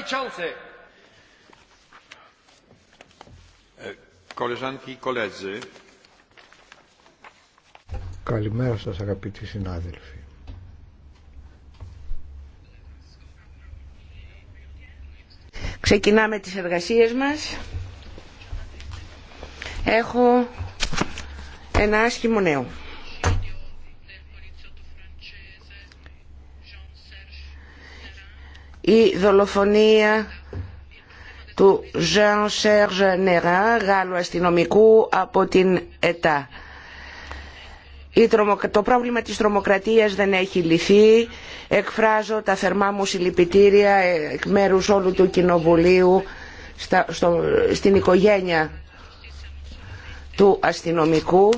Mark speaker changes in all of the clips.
Speaker 1: E,
Speaker 2: Καλημέρα σας αγαπητοί συνάδελφοι.
Speaker 3: Ξεκινάμε τις εργασίες μας. Έχω ένα άσχημο νέο. η δολοφονία του Jean Serge Γάλλου αστυνομικού από την ΕΤΑ. Το πρόβλημα της τρομοκρατίας δεν έχει λυθεί. Εκφράζω τα θερμά μου συλληπιτήρια εκ μέρους όλου του Κοινοβουλίου στην οικογένεια του αστυνομικού.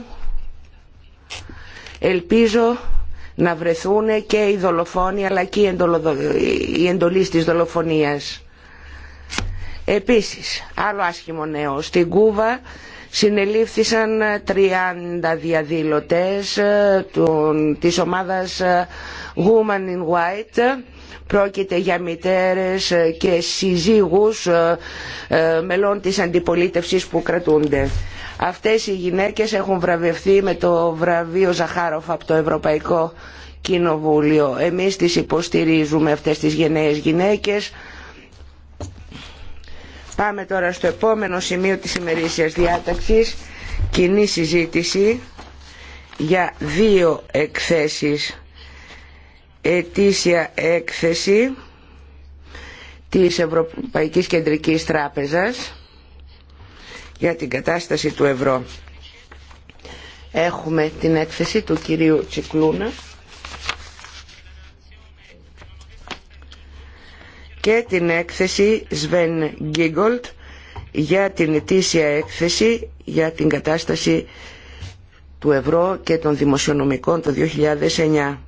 Speaker 3: Ελπίζω να βρεθούν και οι δολοφόνοι αλλά και οι εντολή της δολοφονίας. Επίσης, άλλο άσχημο νέο, στην Κούβα συνελήφθησαν 30 διαδήλωτες ε, της ομάδας ε, Woman in White πρόκειται για μητέρες και συζύγους ε, μελών της αντιπολίτευσης που κρατούνται. Αυτές οι γυναίκες έχουν βραβευθεί με το βραβείο Ζαχάροφ από το Ευρωπαϊκό Κοινοβούλιο. Εμείς τις υποστηρίζουμε αυτές τις γενναίες γυναίκες. Πάμε τώρα στο επόμενο σημείο της ημερήσιας διάταξης. Κοινή συζήτηση για δύο εκθέσεις. Ετήσια έκθεση της Ευρωπαϊκής Κεντρικής Τράπεζας για την κατάσταση του ευρώ. Έχουμε την έκθεση του κυρίου Τσικλούνα και την έκθεση Σβεν Γκίγκολτ για την ετήσια έκθεση για την κατάσταση του ευρώ και των δημοσιονομικών το 2009.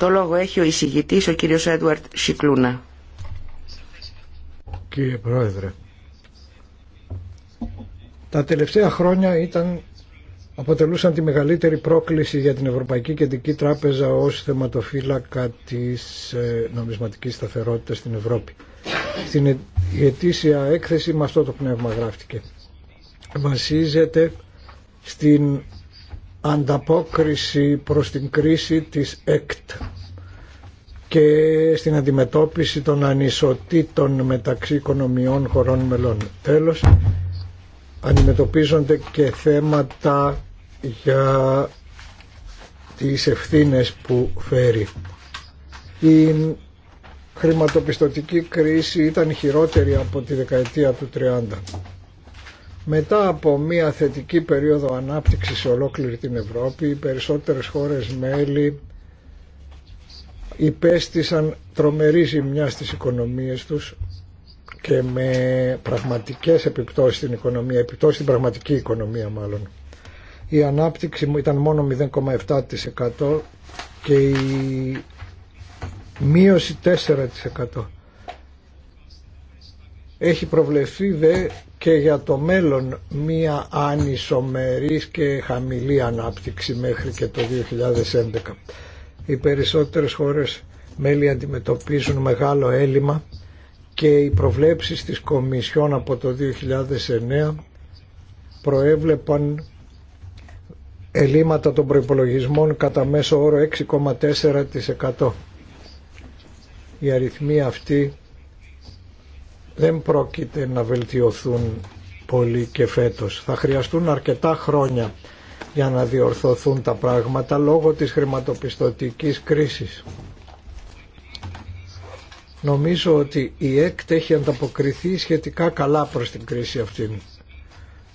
Speaker 3: Το λόγο έχει ο εισηγητής, ο κύριος Έντουαρτ Σικλούνα. Κύριε Πρόεδρε,
Speaker 2: τα τελευταία χρόνια ήταν, αποτελούσαν τη μεγαλύτερη πρόκληση για την Ευρωπαϊκή Κεντρική Τράπεζα ως θεματοφύλακα της ε, νομισματικής σταθερότητας στην Ευρώπη. Στην ε, ετήσια έκθεση με αυτό το πνεύμα γράφτηκε. Βασίζεται στην ανταπόκριση προς την κρίση της ΕΚΤ και στην αντιμετώπιση των ανισοτήτων μεταξύ οικονομιών χωρών μελών. Τέλος, αντιμετωπίζονται και θέματα για τις ευθύνες που φέρει. Η χρηματοπιστωτική κρίση ήταν χειρότερη από τη δεκαετία του 30 μετά από μια θετική περίοδο ανάπτυξης σε ολόκληρη την Ευρώπη, οι περισσότερες χώρες μέλη υπέστησαν τρομερή ζημιά στις οικονομίες τους και με πραγματικές επιπτώσεις στην οικονομία, επιπτώσεις στην πραγματική οικονομία μάλλον. Η ανάπτυξη ήταν μόνο 0,7% και η μείωση 4%. Έχει προβλεφθεί δε και για το μέλλον μία ανισομερής και χαμηλή ανάπτυξη μέχρι και το 2011. Οι περισσότερες χώρες μέλη αντιμετωπίζουν μεγάλο έλλειμμα και οι προβλέψεις της Κομισιόν από το 2009 προέβλεπαν ελλείμματα των προϋπολογισμών κατά μέσο όρο 6,4%. Η αριθμή αυτή δεν πρόκειται να βελτιωθούν πολύ και φέτος. Θα χρειαστούν αρκετά χρόνια για να διορθωθούν τα πράγματα λόγω της χρηματοπιστωτικής κρίσης. Νομίζω ότι η ΕΚΤ έχει ανταποκριθεί σχετικά καλά προς την κρίση αυτήν.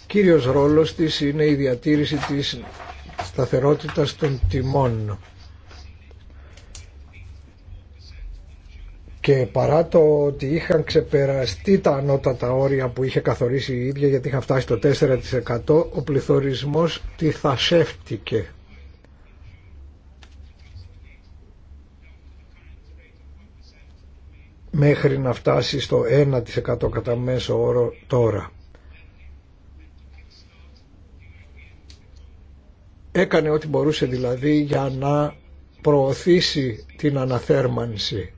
Speaker 2: Κύριος ρόλος της είναι η διατήρηση της σταθερότητας των τιμών. και παρά το ότι είχαν ξεπεραστεί τα ανώτατα όρια που είχε καθορίσει η ίδια γιατί είχαν φτάσει το 4% ο πληθωρισμός τη θασεύτηκε. μέχρι να φτάσει στο 1% κατά μέσο όρο τώρα. Έκανε ό,τι μπορούσε δηλαδή για να προωθήσει την αναθέρμανση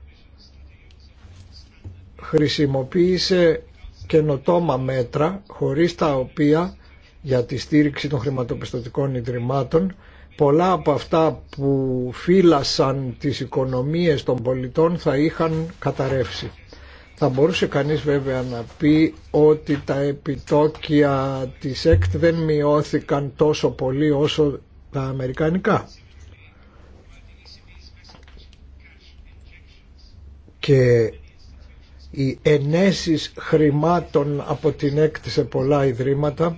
Speaker 2: χρησιμοποίησε καινοτόμα μέτρα χωρίς τα οποία για τη στήριξη των χρηματοπιστωτικών ιδρυμάτων πολλά από αυτά που φύλασαν τις οικονομίες των πολιτών θα είχαν καταρρεύσει. Θα μπορούσε κανείς βέβαια να πει ότι τα επιτόκια της ΕΚΤ δεν μειώθηκαν τόσο πολύ όσο τα αμερικανικά. Και οι ενέσεις χρημάτων από την έκτη σε πολλά ιδρύματα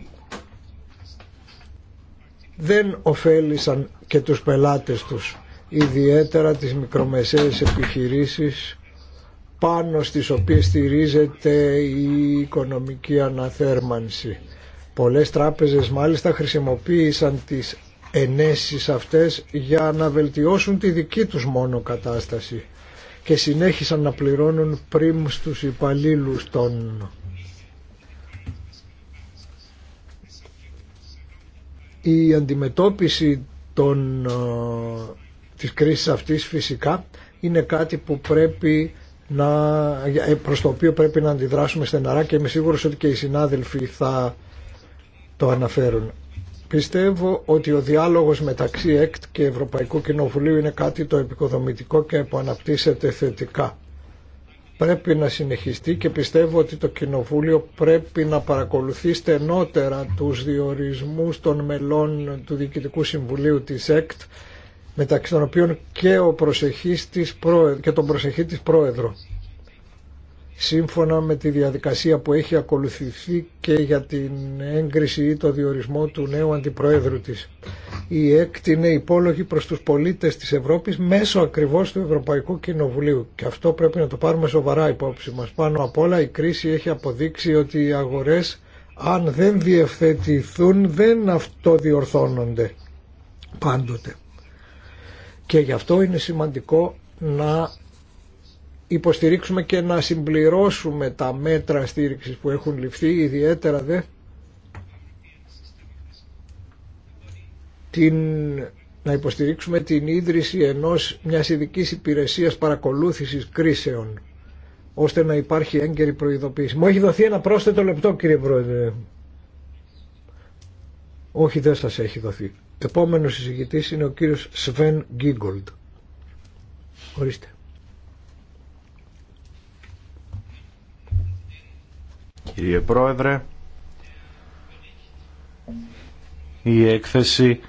Speaker 2: δεν ωφέλησαν και τους πελάτες τους, ιδιαίτερα τις μικρομεσαίες επιχειρήσεις πάνω στις οποίες στηρίζεται η οικονομική αναθέρμανση. Πολλές τράπεζες μάλιστα χρησιμοποίησαν τις ενέσεις αυτές για να βελτιώσουν τη δική τους μόνο κατάσταση και συνέχισαν να πληρώνουν πριν στους υπαλλήλου των. Η αντιμετώπιση των, της κρίσης αυτής φυσικά είναι κάτι που πρέπει να, ε, προς το οποίο πρέπει να αντιδράσουμε στεναρά και είμαι σίγουρος ότι και οι συνάδελφοι θα το αναφέρουν. Πιστεύω ότι ο διάλογος μεταξύ ΕΚΤ και Ευρωπαϊκού Κοινοβουλίου είναι κάτι το επικοδομητικό και που αναπτύσσεται θετικά. Πρέπει να συνεχιστεί και πιστεύω ότι το Κοινοβούλιο πρέπει να παρακολουθεί στενότερα τους διορισμούς των μελών του Διοικητικού Συμβουλίου της ΕΚΤ μεταξύ των οποίων και, ο προσεχής και τον προσεχή της Πρόεδρο σύμφωνα με τη διαδικασία που έχει ακολουθηθεί και για την έγκριση ή το διορισμό του νέου αντιπροέδρου της. Η ΕΚΤ είναι υπόλογη προς τους πολίτες της Ευρώπης μέσω ακριβώς του Ευρωπαϊκού Κοινοβουλίου και αυτό πρέπει να το πάρουμε σοβαρά υπόψη μας. Πάνω απ' όλα η κρίση έχει αποδείξει ότι οι αγορές αν δεν διευθετηθούν δεν αυτοδιορθώνονται πάντοτε. Και γι' αυτό είναι σημαντικό να υποστηρίξουμε και να συμπληρώσουμε τα μέτρα στήριξης που έχουν ληφθεί, ιδιαίτερα δε την, να υποστηρίξουμε την ίδρυση ενός μιας ειδική υπηρεσίας παρακολούθησης κρίσεων ώστε να υπάρχει έγκαιρη προειδοποίηση. Μου έχει δοθεί ένα πρόσθετο λεπτό κύριε Πρόεδρε. Όχι δεν σας έχει δοθεί. Επόμενος συζητητής είναι ο κύριος Σβέν Γκίγκολντ. Ορίστε.
Speaker 4: κύριε Πρόεδρε. Η έκθεση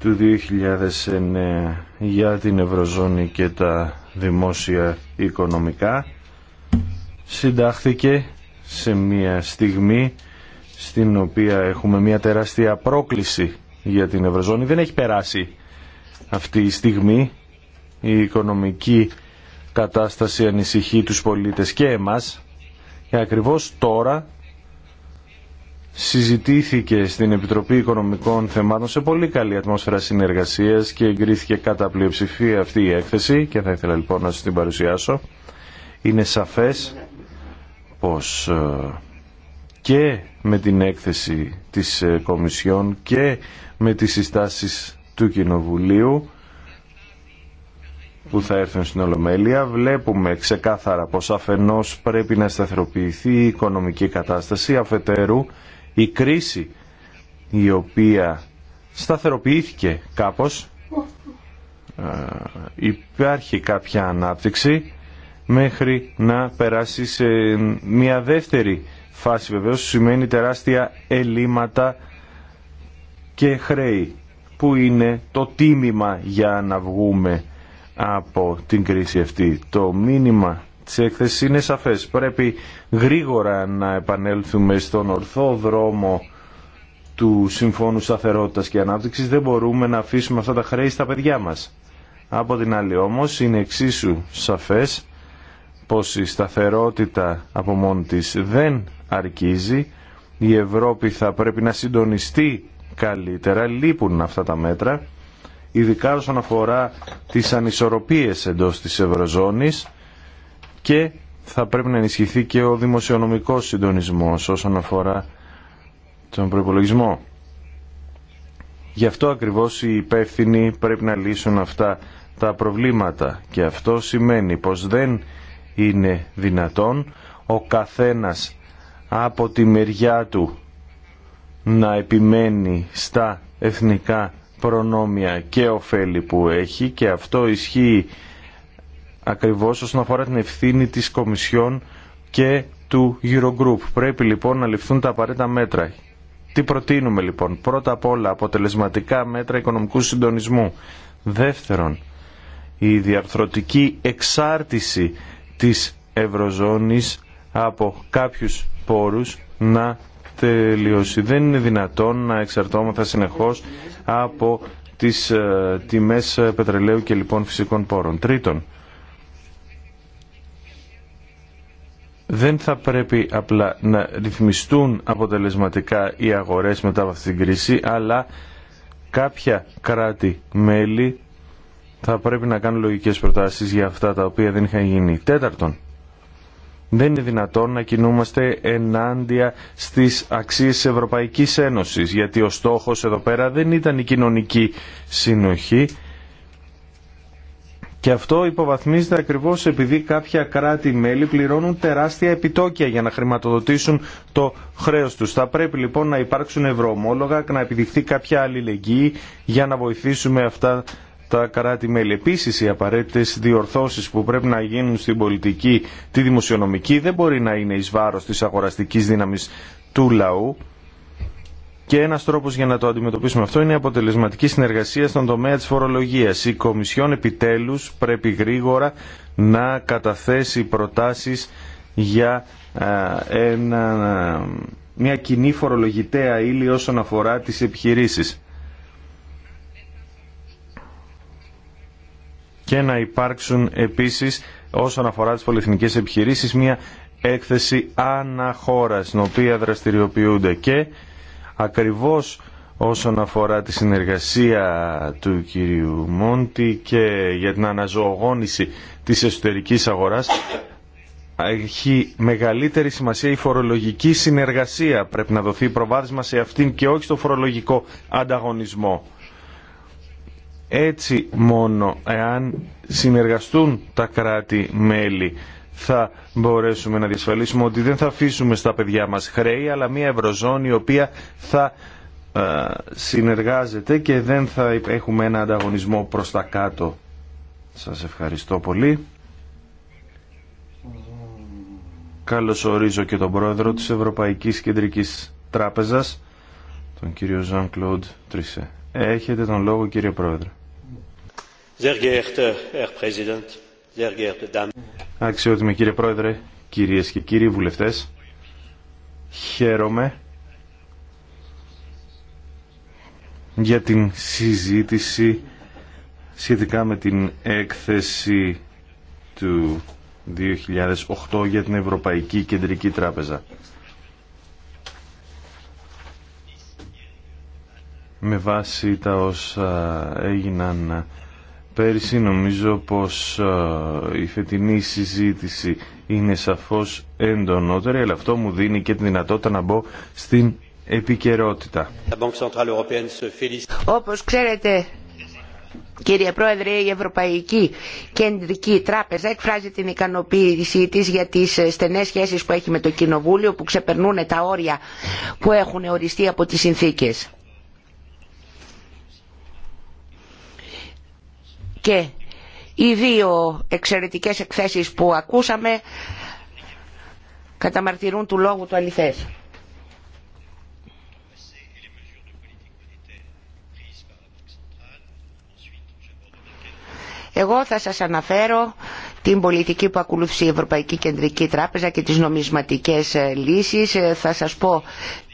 Speaker 4: του 2009 για την Ευρωζώνη και τα δημόσια οικονομικά συντάχθηκε σε μια στιγμή στην οποία έχουμε μια τεράστια πρόκληση για την Ευρωζώνη. Δεν έχει περάσει αυτή η στιγμή. Η οικονομική κατάσταση ανησυχεί τους πολίτες και εμάς ακριβώς τώρα συζητήθηκε στην Επιτροπή Οικονομικών Θεμάτων σε πολύ καλή ατμόσφαιρα συνεργασίας και εγκρίθηκε κατά πλειοψηφία αυτή η έκθεση και θα ήθελα λοιπόν να σας την παρουσιάσω. Είναι σαφές πως ε, και με την έκθεση της ε, Κομισιόν και με τις συστάσεις του Κοινοβουλίου που θα έρθουν στην Ολομέλεια βλέπουμε ξεκάθαρα πως αφενός πρέπει να σταθεροποιηθεί η οικονομική κατάσταση, αφετέρου η κρίση η οποία σταθεροποιήθηκε κάπως, ε, υπάρχει κάποια ανάπτυξη μέχρι να περάσει σε μια δεύτερη φάση βεβαίως σημαίνει τεράστια ελλείμματα και χρέη που είναι το τίμημα για να βγούμε από την κρίση αυτή. Το μήνυμα της έκθεσης είναι σαφές. Πρέπει γρήγορα να επανέλθουμε στον ορθό δρόμο του Συμφώνου Σταθερότητας και Ανάπτυξης. Δεν μπορούμε να αφήσουμε αυτά τα χρέη στα παιδιά μας. Από την άλλη όμως είναι εξίσου σαφές πως η σταθερότητα από μόνη της δεν αρκίζει. Η Ευρώπη θα πρέπει να συντονιστεί καλύτερα. Λείπουν αυτά τα μέτρα ειδικά όσον αφορά τις ανισορροπίες εντός της Ευρωζώνης και θα πρέπει να ενισχυθεί και ο δημοσιονομικός συντονισμός όσον αφορά τον προϋπολογισμό. Γι' αυτό ακριβώς οι υπεύθυνοι πρέπει να λύσουν αυτά τα προβλήματα και αυτό σημαίνει πως δεν είναι δυνατόν ο καθένας από τη μεριά του να επιμένει στα εθνικά προνόμια και ωφέλη που έχει και αυτό ισχύει ακριβώς όσον αφορά την ευθύνη της Κομισιόν και του Eurogroup. Πρέπει λοιπόν να ληφθούν τα απαραίτητα μέτρα. Τι προτείνουμε λοιπόν. Πρώτα απ' όλα αποτελεσματικά μέτρα οικονομικού συντονισμού. Δεύτερον, η διαρθρωτική εξάρτηση της Ευρωζώνης από κάποιους πόρους να τελειώσει. Δεν είναι δυνατόν να εξαρτώμεθα συνεχώς από τις ε, τιμές ε, πετρελαίου και λοιπόν φυσικών πόρων. Τρίτον, δεν θα πρέπει απλά να ρυθμιστούν αποτελεσματικά οι αγορές μετά από αυτήν την κρίση, αλλά κάποια κράτη-μέλη θα πρέπει να κάνουν λογικές προτάσεις για αυτά τα οποία δεν είχαν γίνει. Τέταρτον, δεν είναι δυνατόν να κινούμαστε ενάντια στις αξίες της Ευρωπαϊκής Ένωσης, γιατί ο στόχος εδώ πέρα δεν ήταν η κοινωνική συνοχή. Και αυτό υποβαθμίζεται ακριβώς επειδή κάποια κράτη-μέλη πληρώνουν τεράστια επιτόκια για να χρηματοδοτήσουν το χρέος τους. Θα πρέπει λοιπόν να υπάρξουν ευρωομόλογα, να επιδειχθεί κάποια αλληλεγγύη για να βοηθήσουμε αυτά στα κράτη-μέλη. Επίση, οι απαραίτητε διορθώσει που πρέπει να γίνουν στην πολιτική, τη δημοσιονομική, δεν μπορεί να είναι ει βάρο τη αγοραστική δύναμη του λαού. Και ένα τρόπο για να το αντιμετωπίσουμε αυτό είναι η αποτελεσματική συνεργασία στον τομέα τη φορολογία. Η Κομισιόν επιτέλου πρέπει γρήγορα να καταθέσει προτάσει για ένα, μια κοινή φορολογητέα ύλη όσον αφορά τις επιχειρήσεις. και να υπάρξουν επίσης όσον αφορά τις πολυεθνικές επιχειρήσεις μια έκθεση αναχώρα στην οποία δραστηριοποιούνται και ακριβώς όσον αφορά τη συνεργασία του κυρίου Μόντι και για την αναζωογόνηση της εσωτερικής αγοράς έχει μεγαλύτερη σημασία η φορολογική συνεργασία πρέπει να δοθεί προβάδισμα σε αυτήν και όχι στο φορολογικό ανταγωνισμό έτσι μόνο εάν συνεργαστούν τα κράτη-μέλη θα μπορέσουμε να διασφαλίσουμε ότι δεν θα αφήσουμε στα παιδιά μας χρέη αλλά μια ευρωζώνη η οποία θα ε, συνεργάζεται και δεν θα έχουμε ένα ανταγωνισμό προς τα κάτω. Σας ευχαριστώ πολύ. Καλώς ορίζω και τον πρόεδρο της Ευρωπαϊκής Κεντρικής Τράπεζας, τον κύριο Ζαν Κλοντ Τρισέ. Έχετε τον λόγο κύριε πρόεδρε. Αξιότιμε κύριε Πρόεδρε, κυρίες και κύριοι βουλευτές, χαίρομαι για την συζήτηση σχετικά με την έκθεση του 2008 για την Ευρωπαϊκή Κεντρική Τράπεζα. Με βάση τα όσα έγιναν πέρυσι νομίζω πως η φετινή συζήτηση είναι σαφώς εντονότερη αλλά αυτό μου δίνει και τη δυνατότητα να μπω στην επικαιρότητα.
Speaker 3: Όπως ξέρετε Κύριε Πρόεδρε, η Ευρωπαϊκή Κεντρική Τράπεζα εκφράζει την ικανοποίησή της για τις ε, στενές σχέσεις που έχει με το Κοινοβούλιο που ξεπερνούν τα όρια που έχουν οριστεί από τις συνθήκες. και οι δύο εξαιρετικές εκθέσεις που ακούσαμε καταμαρτυρούν του λόγου του αληθές. Εγώ θα σας αναφέρω την πολιτική που ακολούθησε η Ευρωπαϊκή Κεντρική Τράπεζα και τις νομισματικές ε, λύσεις. Ε, θα σας πω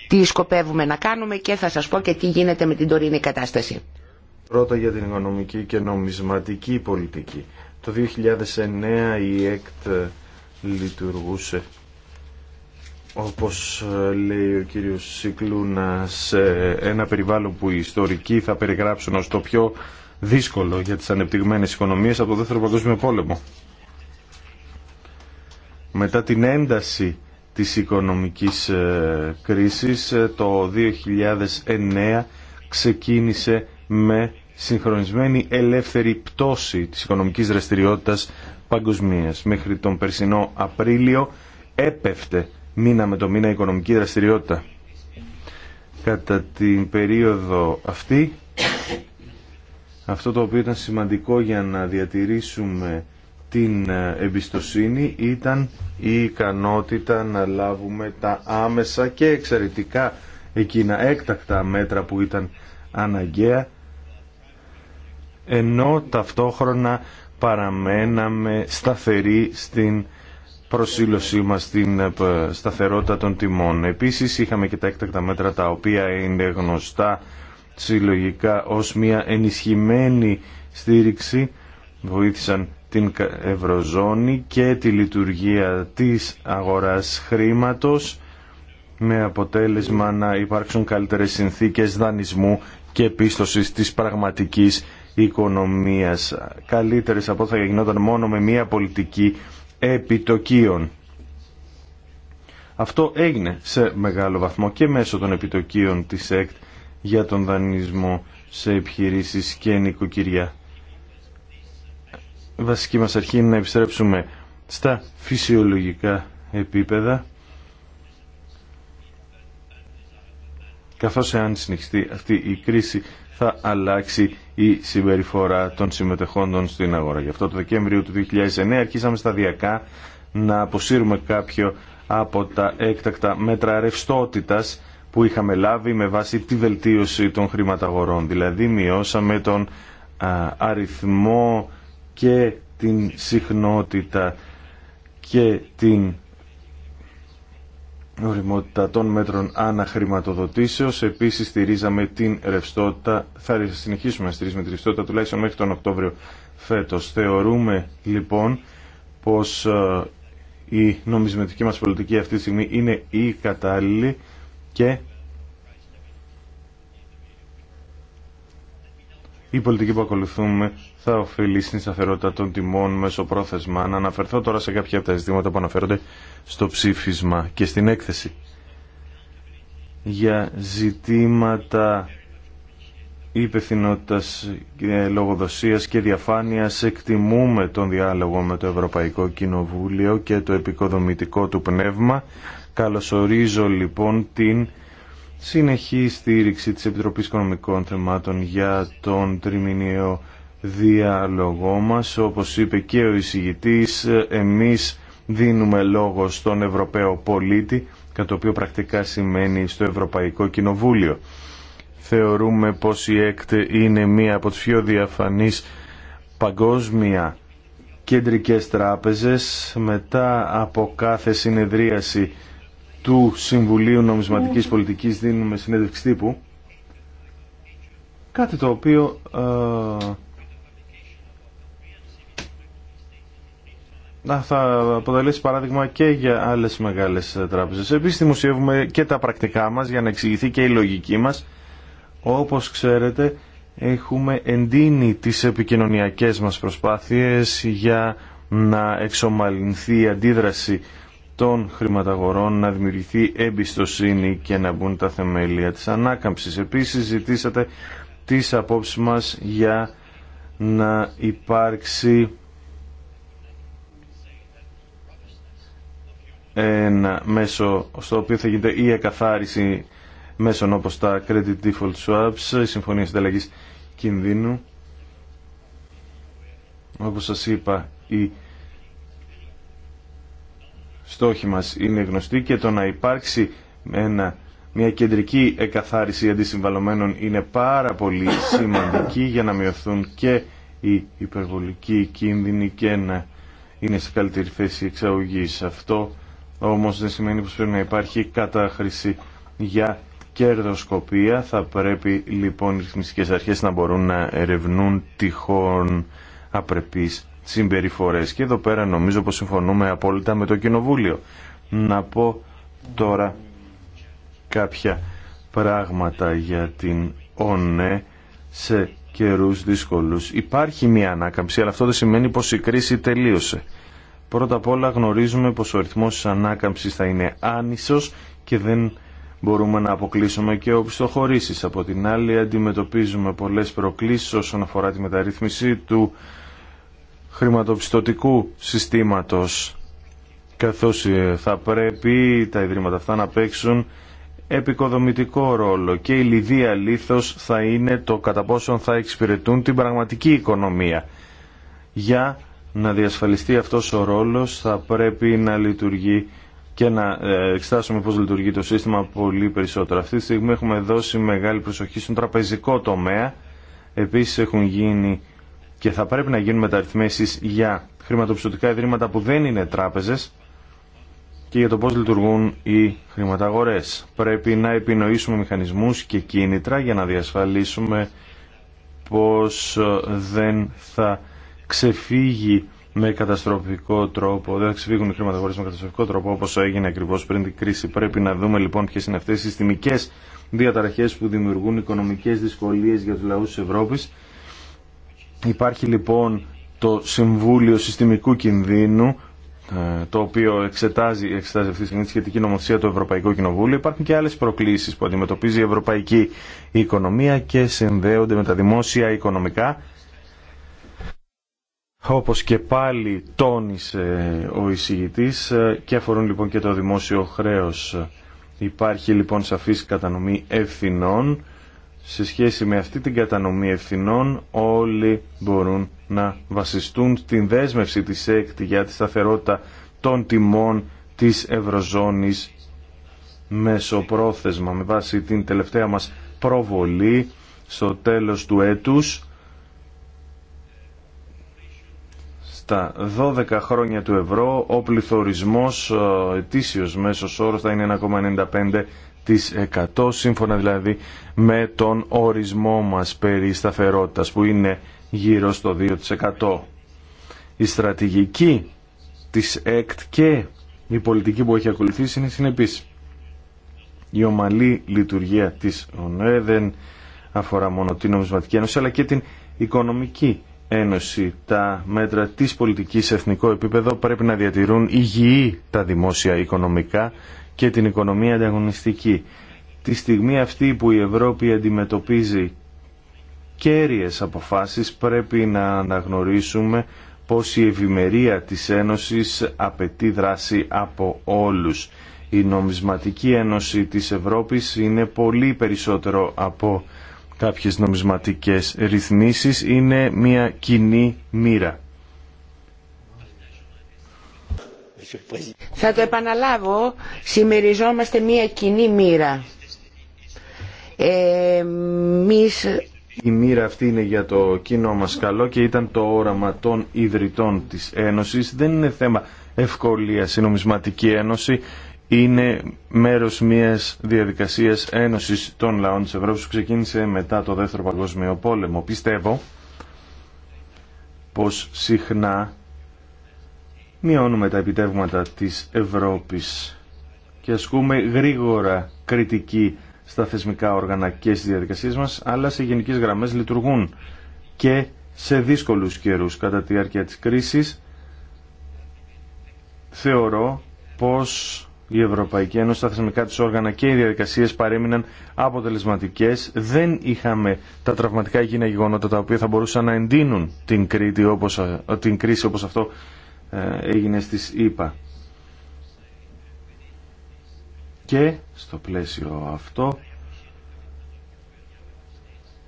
Speaker 3: τι σκοπεύουμε να κάνουμε και θα σας πω και τι γίνεται με την τωρινή κατάσταση.
Speaker 4: Πρώτα για την οικονομική και νομισματική πολιτική. Το 2009 η ΕΚΤ λειτουργούσε όπως ε, λέει ο κύριος Σικλούνα σε ένα περιβάλλον που οι ιστορικοί θα περιγράψουν ως το πιο δύσκολο για τις ανεπτυγμένες οικονομίες από το δεύτερο παγκόσμιο πόλεμο. Μετά την ένταση της οικονομικής ε, κρίσης ε, το 2009 ξεκίνησε με συγχρονισμένη ελεύθερη πτώση της οικονομικής δραστηριότητας παγκοσμίας. Μέχρι τον περσινό Απρίλιο έπεφτε μήνα με το μήνα η οικονομική δραστηριότητα. Κατά την περίοδο αυτή, αυτό το οποίο ήταν σημαντικό για να διατηρήσουμε την ε, εμπιστοσύνη ήταν η ικανότητα να λάβουμε τα άμεσα και εξαιρετικά εκείνα έκτακτα μέτρα που ήταν αναγκαία ενώ ταυτόχρονα παραμέναμε σταθεροί στην προσήλωσή μας στην ε, σταθερότητα των τιμών. Επίσης είχαμε και τα έκτακτα μέτρα τα οποία είναι γνωστά συλλογικά ως μια ενισχυμένη στήριξη βοήθησαν την Ευρωζώνη και τη λειτουργία της αγοράς χρήματος με αποτέλεσμα να υπάρξουν καλύτερες συνθήκες δανεισμού και πίστοσης της πραγματικής οικονομίας καλύτερης από ό,τι θα γινόταν μόνο με μια πολιτική επιτοκίων. Αυτό έγινε σε μεγάλο βαθμό και μέσω των επιτοκίων της ΕΚΤ για τον δανεισμό σε επιχειρήσεις και νοικοκυριά. Βασική μας αρχή είναι να επιστρέψουμε στα φυσιολογικά επίπεδα καθώς εάν συνεχιστεί αυτή η κρίση θα αλλάξει η συμπεριφορά των συμμετεχόντων στην αγορά. Γι' αυτό το Δεκέμβριο του 2009 αρχίσαμε σταδιακά να αποσύρουμε κάποιο από τα έκτακτα μέτρα ρευστότητα που είχαμε λάβει με βάση τη βελτίωση των χρηματαγορών. Δηλαδή μειώσαμε τον αριθμό και την συχνότητα και την οριμότητα των μέτρων αναχρηματοδοτήσεως. Επίσης στηρίζαμε την ρευστότητα, θα συνεχίσουμε να στηρίζουμε την ρευστότητα τουλάχιστον μέχρι τον Οκτώβριο φέτος. Θεωρούμε λοιπόν πως ε, η νομισματική μας πολιτική αυτή τη στιγμή είναι η κατάλληλη και η πολιτική που ακολουθούμε θα οφείλει στην σταθερότητα των τιμών πρόθεσμα Να αναφερθώ τώρα σε κάποια από τα ζητήματα που αναφέρονται στο ψήφισμα και στην έκθεση. Για ζητήματα υπευθυνότητα ε, λογοδοσίας και διαφάνειας εκτιμούμε τον διάλογο με το Ευρωπαϊκό Κοινοβούλιο και το επικοδομητικό του πνεύμα. Καλωσορίζω λοιπόν την συνεχή στήριξη της Επιτροπής Οικονομικών Θεμάτων για τον τριμηνίο διάλογό μας. Όπως είπε και ο εισηγητής, εμείς δίνουμε λόγο στον Ευρωπαίο πολίτη, κατά το οποίο πρακτικά σημαίνει στο Ευρωπαϊκό Κοινοβούλιο. Θεωρούμε πως η ΕΚΤ είναι μία από τις πιο διαφανείς παγκόσμια κεντρικές τράπεζες μετά από κάθε συνεδρίαση του Συμβουλίου Νομισματικής ναι. Πολιτικής δίνουμε συνέντευξη τύπου κάτι το οποίο ε, να θα αποτελέσει παράδειγμα και για άλλε μεγάλες τράπεζε Επίσης δημοσιεύουμε και τα πρακτικά μας για να εξηγηθεί και η λογική μας. Όπως ξέρετε έχουμε εντείνει τις επικοινωνιακέ μας προσπάθειες για να εξομαλυνθεί η αντίδραση των χρηματαγορών, να δημιουργηθεί εμπιστοσύνη και να μπουν τα θεμέλια της ανάκαμψης. Επίσης ζητήσατε τις απόψεις μας για να υπάρξει ένα μέσο στο οποίο θα γίνεται η εκαθάριση μέσων όπως τα credit default swaps, η συμφωνίες συνταλλαγής κινδύνου. Όπως σας είπα, η στόχοι μας είναι γνωστοί και το να υπάρξει μια κεντρική εκαθάριση αντισυμβαλωμένων είναι πάρα πολύ σημαντική για να μειωθούν και η υπερβολικοί κίνδυνοι και να είναι σε καλύτερη θέση εξαγωγής. Αυτό όμως δεν σημαίνει πως πρέπει να υπάρχει κατάχρηση για κερδοσκοπία. Θα πρέπει λοιπόν οι ρυθμιστικές αρχές να μπορούν να ερευνούν τυχόν απρεπείς συμπεριφορές. Και εδώ πέρα νομίζω πως συμφωνούμε απόλυτα με το Κοινοβούλιο. Να πω τώρα κάποια πράγματα για την ΩΝΕ σε καιρούς δύσκολους. Υπάρχει μια ανάκαμψη, αλλά αυτό δεν σημαίνει πως η κρίση τελείωσε. Πρώτα απ' όλα γνωρίζουμε πως ο ρυθμός της ανάκαμψης θα είναι άνισος και δεν μπορούμε να αποκλείσουμε και οπισθοχωρήσεις. Από την άλλη αντιμετωπίζουμε πολλές προκλήσεις όσον αφορά τη μεταρρύθμιση του χρηματοπιστωτικού συστήματος καθώς ε, θα πρέπει τα ιδρύματα αυτά να παίξουν επικοδομητικό ρόλο και η λιδία αλήθως θα είναι το κατά πόσον θα εξυπηρετούν την πραγματική οικονομία για να διασφαλιστεί αυτός ο ρόλος θα πρέπει να λειτουργεί και να ε, εξετάσουμε πώς λειτουργεί το σύστημα πολύ περισσότερο. Αυτή τη στιγμή έχουμε δώσει μεγάλη προσοχή στον τραπεζικό τομέα. Επίσης έχουν γίνει και θα πρέπει να γίνουν μεταρρυθμίσεις για χρηματοπιστωτικά ιδρύματα που δεν είναι τράπεζες και για το πώς λειτουργούν οι χρηματαγορές. Πρέπει να επινοήσουμε μηχανισμούς και κίνητρα για να διασφαλίσουμε πως ε, δεν θα ξεφύγει με καταστροφικό τρόπο, δεν θα ξεφύγουν οι χρήματα με καταστροφικό τρόπο όπω έγινε ακριβώ πριν την κρίση. Πρέπει να δούμε λοιπόν ποιε είναι αυτέ οι συστημικές διαταραχέ που δημιουργούν οικονομικέ δυσκολίε για του λαού τη Ευρώπη. Υπάρχει λοιπόν το Συμβούλιο Συστημικού Κινδύνου ε, το οποίο εξετάζει, εξετάζει αυτή τη στιγμή τη σχετική νομοθεσία του Ευρωπαϊκού Κοινοβούλου. Υπάρχουν και άλλες προκλήσεις που αντιμετωπίζει η ευρωπαϊκή οικονομία και συνδέονται με τα δημόσια οικονομικά όπως και πάλι τόνισε ο εισηγητής ε, και αφορούν λοιπόν και το δημόσιο χρέος. Υπάρχει λοιπόν σαφής κατανομή ευθυνών. Σε σχέση με αυτή την κατανομή ευθυνών όλοι μπορούν να βασιστούν στην δέσμευση της έκτη για τη σταθερότητα των τιμών της Ευρωζώνης μεσοπρόθεσμα με βάση την τελευταία μας προβολή στο τέλος του έτους στα 12 χρόνια του ευρώ ο πληθωρισμός ε, ετήσιος μέσος όρος θα είναι 1,95% σύμφωνα δηλαδή με τον ορισμό μας περί σταθερότητας που είναι γύρω στο 2%. Η στρατηγική της ΕΚΤ και η πολιτική που έχει ακολουθήσει είναι συνεπής. Η ομαλή λειτουργία της ΟΝΕ δεν αφορά μόνο την νομισματική ένωση αλλά και την οικονομική Ένωση. Τα μέτρα της πολιτικής σε εθνικό επίπεδο πρέπει να διατηρούν υγιή τα δημόσια οικονομικά και την οικονομία ανταγωνιστική. Τη στιγμή αυτή που η Ευρώπη αντιμετωπίζει κέρυες αποφάσεις πρέπει να αναγνωρίσουμε πως η ευημερία της Ένωσης απαιτεί δράση από όλους. Η νομισματική ένωση της Ευρώπης είναι πολύ περισσότερο από κάποιες νομισματικές ρυθμίσεις είναι μια κοινή μοίρα.
Speaker 3: Θα το επαναλάβω, συμμεριζόμαστε μια κοινή μοίρα. Ε,
Speaker 4: Η μοίρα αυτή είναι για το κοινό μας καλό και ήταν το όραμα των ιδρυτών της Ένωσης. Δεν είναι θέμα ευκολία η νομισματική ένωση είναι μέρος μιας διαδικασίας ένωσης των λαών της Ευρώπης που ξεκίνησε μετά το Δεύτερο Παγκόσμιο Πόλεμο. Πιστεύω πως συχνά μειώνουμε τα επιτεύγματα της Ευρώπης και ασκούμε γρήγορα κριτική στα θεσμικά όργανα και στις διαδικασίες μας, αλλά σε γενικές γραμμές λειτουργούν και σε δύσκολους καιρούς κατά τη διάρκεια της κρίσης. Θεωρώ πως η Ευρωπαϊκή Ένωση, τα θεσμικά της όργανα και οι διαδικασίες παρέμειναν αποτελεσματικέ. Δεν είχαμε τα τραυματικά εκείνα γεγονότα τα οποία θα μπορούσαν να εντείνουν την, Κρήτη, όπως, ε, την κρίση όπως αυτό ε, έγινε στι ΗΠΑ. Και στο πλαίσιο αυτό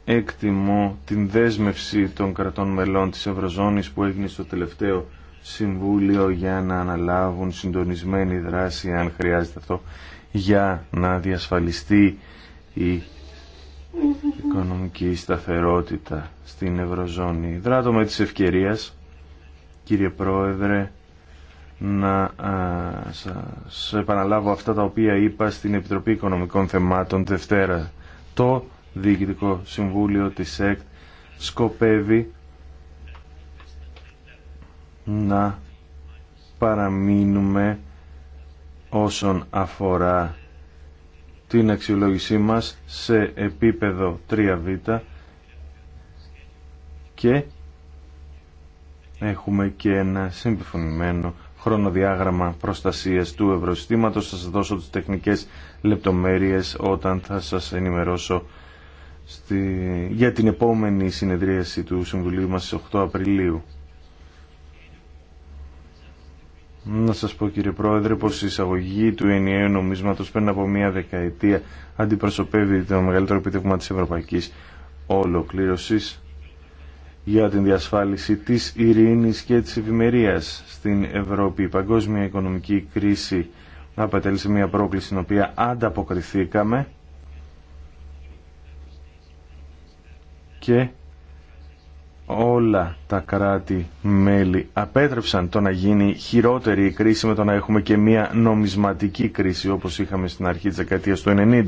Speaker 4: εκτιμώ την δέσμευση των κρατών μελών της Ευρωζώνης που έγινε στο τελευταίο Συμβούλιο για να αναλάβουν συντονισμένη δράση, αν χρειάζεται αυτό, για να διασφαλιστεί η οικονομική σταθερότητα στην Ευρωζώνη. Δράτω με της ευκαιρίας, κύριε Πρόεδρε, να σας επαναλάβω αυτά τα οποία είπα στην Επιτροπή Οικονομικών Θεμάτων Δευτέρα. Το Διοικητικό Συμβούλιο της ΕΚΤ σκοπεύει να παραμείνουμε όσον αφορά την αξιολόγησή μας σε επίπεδο 3β και έχουμε και ένα συμπεφωνημένο χρονοδιάγραμμα προστασίας του ευρωσυστήματος. Θα σας δώσω τις τεχνικές λεπτομέρειες όταν θα σας ενημερώσω στη... για την επόμενη συνεδρίαση του Συμβουλίου μας στις 8 Απριλίου. Να σας πω κύριε Πρόεδρε πως η εισαγωγή του ενιαίου νομίσματος πριν από μία δεκαετία αντιπροσωπεύει το μεγαλύτερο επιτεύγμα της ευρωπαϊκής ολοκλήρωσης για την διασφάλιση της ειρήνης και της ευημερία στην Ευρώπη. Η παγκόσμια οικονομική κρίση απαιτέλεσε μια πρόκληση στην οποία ανταποκριθήκαμε και όλα τα κράτη-μέλη απέτρεψαν το να γίνει χειρότερη η κρίση με το να έχουμε και μια νομισματική κρίση όπως είχαμε στην αρχή της δεκαετίας του 90.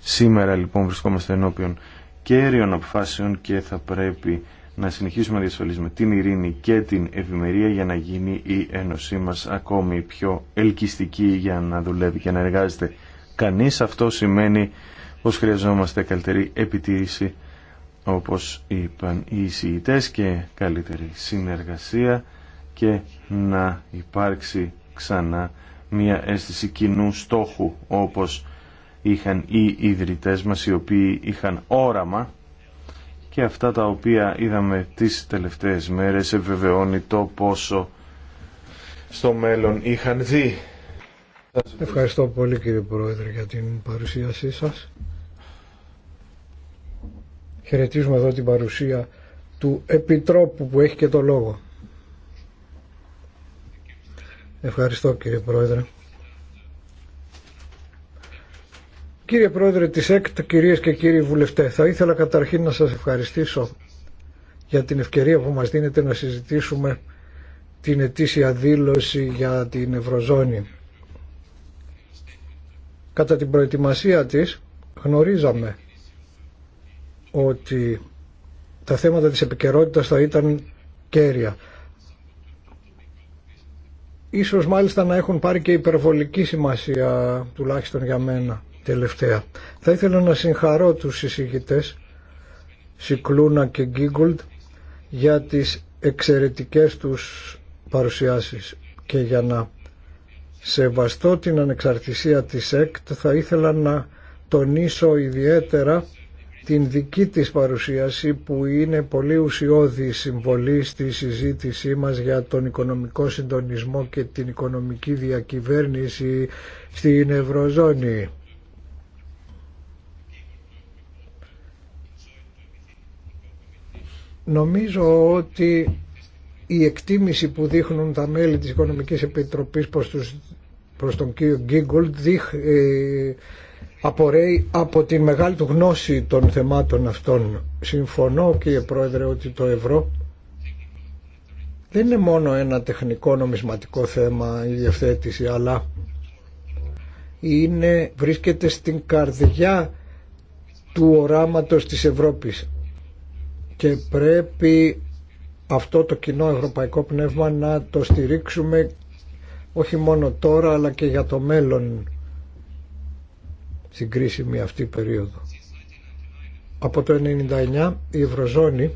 Speaker 4: Σήμερα λοιπόν βρισκόμαστε ενώπιον κέριων αποφάσεων και θα πρέπει να συνεχίσουμε να διασφαλίσουμε την ειρήνη και την ευημερία για να γίνει η ένωσή μας ακόμη πιο ελκυστική για να δουλεύει και να εργάζεται κανείς. Αυτό σημαίνει πως χρειαζόμαστε καλύτερη επιτήρηση όπως είπαν οι εισηγητές και καλύτερη συνεργασία και να υπάρξει ξανά μια αίσθηση κοινού στόχου όπως είχαν οι ιδρυτές μας οι οποίοι είχαν όραμα και αυτά τα οποία είδαμε τις τελευταίες μέρες ευεβεβαιώνει το πόσο στο μέλλον
Speaker 2: είχαν δει. Ευχαριστώ πολύ κύριε Πρόεδρε για την παρουσίασή σας. Χαιρετίζουμε εδώ την παρουσία του Επιτρόπου που έχει και το λόγο. Ευχαριστώ κύριε Πρόεδρε. Κύριε Πρόεδρε της ΕΚΤ, κυρίες και κύριοι βουλευτές, θα ήθελα καταρχήν να σας ευχαριστήσω για την ευκαιρία που μας δίνετε να συζητήσουμε την ετήσια δήλωση για την Ευρωζώνη. Κατά την προετοιμασία της γνωρίζαμε ότι τα θέματα της επικαιρότητα θα ήταν κέρια. Ίσως μάλιστα να έχουν πάρει και υπερβολική σημασία, τουλάχιστον για μένα, τελευταία. Θα ήθελα να συγχαρώ τους συζητητές, Σικλούνα και Γκίγκουλτ για τις εξαιρετικές τους παρουσιάσεις και για να σεβαστώ την ανεξαρτησία της ΕΚΤ θα ήθελα να τονίσω ιδιαίτερα την δική της παρουσίαση που είναι πολύ ουσιώδη συμβολή στη συζήτησή μας για τον οικονομικό συντονισμό και την οικονομική διακυβέρνηση στην Ευρωζώνη. Νομίζω ότι η εκτίμηση που δείχνουν τα μέλη της Οικονομικής Επιτροπής προς, τους, προς τον κύριο Γκίγκολτ ε, απορρέει από τη μεγάλη του γνώση των θεμάτων αυτών. Συμφωνώ κύριε Πρόεδρε ότι το ευρώ δεν είναι μόνο ένα τεχνικό νομισματικό θέμα η διευθέτηση αλλά είναι, βρίσκεται στην καρδιά του οράματος της Ευρώπης και πρέπει αυτό το κοινό ευρωπαϊκό πνεύμα να το στηρίξουμε όχι μόνο τώρα αλλά και για το μέλλον στην κρίσιμη αυτή περίοδο. Από το 1999 η Ευρωζώνη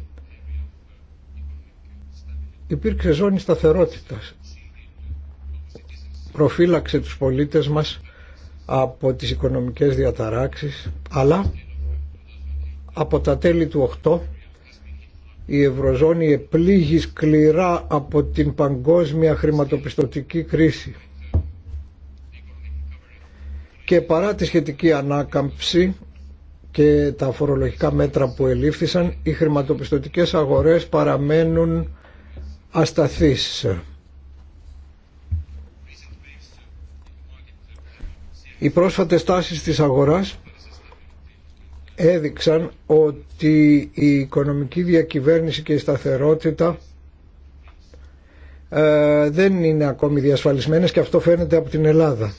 Speaker 2: υπήρξε ζώνη σταθερότητας. Προφύλαξε τους πολίτες μας από τις οικονομικές διαταράξεις, αλλά από τα τέλη του 8 η Ευρωζώνη επλήγει σκληρά από την παγκόσμια χρηματοπιστωτική κρίση και παρά τη σχετική ανάκαμψη και τα φορολογικά μέτρα που ελήφθησαν, οι χρηματοπιστωτικές αγορές παραμένουν ασταθείς. Οι πρόσφατες τάσεις της αγοράς έδειξαν ότι η οικονομική διακυβέρνηση και η σταθερότητα ε, δεν είναι ακόμη διασφαλισμένες και αυτό φαίνεται από την Ελλάδα.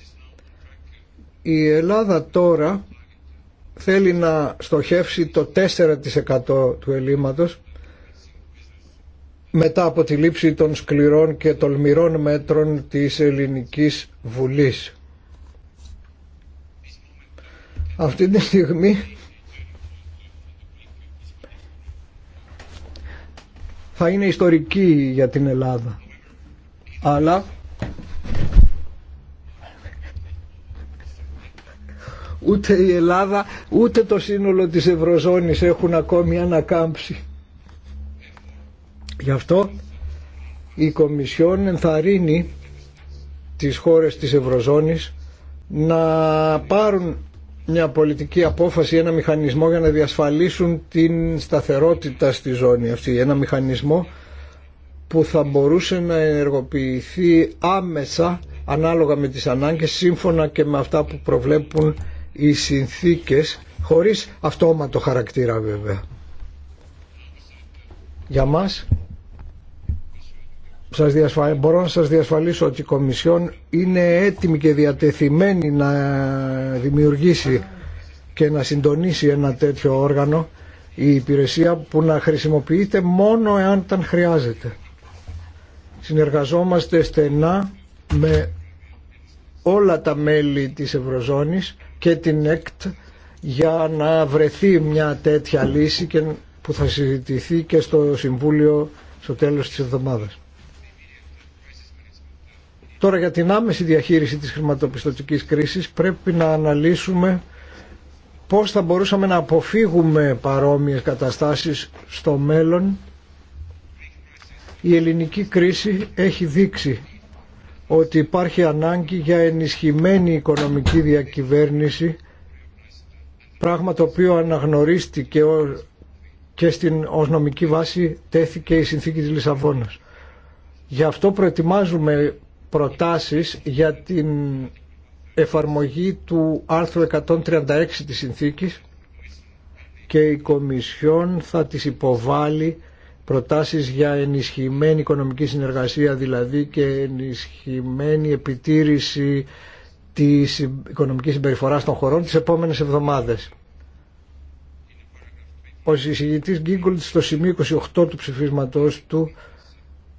Speaker 2: Η Ελλάδα τώρα θέλει να στοχεύσει το 4% του ελλείμματος μετά από τη λήψη των σκληρών και τολμηρών μέτρων της Ελληνικής Βουλής. Αυτή τη στιγμή θα είναι ιστορική για την Ελλάδα. Αλλά Ούτε η Ελλάδα, ούτε το σύνολο της Ευρωζώνης έχουν ακόμη ανακάμψει. Γι' αυτό η Κομισιόν ενθαρρύνει τις χώρες της Ευρωζώνης να πάρουν μια πολιτική απόφαση, ένα μηχανισμό για να διασφαλίσουν την σταθερότητα στη ζώνη αυτή. Ένα μηχανισμό που θα μπορούσε να ενεργοποιηθεί άμεσα ανάλογα με τις ανάγκες σύμφωνα και με αυτά που προβλέπουν οι συνθήκες χωρίς αυτόματο χαρακτήρα βέβαια. Για μας σας μπορώ να σας διασφαλίσω ότι η Κομισιόν είναι έτοιμη και διατεθειμένη να δημιουργήσει και να συντονίσει ένα τέτοιο όργανο η υπηρεσία που να χρησιμοποιείται μόνο εάν τα χρειάζεται. Συνεργαζόμαστε στενά με όλα τα μέλη της Ευρωζώνης και την ΕΚΤ για να βρεθεί μια τέτοια λύση και που θα συζητηθεί και στο Συμβούλιο στο τέλος της εβδομάδας. Τώρα για την άμεση διαχείριση της χρηματοπιστωτικής κρίσης πρέπει να αναλύσουμε πώς θα μπορούσαμε να αποφύγουμε παρόμοιες καταστάσεις στο μέλλον. Η ελληνική κρίση έχει δείξει ότι υπάρχει ανάγκη για ενισχυμένη οικονομική διακυβέρνηση πράγμα το οποίο αναγνωρίστηκε και στην, ως νομική βάση τέθηκε η συνθήκη της Λισαβόνας. Γι' αυτό προετοιμάζουμε προτάσεις για την εφαρμογή του άρθρου 136 της συνθήκης και η Κομισιόν θα τις υποβάλει προτάσεις για ενισχυμένη οικονομική συνεργασία δηλαδή και ενισχυμένη επιτήρηση της οικονομικής συμπεριφοράς των χωρών τις επόμενες εβδομάδες. Ο συζητητής Γκίγκολτ στο σημείο 28 του ψηφίσματος του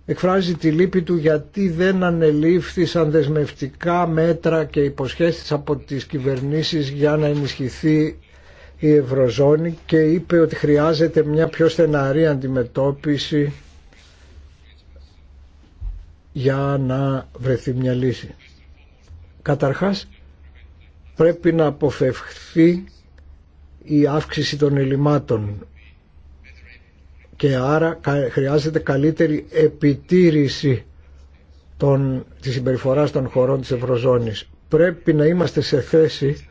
Speaker 2: εκφράζει τη λύπη του γιατί δεν ανελήφθησαν δεσμευτικά μέτρα και υποσχέσεις από τις κυβερνήσεις για να ενισχυθεί η Ευρωζώνη και είπε ότι χρειάζεται μια πιο στεναρή αντιμετώπιση για να βρεθεί μια λύση. Καταρχάς πρέπει να αποφευχθεί η αύξηση των ελλημάτων και άρα χρειάζεται καλύτερη επιτήρηση των, της συμπεριφοράς των χωρών της Ευρωζώνης. Πρέπει να είμαστε σε θέση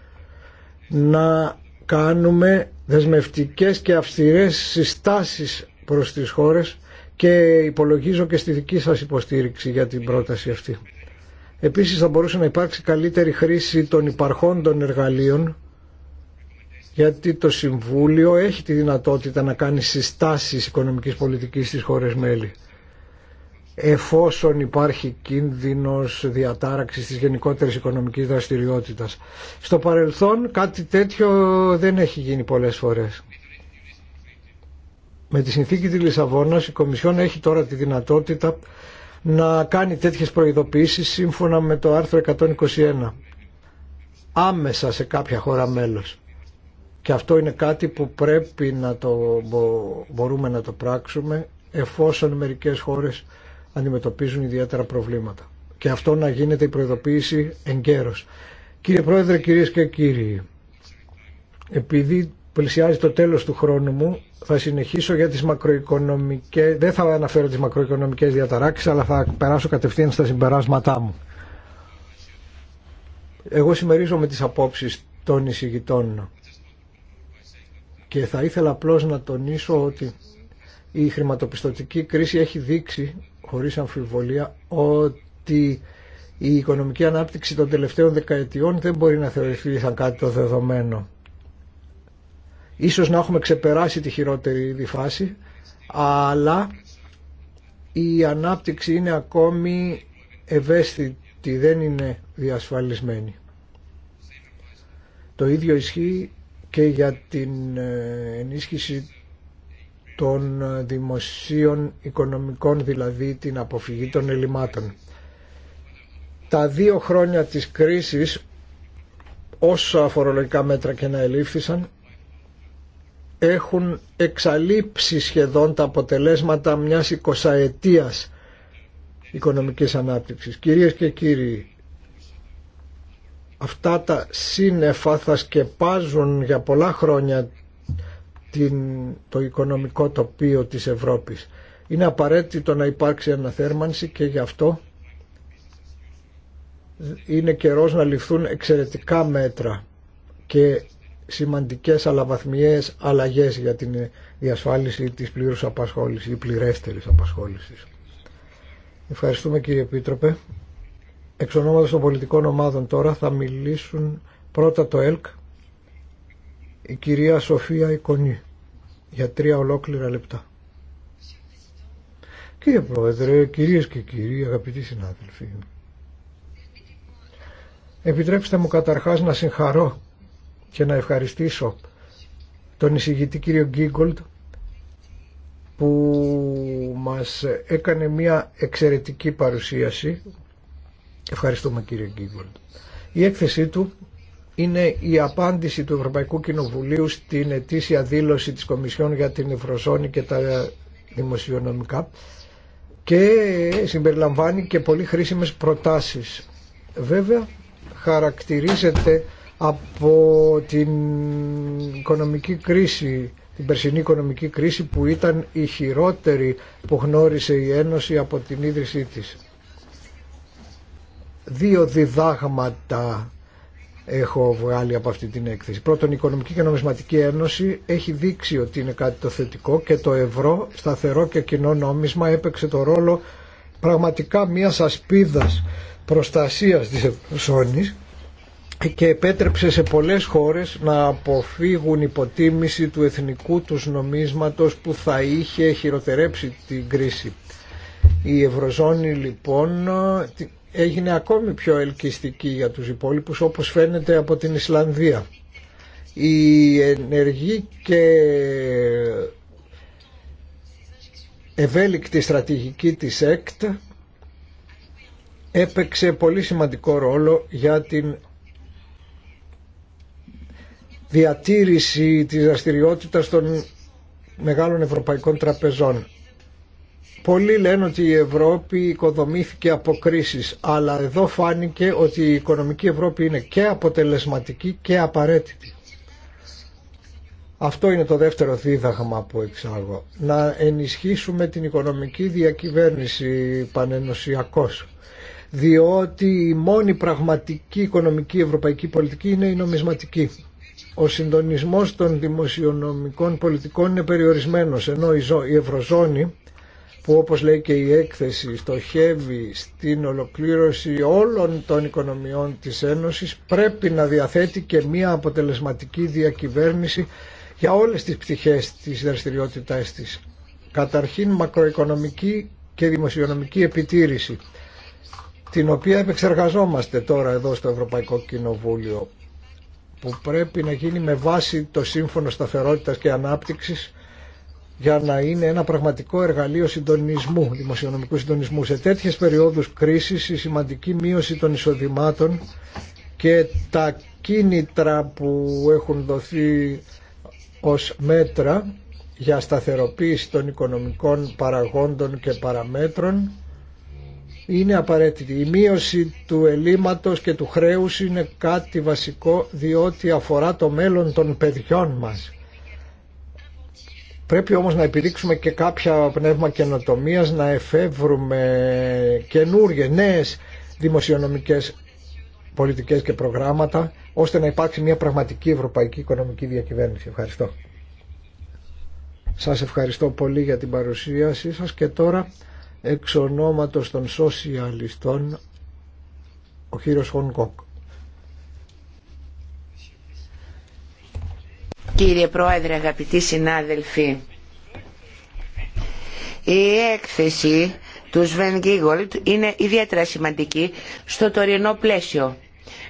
Speaker 2: να κάνουμε δεσμευτικές και αυστηρές συστάσεις προς τις χώρες και υπολογίζω και στη δική σας υποστήριξη για την πρόταση αυτή. Επίσης θα μπορούσε να υπάρξει καλύτερη χρήση των υπαρχών των εργαλείων γιατί το Συμβούλιο έχει τη δυνατότητα να κάνει συστάσεις οικονομικής πολιτικής στις χώρες μέλη εφόσον υπάρχει κίνδυνος διατάραξης της γενικότερης οικονομικής δραστηριότητας. Στο παρελθόν κάτι τέτοιο δεν έχει γίνει πολλές φορές. Με τη συνθήκη της Λισαβόνας η Κομισιόν έχει τώρα τη δυνατότητα να κάνει τέτοιες προειδοποιήσεις σύμφωνα με το άρθρο 121 άμεσα σε κάποια χώρα μέλος. Και αυτό είναι κάτι που πρέπει να το μπορούμε να το πράξουμε εφόσον μερικές χώρες αντιμετωπίζουν ιδιαίτερα προβλήματα. Και αυτό να γίνεται η προειδοποίηση εγκαίρως. Κύριε Πρόεδρε, κυρίες και κύριοι, επειδή πλησιάζει το τέλος του χρόνου μου, θα συνεχίσω για τις μακροοικονομικές, δεν θα αναφέρω τις μακροοικονομικές διαταράξεις, αλλά θα περάσω κατευθείαν στα συμπεράσματά μου. Εγώ συμμερίζω με τις απόψεις των εισηγητών και θα ήθελα απλώς να τονίσω ότι η χρηματοπιστωτική κρίση έχει δείξει χωρίς αμφιβολία ότι η οικονομική ανάπτυξη των τελευταίων δεκαετιών δεν μπορεί να θεωρηθεί σαν κάτι το δεδομένο. Ίσως να έχουμε ξεπεράσει τη χειρότερη ήδη φάση, αλλά η ανάπτυξη είναι ακόμη ευαίσθητη, δεν είναι διασφαλισμένη. Το ίδιο ισχύει και για την ε, ενίσχυση των δημοσίων οικονομικών, δηλαδή την αποφυγή των ελλημάτων. Τα δύο χρόνια της κρίσης, όσα αφορολογικά μέτρα και να ελήφθησαν, έχουν εξαλείψει σχεδόν τα αποτελέσματα μιας εικοσαετίας οικονομικής ανάπτυξης. Κυρίες και κύριοι, αυτά τα σύννεφα θα σκεπάζουν για πολλά χρόνια την, το οικονομικό τοπίο της Ευρώπης. Είναι απαραίτητο να υπάρξει αναθέρμανση και γι' αυτό είναι καιρός να ληφθούν εξαιρετικά μέτρα και σημαντικές αλαβαθμιές αλλαγές για την διασφάλιση της πλήρους απασχόλησης ή πληρέστερης απασχόλησης. Ευχαριστούμε κύριε Επίτροπε. Εξ ονόματος των πολιτικών ομάδων τώρα θα μιλήσουν πρώτα το ΕΛΚ η κυρία Σοφία Ικονή για τρία ολόκληρα λεπτά. Κύριε Πρόεδρε, κυρίες και κύριοι, αγαπητοί συνάδελφοι, επιτρέψτε μου καταρχάς να συγχαρώ και να ευχαριστήσω τον εισηγητή κύριο Γκίγκολτ που μας έκανε μια εξαιρετική παρουσίαση. Ευχαριστούμε κύριε Γκίγκολτ. Η έκθεσή του είναι η απάντηση του Ευρωπαϊκού Κοινοβουλίου στην ετήσια δήλωση της Κομισιόν για την Ευρωζώνη και τα δημοσιονομικά και συμπεριλαμβάνει και πολύ χρήσιμες προτάσεις. Βέβαια χαρακτηρίζεται από την οικονομική κρίση, την περσινή οικονομική κρίση που ήταν η χειρότερη που γνώρισε η Ένωση από την ίδρυσή της. Δύο διδάγματα έχω βγάλει από αυτή την έκθεση. Πρώτον, η Οικονομική και Νομισματική Ένωση έχει δείξει ότι είναι κάτι το θετικό και το ευρώ, σταθερό και κοινό νόμισμα έπαιξε το ρόλο πραγματικά μιας ασπίδας προστασίας της Ευρωζώνης και επέτρεψε σε πολλές χώρες να αποφύγουν υποτίμηση του εθνικού τους νομίσματος που θα είχε χειροτερέψει την κρίση. Η Ευρωζώνη λοιπόν έγινε ακόμη πιο ελκυστική για τους υπόλοιπους όπως φαίνεται από την Ισλανδία. Η ενεργή και ευέλικτη στρατηγική της ΕΚΤ έπαιξε πολύ σημαντικό ρόλο για την διατήρηση της δραστηριότητα των μεγάλων ευρωπαϊκών τραπεζών. Πολλοί λένε ότι η Ευρώπη οικοδομήθηκε από κρίσει, αλλά εδώ φάνηκε ότι η οικονομική Ευρώπη είναι και αποτελεσματική και απαραίτητη. Αυτό είναι το δεύτερο δίδαγμα που εξάγω. Να ενισχύσουμε την οικονομική διακυβέρνηση πανενοσιακώς. Διότι η μόνη πραγματική οικονομική ευρωπαϊκή πολιτική είναι η νομισματική. Ο συντονισμός των δημοσιονομικών πολιτικών είναι περιορισμένος, ενώ η Ευρωζώνη που όπως λέει και η έκθεση στοχεύει στην ολοκλήρωση όλων των οικονομιών της Ένωσης πρέπει να διαθέτει και μία αποτελεσματική διακυβέρνηση για όλες τις πτυχές της δραστηριότητάς της. Καταρχήν μακροοικονομική και δημοσιονομική επιτήρηση την οποία επεξεργαζόμαστε τώρα εδώ στο Ευρωπαϊκό Κοινοβούλιο που πρέπει να γίνει με βάση το Σύμφωνο Σταθερότητας και Ανάπτυξης για να είναι ένα πραγματικό εργαλείο συντονισμού, δημοσιονομικού συντονισμού. Σε τέτοιες περιόδους κρίσης η σημαντική μείωση των εισοδημάτων και τα κίνητρα που έχουν δοθεί ως μέτρα για σταθεροποίηση των οικονομικών παραγόντων και παραμέτρων είναι απαραίτητη. Η μείωση του ελλείμματος και του χρέους είναι κάτι βασικό διότι αφορά το μέλλον των παιδιών μας Πρέπει όμως να επιδείξουμε και κάποια πνεύμα καινοτομία να εφεύρουμε καινούριε νέες δημοσιονομικές πολιτικές και προγράμματα, ώστε να υπάρξει μια πραγματική ευρωπαϊκή οικονομική διακυβέρνηση. Ευχαριστώ. Σας ευχαριστώ πολύ για την παρουσίασή σας και τώρα εξ ονόματος των σοσιαλιστών ο κύριος Χονκόκ.
Speaker 3: Κύριε Πρόεδρε, αγαπητοί συνάδελφοι, η έκθεση του Σβεν Γίγολτ είναι ιδιαίτερα σημαντική στο τωρινό πλαίσιο.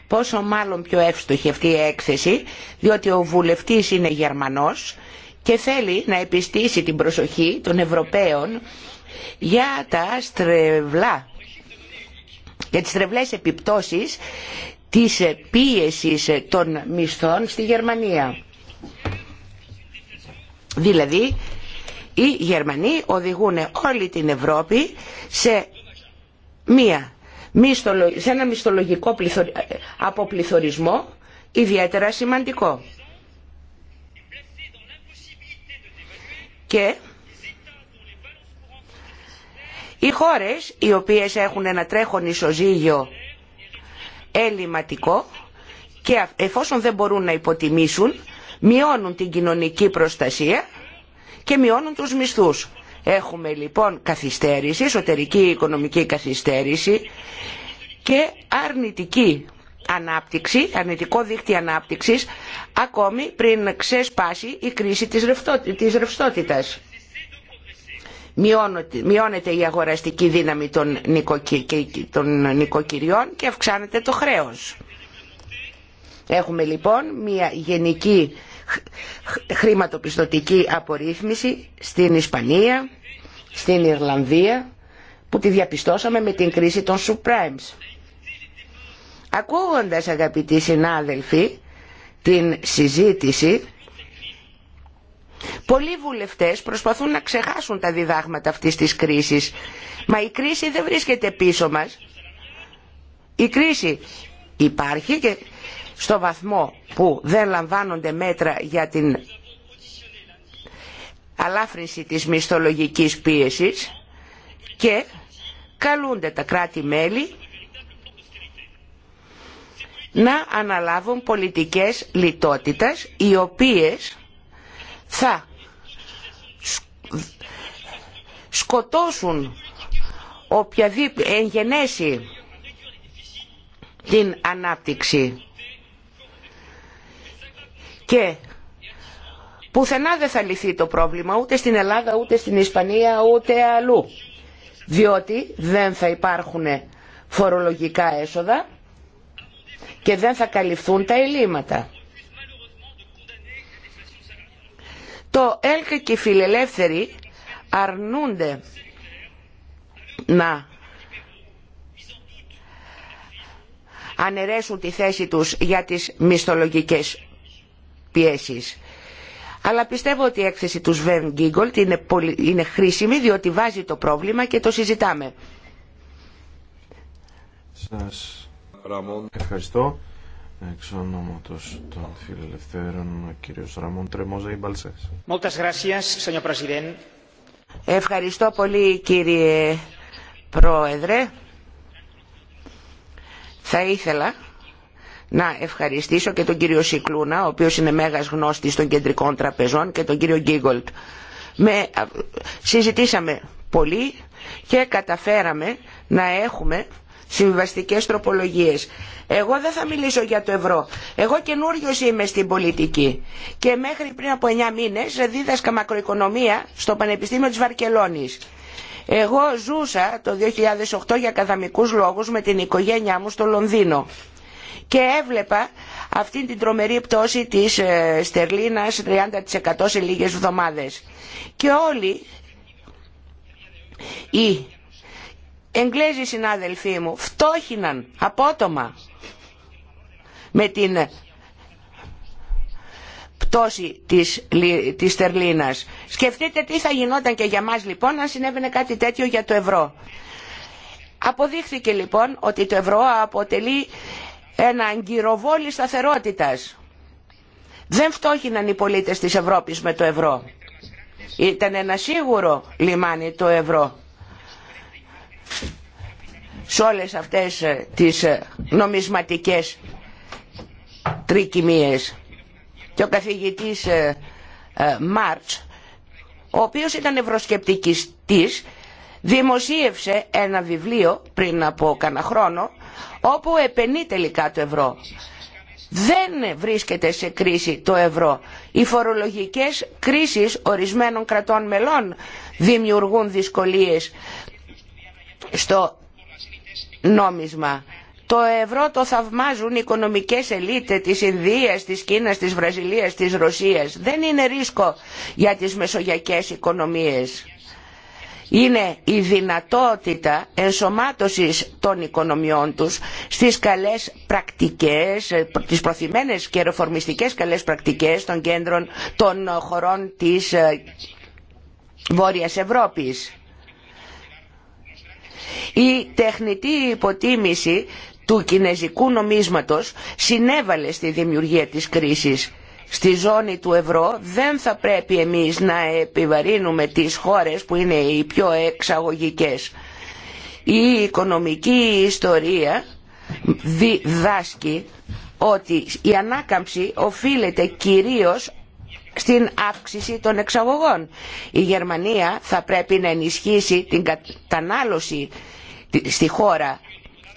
Speaker 3: Πόσο μάλλον πιο εύστοχη αυτή η έκθεση, διότι ο βουλευτής είναι Γερμανός και θέλει να επιστήσει την προσοχή των Ευρωπαίων για τα στρεβλά για τις στρεβλές επιπτώσεις της πίεσης των μισθών στη Γερμανία. Δηλαδή οι Γερμανοί οδηγούν όλη την Ευρώπη σε, μία, σε ένα μισθολογικό αποπληθωρισμό ιδιαίτερα σημαντικό. Και οι χώρες οι οποίες έχουν ένα τρέχον ισοζύγιο ελληματικό και εφόσον δεν μπορούν να υποτιμήσουν μειώνουν την κοινωνική προστασία και μειώνουν τους μισθούς. Έχουμε λοιπόν καθυστέρηση, εσωτερική οικονομική καθυστέρηση και αρνητική ανάπτυξη, αρνητικό δίκτυο ανάπτυξης ακόμη πριν ξεσπάσει η κρίση της ρευστότητας. Μειώνεται η αγοραστική δύναμη των νοικοκυριών και αυξάνεται το χρέος. Έχουμε λοιπόν μια γενική χρηματοπιστωτική απορρίθμιση στην Ισπανία, στην Ιρλανδία που τη διαπιστώσαμε με την κρίση των subprimes. Ακούγοντας αγαπητοί συνάδελφοι την συζήτηση Πολλοί βουλευτές προσπαθούν να ξεχάσουν τα διδάγματα αυτής της κρίσης. Μα η κρίση δεν βρίσκεται πίσω μας. Η κρίση υπάρχει και στο βαθμό που δεν λαμβάνονται μέτρα για την αλάφρυνση της μισθολογικής πίεσης και καλούνται τα κράτη-μέλη να αναλάβουν πολιτικές λιτότητας οι οποίες θα σκοτώσουν οποιαδήποτε εγγενέσει την ανάπτυξη και πουθενά δεν θα λυθεί το πρόβλημα ούτε στην Ελλάδα ούτε στην Ισπανία ούτε αλλού διότι δεν θα υπάρχουν φορολογικά έσοδα και δεν θα καλυφθούν τα ελλείμματα. Το ΕΛΚ και οι φιλελεύθεροι αρνούνται να αναιρέσουν τη θέση τους για τις μισθολογικές πιέσεις. Αλλά πιστεύω ότι η έκθεση του Σβέν Γκίγκολτ είναι, πολύ, είναι χρήσιμη διότι βάζει το πρόβλημα και το συζητάμε.
Speaker 4: Σας ευχαριστώ. Εξ ονόματος των φιλελευθέρων, ο κύριος Ραμόν Τρεμόζα Ιμπαλσές.
Speaker 3: Ευχαριστώ πολύ κύριε Πρόεδρε. Θα ήθελα να ευχαριστήσω και τον κύριο Σικλούνα, ο οποίος είναι μέγας γνώστης των κεντρικών τραπεζών, και τον κύριο Γκίγκολτ. Με... Συζητήσαμε πολύ και καταφέραμε να έχουμε συμβαστικές τροπολογίες. Εγώ δεν θα μιλήσω για το ευρώ. Εγώ καινούριο είμαι στην πολιτική. Και μέχρι πριν από 9 μήνες δίδασκα μακροοικονομία στο Πανεπιστήμιο της Βαρκελόνης. Εγώ ζούσα το 2008 για ακαδαμικούς λόγους με την οικογένειά μου στο Λονδίνο και έβλεπα αυτήν την τρομερή πτώση της ε, στερλίνας 30% σε λίγες εβδομάδες. Και όλοι οι Εγγλέζοι συνάδελφοί μου φτώχυναν απότομα με την πτώση της, της στερλίνας. Σκεφτείτε τι θα γινόταν και για μας λοιπόν αν συνέβαινε κάτι τέτοιο για το ευρώ. Αποδείχθηκε λοιπόν ότι το ευρώ αποτελεί ένα αγκυροβόλι σταθερότητας. Δεν φτώχυναν οι πολίτες της Ευρώπης με το ευρώ. Ήταν ένα σίγουρο λιμάνι το ευρώ. Σε όλες αυτές ε, τις ε, νομισματικές τρικυμίες. Και ο καθηγητής ε, Μάρτς, ο οποίος ήταν ευρωσκεπτικιστής, δημοσίευσε ένα βιβλίο πριν από κανένα χρόνο όπου επενεί τελικά το ευρώ. Δεν βρίσκεται σε κρίση το ευρώ. Οι φορολογικές κρίσεις ορισμένων κρατών μελών δημιουργούν δυσκολίες στο νόμισμα. Το ευρώ το θαυμάζουν οι οικονομικές ελίτε της Ινδίας, της Κίνας, της Βραζιλίας, της Ρωσίας. Δεν είναι ρίσκο για τις μεσογειακές οικονομίες είναι η δυνατότητα ενσωμάτωσης των οικονομιών τους στις καλές πρακτικές, τις προθυμένες και ρεφορμιστικές καλές πρακτικές των κέντρων των χωρών της ε, Βόρειας Ευρώπης. Η τεχνητή υποτίμηση του κινέζικου νομίσματος συνέβαλε στη δημιουργία της κρίσης στη ζώνη του ευρώ δεν θα πρέπει εμείς να επιβαρύνουμε τις χώρες που είναι οι πιο εξαγωγικές. Η οικονομική ιστορία διδάσκει ότι η ανάκαμψη οφείλεται κυρίως στην αύξηση των εξαγωγών. Η Γερμανία θα πρέπει να ενισχύσει την κατανάλωση στη χώρα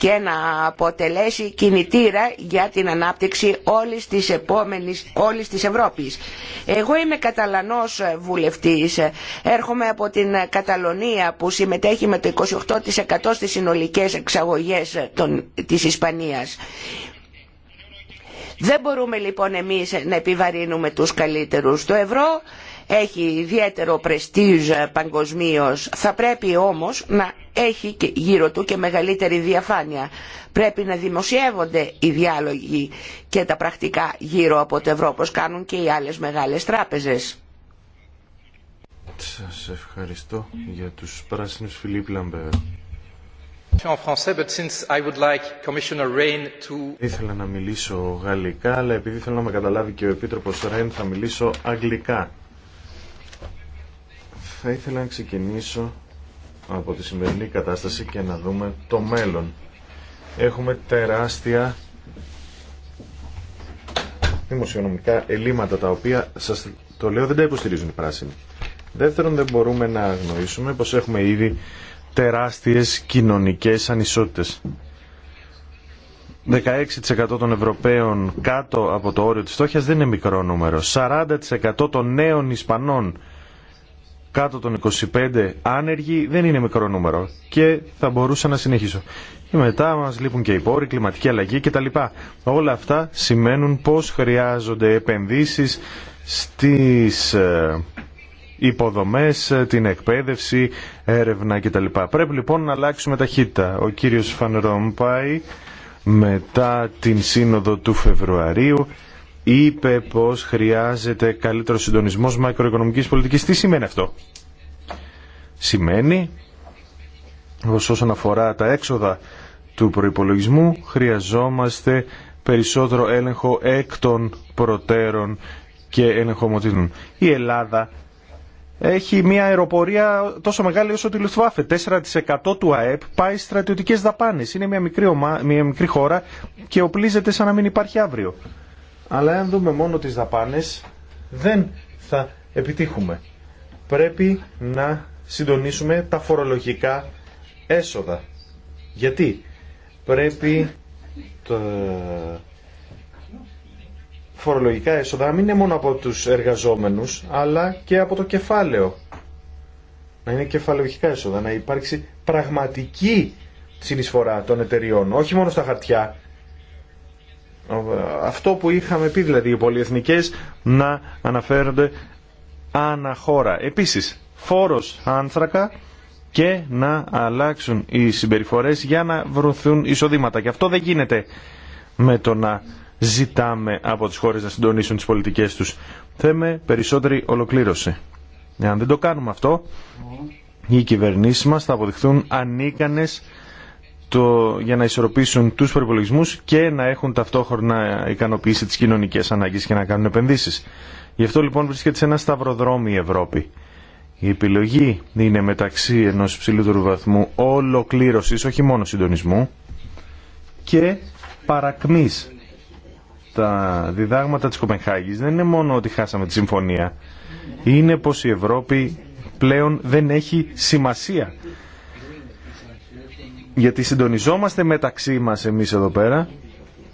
Speaker 3: και να αποτελέσει κινητήρα για την ανάπτυξη όλης της, επόμενης, όλης της Ευρώπης. Εγώ είμαι καταλανός βουλευτής, έρχομαι από την Καταλωνία που συμμετέχει με το 28% στις συνολικές εξαγωγές των, της Ισπανίας. Δεν μπορούμε λοιπόν εμείς να επιβαρύνουμε τους καλύτερους. Το ευρώ έχει ιδιαίτερο πρεστίζ παγκοσμίω. Θα πρέπει όμως να έχει και γύρω του και μεγαλύτερη διαφάνεια. Πρέπει να δημοσιεύονται οι διάλογοι και τα πρακτικά γύρω από το ευρώ, όπως κάνουν και οι άλλες μεγάλες τράπεζες.
Speaker 4: Σας ευχαριστώ για τους πράσινους Φιλίπ Λαμπέρ. Ήθελα να μιλήσω γαλλικά, αλλά επειδή θέλω να με καταλάβει και ο Επίτροπος Ρέιν θα μιλήσω αγγλικά. Θα ήθελα να ξεκινήσω από τη σημερινή κατάσταση και να δούμε το μέλλον. Έχουμε τεράστια δημοσιονομικά ελλείμματα τα οποία, σας το λέω, δεν τα υποστηρίζουν οι πράσινοι. Δεύτερον, δεν μπορούμε να αγνοήσουμε πως έχουμε ήδη τεράστιες κοινωνικές ανισότητες. 16% των Ευρωπαίων κάτω από το όριο της φτώχειας δεν είναι μικρό νούμερο. 40% των νέων Ισπανών κάτω των 25 άνεργοι δεν είναι μικρό νούμερο και θα μπορούσα να συνεχίσω. Και μετά μας λείπουν και οι πόροι, κλιματική αλλαγή κτλ. Όλα αυτά σημαίνουν πως χρειάζονται επενδύσεις στις ε, υποδομές, ε, την εκπαίδευση, έρευνα κτλ. Πρέπει λοιπόν να αλλάξουμε ταχύτητα. Ο κύριος Φαν μετά την σύνοδο του Φεβρουαρίου είπε πως χρειάζεται καλύτερο συντονισμός μακροοικονομικής πολιτικής. Τι σημαίνει αυτό. Σημαίνει πως όσον αφορά τα έξοδα του προϋπολογισμού χρειαζόμαστε περισσότερο έλεγχο εκ των προτέρων και ελεγχομοτήτων. Η Ελλάδα έχει μια αεροπορία τόσο μεγάλη όσο τη Λουθβάφε. 4% του ΑΕΠ πάει στρατιωτικές δαπάνες. Είναι μια μικρή, μια μικρή χώρα και οπλίζεται σαν να μην υπάρχει αύριο αλλά αν δούμε μόνο τις δαπάνες δεν θα επιτύχουμε. Πρέπει να συντονίσουμε τα φορολογικά έσοδα. Γιατί πρέπει τα φορολογικά έσοδα να μην είναι μόνο από τους εργαζόμενους αλλά και από το κεφάλαιο. Να είναι κεφαλαιοχικά έσοδα, να υπάρξει πραγματική συνεισφορά των εταιριών, όχι μόνο στα χαρτιά, αυτό που είχαμε πει δηλαδή οι πολυεθνικές να αναφέρονται αναχώρα. Επίσης φόρος άνθρακα και να αλλάξουν οι συμπεριφορές για να βρωθούν εισοδήματα. Και αυτό δεν γίνεται με το να ζητάμε από τις χώρες να συντονίσουν τις πολιτικές τους. Θέμε περισσότερη ολοκλήρωση. Αν δεν το κάνουμε αυτό, οι κυβερνήσεις μας θα αποδειχθούν ανίκανες το, για να ισορροπήσουν τους προπολογισμού και να έχουν ταυτόχρονα ικανοποιήσει τι κοινωνικές ανάγκες και να κάνουν επενδύσεις. Γι' αυτό λοιπόν βρίσκεται σε ένα σταυροδρόμι η Ευρώπη. Η επιλογή είναι μεταξύ ενός ψηλότερου βαθμού ολοκλήρωση, όχι μόνο συντονισμού, και παρακμής. Τα διδάγματα της Κοπενχάγη δεν είναι μόνο ότι χάσαμε τη συμφωνία, είναι πω η Ευρώπη πλέον δεν έχει σημασία γιατί συντονιζόμαστε μεταξύ μας εμείς εδώ πέρα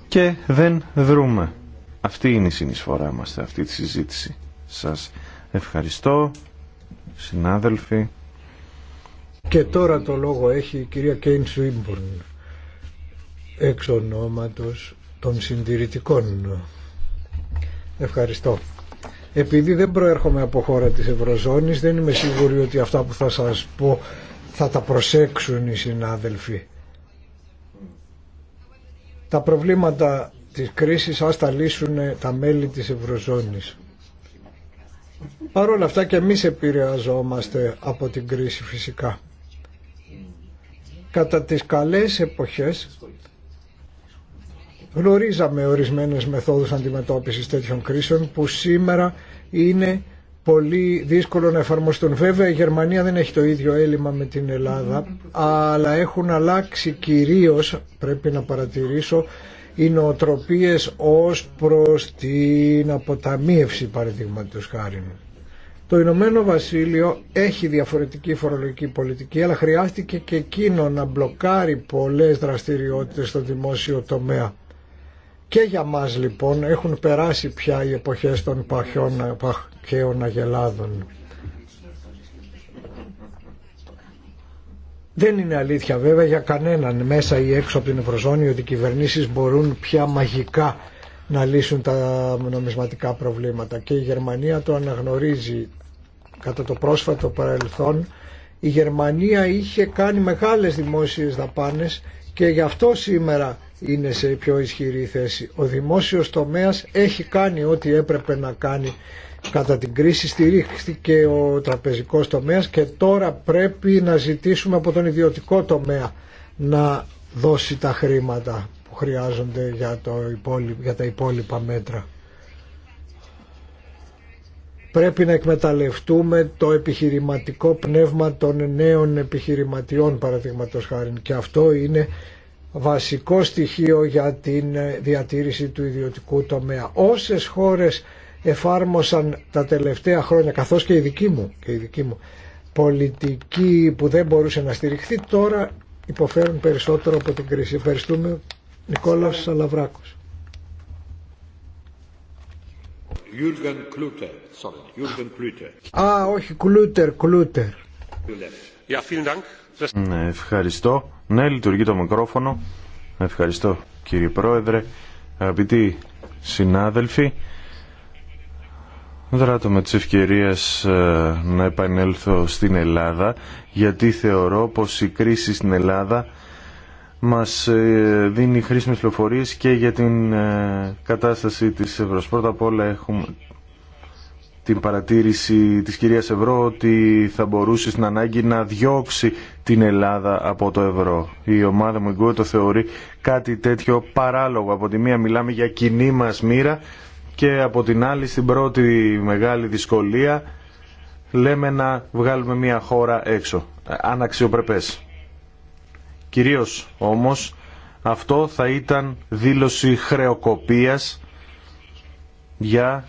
Speaker 4: και δεν δρούμε. Αυτή είναι η συνεισφορά μας σε αυτή τη συζήτηση. Σας ευχαριστώ, συνάδελφοι.
Speaker 2: Και τώρα το λόγο έχει η κυρία Κέιν Σουίμπορν, εξ ονόματος των συντηρητικών. Ευχαριστώ. Επειδή δεν προέρχομαι από χώρα της Ευρωζώνης, δεν είμαι σίγουρη ότι αυτά που θα σας πω θα τα προσέξουν οι συνάδελφοι. Τα προβλήματα της κρίσης ας τα λύσουν τα μέλη της Ευρωζώνης. Παρ' όλα αυτά και εμείς επηρεαζόμαστε από την κρίση φυσικά. Κατά τις καλές εποχές γνωρίζαμε ορισμένες μεθόδους αντιμετώπισης τέτοιων κρίσεων που σήμερα είναι πολύ δύσκολο να εφαρμοστούν. Βέβαια η Γερμανία δεν έχει το ίδιο έλλειμμα με την Ελλάδα, αλλά έχουν αλλάξει κυρίως, πρέπει να παρατηρήσω, οι νοοτροπίες ως προς την αποταμίευση παραδείγματος χάρη. Το Ηνωμένο Βασίλειο έχει διαφορετική φορολογική πολιτική, αλλά χρειάστηκε και εκείνο να μπλοκάρει πολλές δραστηριότητες στο δημόσιο τομέα και για μας λοιπόν έχουν περάσει πια οι εποχές των παχιών, παχαίων αγελάδων. Δεν είναι αλήθεια βέβαια για κανέναν μέσα ή έξω από την Ευρωζώνη ότι οι κυβερνήσεις μπορούν πια μαγικά να λύσουν τα νομισματικά προβλήματα και η Γερμανία το αναγνωρίζει κατά το πρόσφατο παρελθόν η Γερμανία είχε κάνει μεγάλες δημόσιες δαπάνες και γι' αυτό σήμερα είναι σε πιο ισχυρή θέση. Ο δημόσιος τομέας έχει κάνει ό,τι έπρεπε να κάνει κατά την κρίση στηρίχθηκε ο τραπεζικός τομέας και τώρα πρέπει να ζητήσουμε από τον ιδιωτικό τομέα να δώσει τα χρήματα που χρειάζονται για, το για τα υπόλοιπα μέτρα. Πρέπει να εκμεταλλευτούμε το επιχειρηματικό πνεύμα των νέων επιχειρηματιών παραδείγματο χάρη και αυτό είναι βασικό στοιχείο για την διατήρηση του ιδιωτικού τομέα. Όσες χώρες εφάρμοσαν τα τελευταία χρόνια, καθώς και η δική μου, και η δική μου πολιτική που δεν μπορούσε να στηριχθεί, τώρα υποφέρουν περισσότερο από την κρίση. Ευχαριστούμε. Νικόλαος Σαλαβράκος. Jürgen Α, όχι, Κλούτερ, Κλούτερ.
Speaker 4: Ναι, ευχαριστώ. Ναι, λειτουργεί το μικρόφωνο. Ευχαριστώ, κύριε Πρόεδρε. Αγαπητοί συνάδελφοι, δράτω με τις ευκαιρίες ε, να επανέλθω στην Ελλάδα, γιατί θεωρώ πως η κρίση στην Ελλάδα μας ε, δίνει χρήσιμες πληροφορίες και για την ε, κατάσταση της Ευρώς. Πρώτα απ' όλα έχουμε την παρατήρηση της κυρίας Ευρώ ότι θα μπορούσε στην ανάγκη να διώξει την Ελλάδα από το ευρώ. Η ομάδα μου η το θεωρεί κάτι τέτοιο παράλογο. Από τη μία μιλάμε για κοινή μας μοίρα και από την άλλη στην πρώτη μεγάλη δυσκολία λέμε να βγάλουμε μια χώρα έξω. Αναξιοπρεπές. Κυρίως όμως αυτό θα ήταν δήλωση χρεοκοπίας για,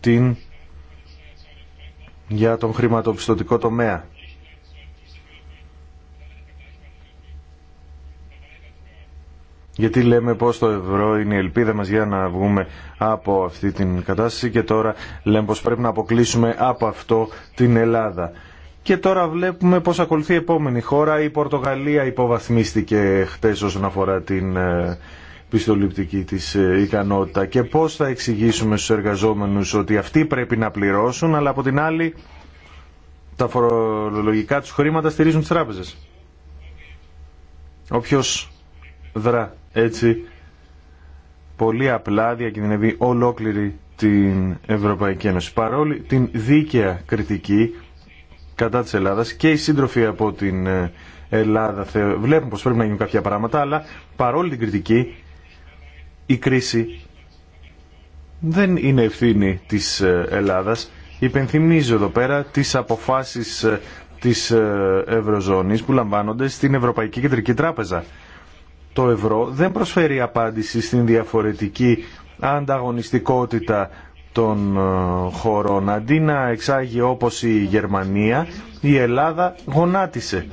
Speaker 4: την, για τον χρηματοπιστωτικό τομέα. Γιατί λέμε πως το ευρώ είναι η ελπίδα μας για να βγούμε από αυτή την κατάσταση και τώρα λέμε πως πρέπει να αποκλείσουμε από αυτό την Ελλάδα. Και τώρα βλέπουμε πώς ακολουθεί η επόμενη χώρα. Η Πορτογαλία υποβαθμίστηκε χτες όσον αφορά την ε, πιστοληπτική της ε, ικανότητα και πώς θα εξηγήσουμε στους εργαζόμενους ότι αυτοί πρέπει να πληρώσουν αλλά από την άλλη τα φορολογικά τους χρήματα στηρίζουν τις τράπεζες. Όποιος δρά έτσι πολύ απλά διακινδυνεύει ολόκληρη την Ευρωπαϊκή Ένωση. Παρόλη την δίκαια κριτική κατά της Ελλάδας και οι σύντροφοι από την ε, Ελλάδα βλέπουν πως πρέπει να γίνουν κάποια πράγματα, αλλά παρόλη την κριτική η κρίση δεν είναι ευθύνη της ε, Ελλάδας. Υπενθυμίζω εδώ πέρα τις αποφάσεις ε, της Ευρωζώνης που λαμβάνονται στην Ευρωπαϊκή Κεντρική Τράπεζα. Το ευρώ δεν προσφέρει απάντηση στην διαφορετική ανταγωνιστικότητα των ε, χωρών. Αντί να εξάγει όπως η Γερμανία, η Ελλάδα γονάτισε.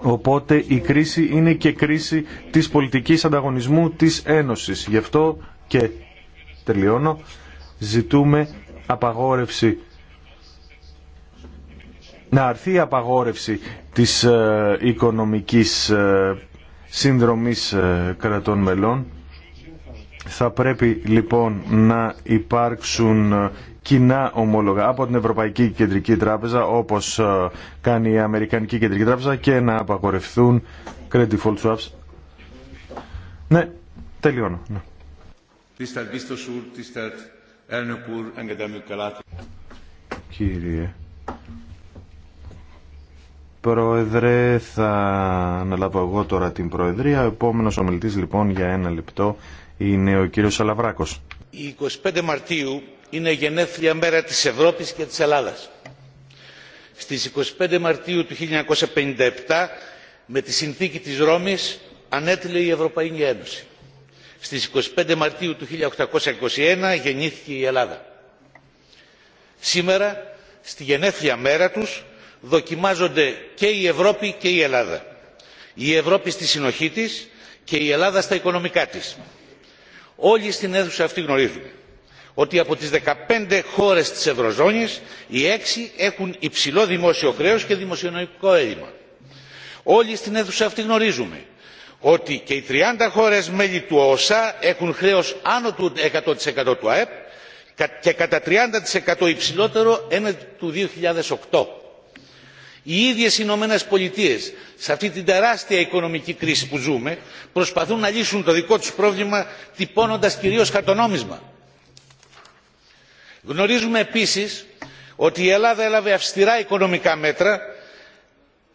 Speaker 4: Οπότε η κρίση είναι και κρίση της πολιτικής ανταγωνισμού της Ένωσης. Γι' αυτό και τελειώνω, ζητούμε απαγόρευση να αρθεί η απαγόρευση της ε, οικονομικής ε, σύνδρομης κρατών μελών θα πρέπει λοιπόν να υπάρξουν ε, κοινά ομόλογα από την Ευρωπαϊκή Κεντρική Τράπεζα όπως ε, κάνει η Αμερικανική Κεντρική Τράπεζα και να απαγορευθούν credit default swaps. Ναι, τελειώνω. Ναι. Κύριε Πρόεδρε, θα αναλάβω εγώ τώρα την Προεδρία. Ο επόμενος ομιλητής λοιπόν για ένα λεπτό είναι ο κύριος Σαλαβράκος.
Speaker 5: Η 25 Μαρτίου είναι γενέθλια μέρα της Ευρώπης και της Ελλάδας. Στις 25 Μαρτίου του 1957 με τη συνθήκη της Ρώμης ανέτειλε η Ευρωπαϊκή Ένωση. Στις 25 Μαρτίου του 1821 γεννήθηκε η Ελλάδα. Σήμερα, στη γενέθλια μέρα τους, δοκιμάζονται και η Ευρώπη και η Ελλάδα. Η Ευρώπη στη συνοχή της και η Ελλάδα στα οικονομικά της όλοι στην αίθουσα αυτή γνωρίζουμε ότι από τις 15 χώρες της Ευρωζώνης οι 6 έχουν υψηλό δημόσιο χρέος και δημοσιονομικό έλλειμμα. Όλοι στην αίθουσα αυτή γνωρίζουμε ότι και οι 30 χώρες μέλη του ΟΣΑ έχουν χρέος άνω του 100% του ΑΕΠ και κατά 30% υψηλότερο ένα του 2008 οι ίδιες οι Ηνωμένε Πολιτείε σε αυτή την τεράστια οικονομική κρίση που ζούμε προσπαθούν να λύσουν το δικό τους πρόβλημα τυπώνοντας κυρίως χαρτονόμισμα. Γνωρίζουμε επίσης ότι η Ελλάδα έλαβε αυστηρά οικονομικά μέτρα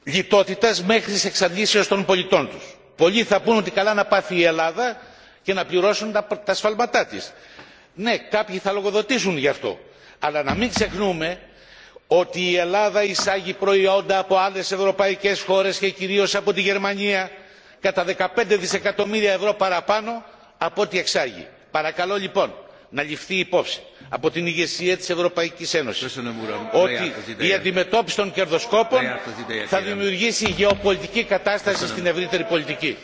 Speaker 5: λιτότητας μέχρι της εξαντλήσεως των πολιτών τους. Πολλοί θα πούν ότι καλά να πάθει η Ελλάδα και να πληρώσουν τα, τα σφαλματά της. Ναι, κάποιοι θα λογοδοτήσουν γι' αυτό. Αλλά να μην ξεχνούμε ότι η ελλάδα εισάγει προϊόντα από άλλες ευρωπαϊκές χώρες και κυρίως από τη γερμανία κατά 15 δισεκατομμύρια ευρώ παραπάνω από ό,τι εξάγει. Παρακαλώ λοιπόν να ληφθεί υπόψη από την ηγεσία της Ευρωπαϊκής Ένωσης ότι η αντιμετώπιση των κερδοσκόπων θα δημιουργήσει γεωπολιτική κατάσταση στην ευρύτερη πολιτική.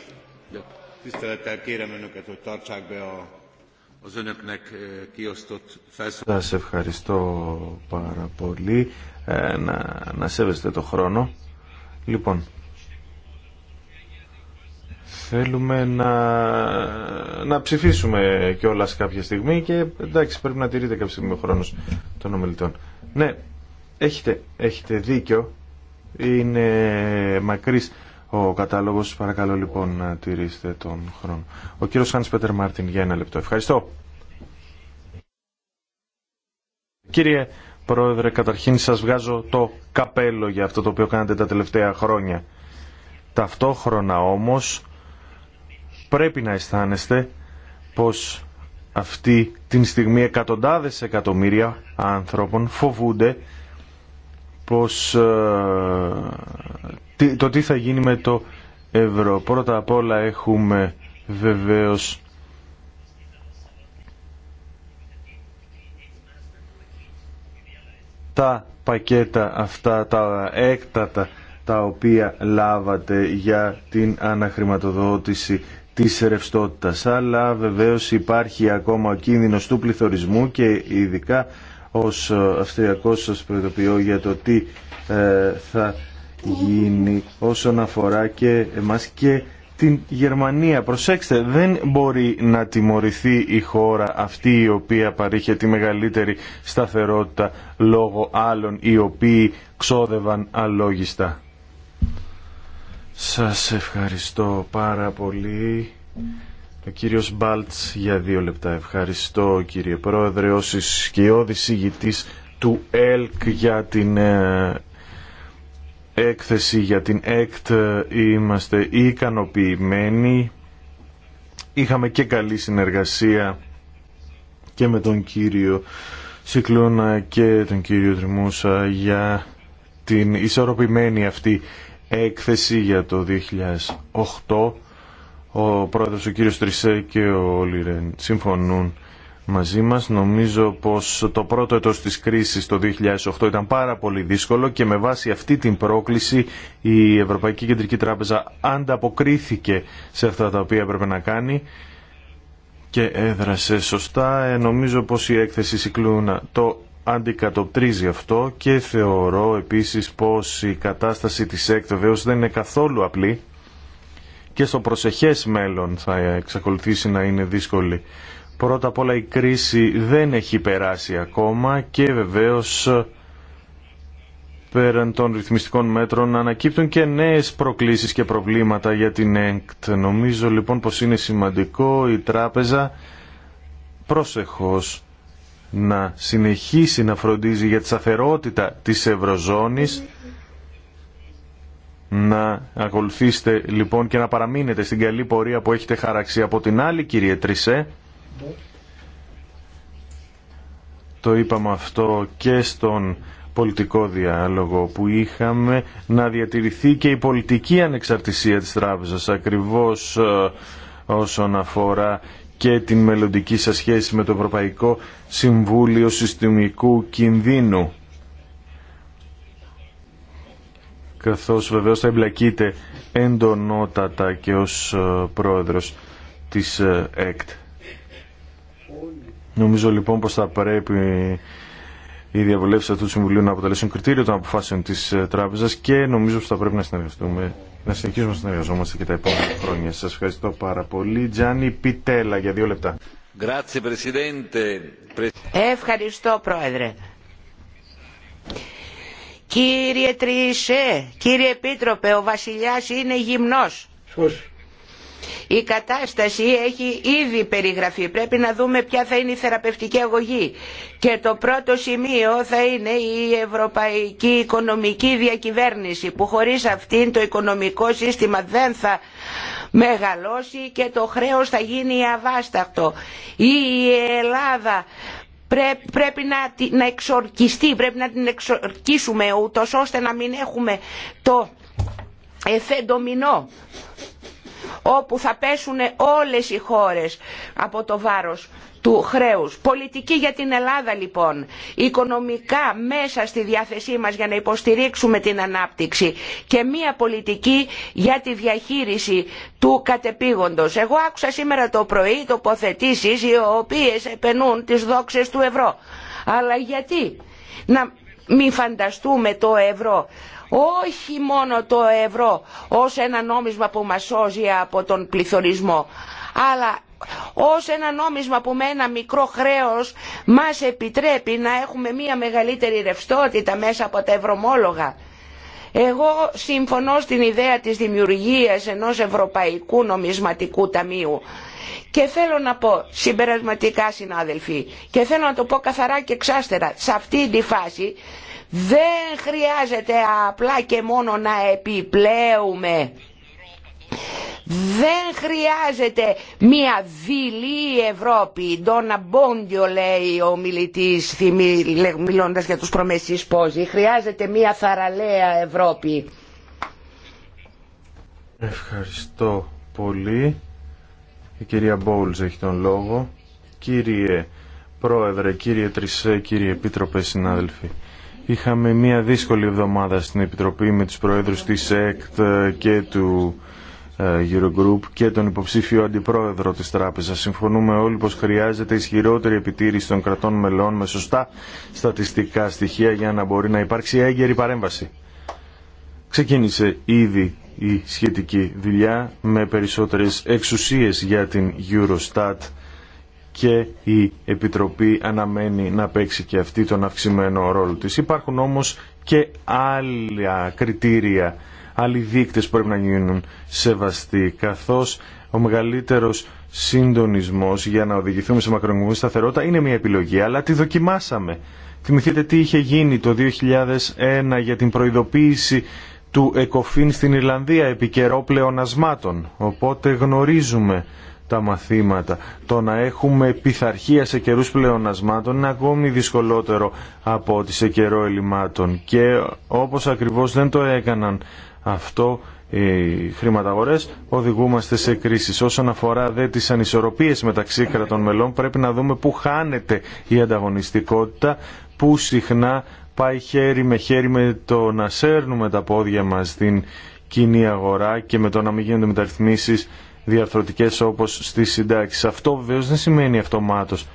Speaker 5: Σα Σας
Speaker 4: ευχαριστώ πάρα πολύ. Ε, να, να σέβεστε το χρόνο. Λοιπόν, θέλουμε να, να ψηφίσουμε κιόλα κάποια στιγμή και εντάξει πρέπει να τηρείτε κάποια στιγμή ο χρόνος των ομιλητών. Ναι, έχετε, έχετε δίκιο. Είναι μακρύς ο κατάλογος. Παρακαλώ λοιπόν να τηρήσετε τον χρόνο. Ο κύριος Χάνς Πέτερ Μάρτιν για ένα λεπτό. Ευχαριστώ. Κύριε Πρόεδρε, καταρχήν σας βγάζω το καπέλο για αυτό το οποίο κάνατε τα τελευταία χρόνια. Ταυτόχρονα όμως πρέπει να αισθάνεστε πως αυτή την στιγμή εκατοντάδες εκατομμύρια ανθρώπων φοβούνται πως ε, το τι θα γίνει με το ευρώ. Πρώτα απ' όλα έχουμε βεβαίως τα πακέτα αυτά, τα έκτατα τα οποία λάβατε για την αναχρηματοδότηση της ρευστότητα. Αλλά βεβαίως υπάρχει ακόμα ο κίνδυνος του πληθωρισμού και ειδικά ως Αυστριακός σας προειδοποιώ για το τι ε, θα γίνει όσον αφορά και εμάς και την Γερμανία. Προσέξτε, δεν μπορεί να τιμωρηθεί η χώρα αυτή η οποία παρήχε τη μεγαλύτερη σταθερότητα λόγω άλλων οι οποίοι ξόδευαν αλόγιστα. Σας ευχαριστώ πάρα πολύ. Ο κύριος Μπάλτς για δύο λεπτά. Ευχαριστώ κύριε Πρόεδρε ως ισχυώδης ηγητής του ΕΛΚ για την ε, έκθεση για την ΕΚΤ είμαστε ικανοποιημένοι. Είχαμε και καλή συνεργασία και με τον κύριο Σικλούνα και τον κύριο Τριμούσα για την ισορροπημένη αυτή έκθεση για το 2008. Ο πρόεδρος ο κύριος Τρισέ και ο συμφωνούν μαζί μας. Νομίζω πως το πρώτο έτος της κρίσης το 2008 ήταν πάρα πολύ δύσκολο και με βάση αυτή την πρόκληση η Ευρωπαϊκή Κεντρική Τράπεζα ανταποκρίθηκε σε αυτά τα οποία έπρεπε να κάνει και έδρασε σωστά. Ε, νομίζω πως η έκθεση Σικλούνα το αντικατοπτρίζει αυτό και θεωρώ επίσης πως η κατάσταση της έκθεσης δεν είναι καθόλου απλή και στο προσεχές μέλλον θα εξακολουθήσει να είναι δύσκολη. Πρώτα απ' όλα η κρίση δεν έχει περάσει ακόμα και βεβαίως πέραν των ρυθμιστικών μέτρων ανακύπτουν και νέες προκλήσεις και προβλήματα για την ΕΝΚΤ. Νομίζω λοιπόν πως είναι σημαντικό η τράπεζα προσεχώς να συνεχίσει να φροντίζει για τη σταθερότητα της Ευρωζώνης να ακολουθήσετε λοιπόν και να παραμείνετε στην καλή πορεία που έχετε χαράξει από την άλλη κύριε Τρισέ το είπαμε αυτό και στον πολιτικό διάλογο που είχαμε να διατηρηθεί και η πολιτική ανεξαρτησία της τράπεζας ακριβώς ε, όσον αφορά και την μελλοντική σας σχέση με το Ευρωπαϊκό Συμβούλιο Συστημικού Κινδύνου. Καθώς βεβαίως θα εμπλακείτε εντονότατα και ως ε, πρόεδρος της ε, ΕΚΤ. Νομίζω λοιπόν πως θα πρέπει οι διαβουλεύσει αυτού του Συμβουλίου να αποτελέσουν κριτήριο των αποφάσεων της ε, Τράπεζας και νομίζω πως θα πρέπει να συνεργαστούμε, να συνεχίσουμε να συνεργαζόμαστε και τα επόμενα χρόνια. Σας ευχαριστώ πάρα πολύ. Τζάνι Πιτέλα για δύο λεπτά.
Speaker 3: Ευχαριστώ Πρόεδρε. Κύριε Τρισέ, κύριε Επίτροπε, ο βασιλιάς είναι γυμνός. Η κατάσταση έχει ήδη περιγραφεί. Πρέπει να δούμε ποια θα είναι η θεραπευτική αγωγή. Και το πρώτο σημείο θα είναι η ευρωπαϊκή οικονομική διακυβέρνηση που χωρίς αυτήν το οικονομικό σύστημα δεν θα μεγαλώσει και το χρέος θα γίνει αβάστακτο. Η Ελλάδα πρέπει να, να εξορκιστεί, πρέπει να την εξορκίσουμε ούτως ώστε να μην έχουμε το εφέ όπου θα πέσουν όλες οι χώρες από το βάρος του χρέους. Πολιτική για την Ελλάδα λοιπόν, οικονομικά μέσα στη διάθεσή μας για να υποστηρίξουμε την ανάπτυξη και μία πολιτική για τη διαχείριση του κατεπήγοντος. Εγώ άκουσα σήμερα το πρωί τοποθετήσεις οι οποίες επενούν τις δόξες του ευρώ. Αλλά γιατί να μην φανταστούμε το ευρώ όχι μόνο το ευρώ ως ένα νόμισμα που μας σώζει από τον πληθωρισμό αλλά ως ένα νόμισμα που με ένα μικρό χρέος μας επιτρέπει να έχουμε μια μεγαλύτερη ρευστότητα μέσα από τα ευρωμόλογα. Εγώ συμφωνώ στην ιδέα της δημιουργίας ενός Ευρωπαϊκού Νομισματικού Ταμείου και θέλω να πω συμπερασματικά συνάδελφοι και θέλω να το πω καθαρά και εξάστερα σε αυτή τη φάση δεν χρειάζεται απλά και μόνο να επιπλέουμε. Δεν χρειάζεται μία δειλή Ευρώπη. Ντόνα Μπόντιο λέει ο μιλητής μιλώντας για τους προμεσείς πόζοι. Χρειάζεται μία θαραλέα Ευρώπη.
Speaker 4: Ευχαριστώ πολύ. Η κυρία Μπόουλς έχει τον λόγο. Κύριε Πρόεδρε, κύριε Τρισέ, κύριε Επίτροπε, συνάδελφοι. Είχαμε μία δύσκολη εβδομάδα στην Επιτροπή με τους Προέδρους της ΕΚΤ και του ε, Eurogroup και τον υποψήφιο αντιπρόεδρο της Τράπεζας. Συμφωνούμε όλοι πως χρειάζεται ισχυρότερη επιτήρηση των κρατών μελών με σωστά στατιστικά στοιχεία για να μπορεί να υπάρξει έγκαιρη παρέμβαση. Ξεκίνησε ήδη η σχετική δουλειά με περισσότερες εξουσίες για την Eurostat και η Επιτροπή αναμένει να παίξει και αυτή τον αυξημένο ρόλο της. Υπάρχουν όμως και άλλα κριτήρια, άλλοι δείκτες που πρέπει να γίνουν σεβαστοί, καθώς ο μεγαλύτερος συντονισμός για να οδηγηθούμε σε μακρονομική σταθερότητα είναι μια επιλογή, αλλά τη δοκιμάσαμε. Θυμηθείτε τι είχε γίνει το 2001 για την προειδοποίηση του ΕΚΟΦΗΝ στην Ιρλανδία επί καιρό πλεονασμάτων. Οπότε γνωρίζουμε τα μαθήματα. Το να έχουμε πειθαρχία σε καιρού πλεονασμάτων είναι ακόμη δυσκολότερο από ότι σε καιρό ελλημάτων. Και όπως ακριβώς δεν το έκαναν αυτό οι χρηματαγορές οδηγούμαστε σε κρίσεις. Όσον αφορά δε τις ανισορροπίες μεταξύ κρατών μελών πρέπει να δούμε πού χάνεται η ανταγωνιστικότητα, πού συχνά πάει χέρι με χέρι με το να σέρνουμε τα πόδια μας στην κοινή αγορά και με το να μην γίνονται μεταρρυθμίσεις διαρθρωτικές όπως στις συντάξεις. Αυτό βεβαίως δεν σημαίνει αυτομάτως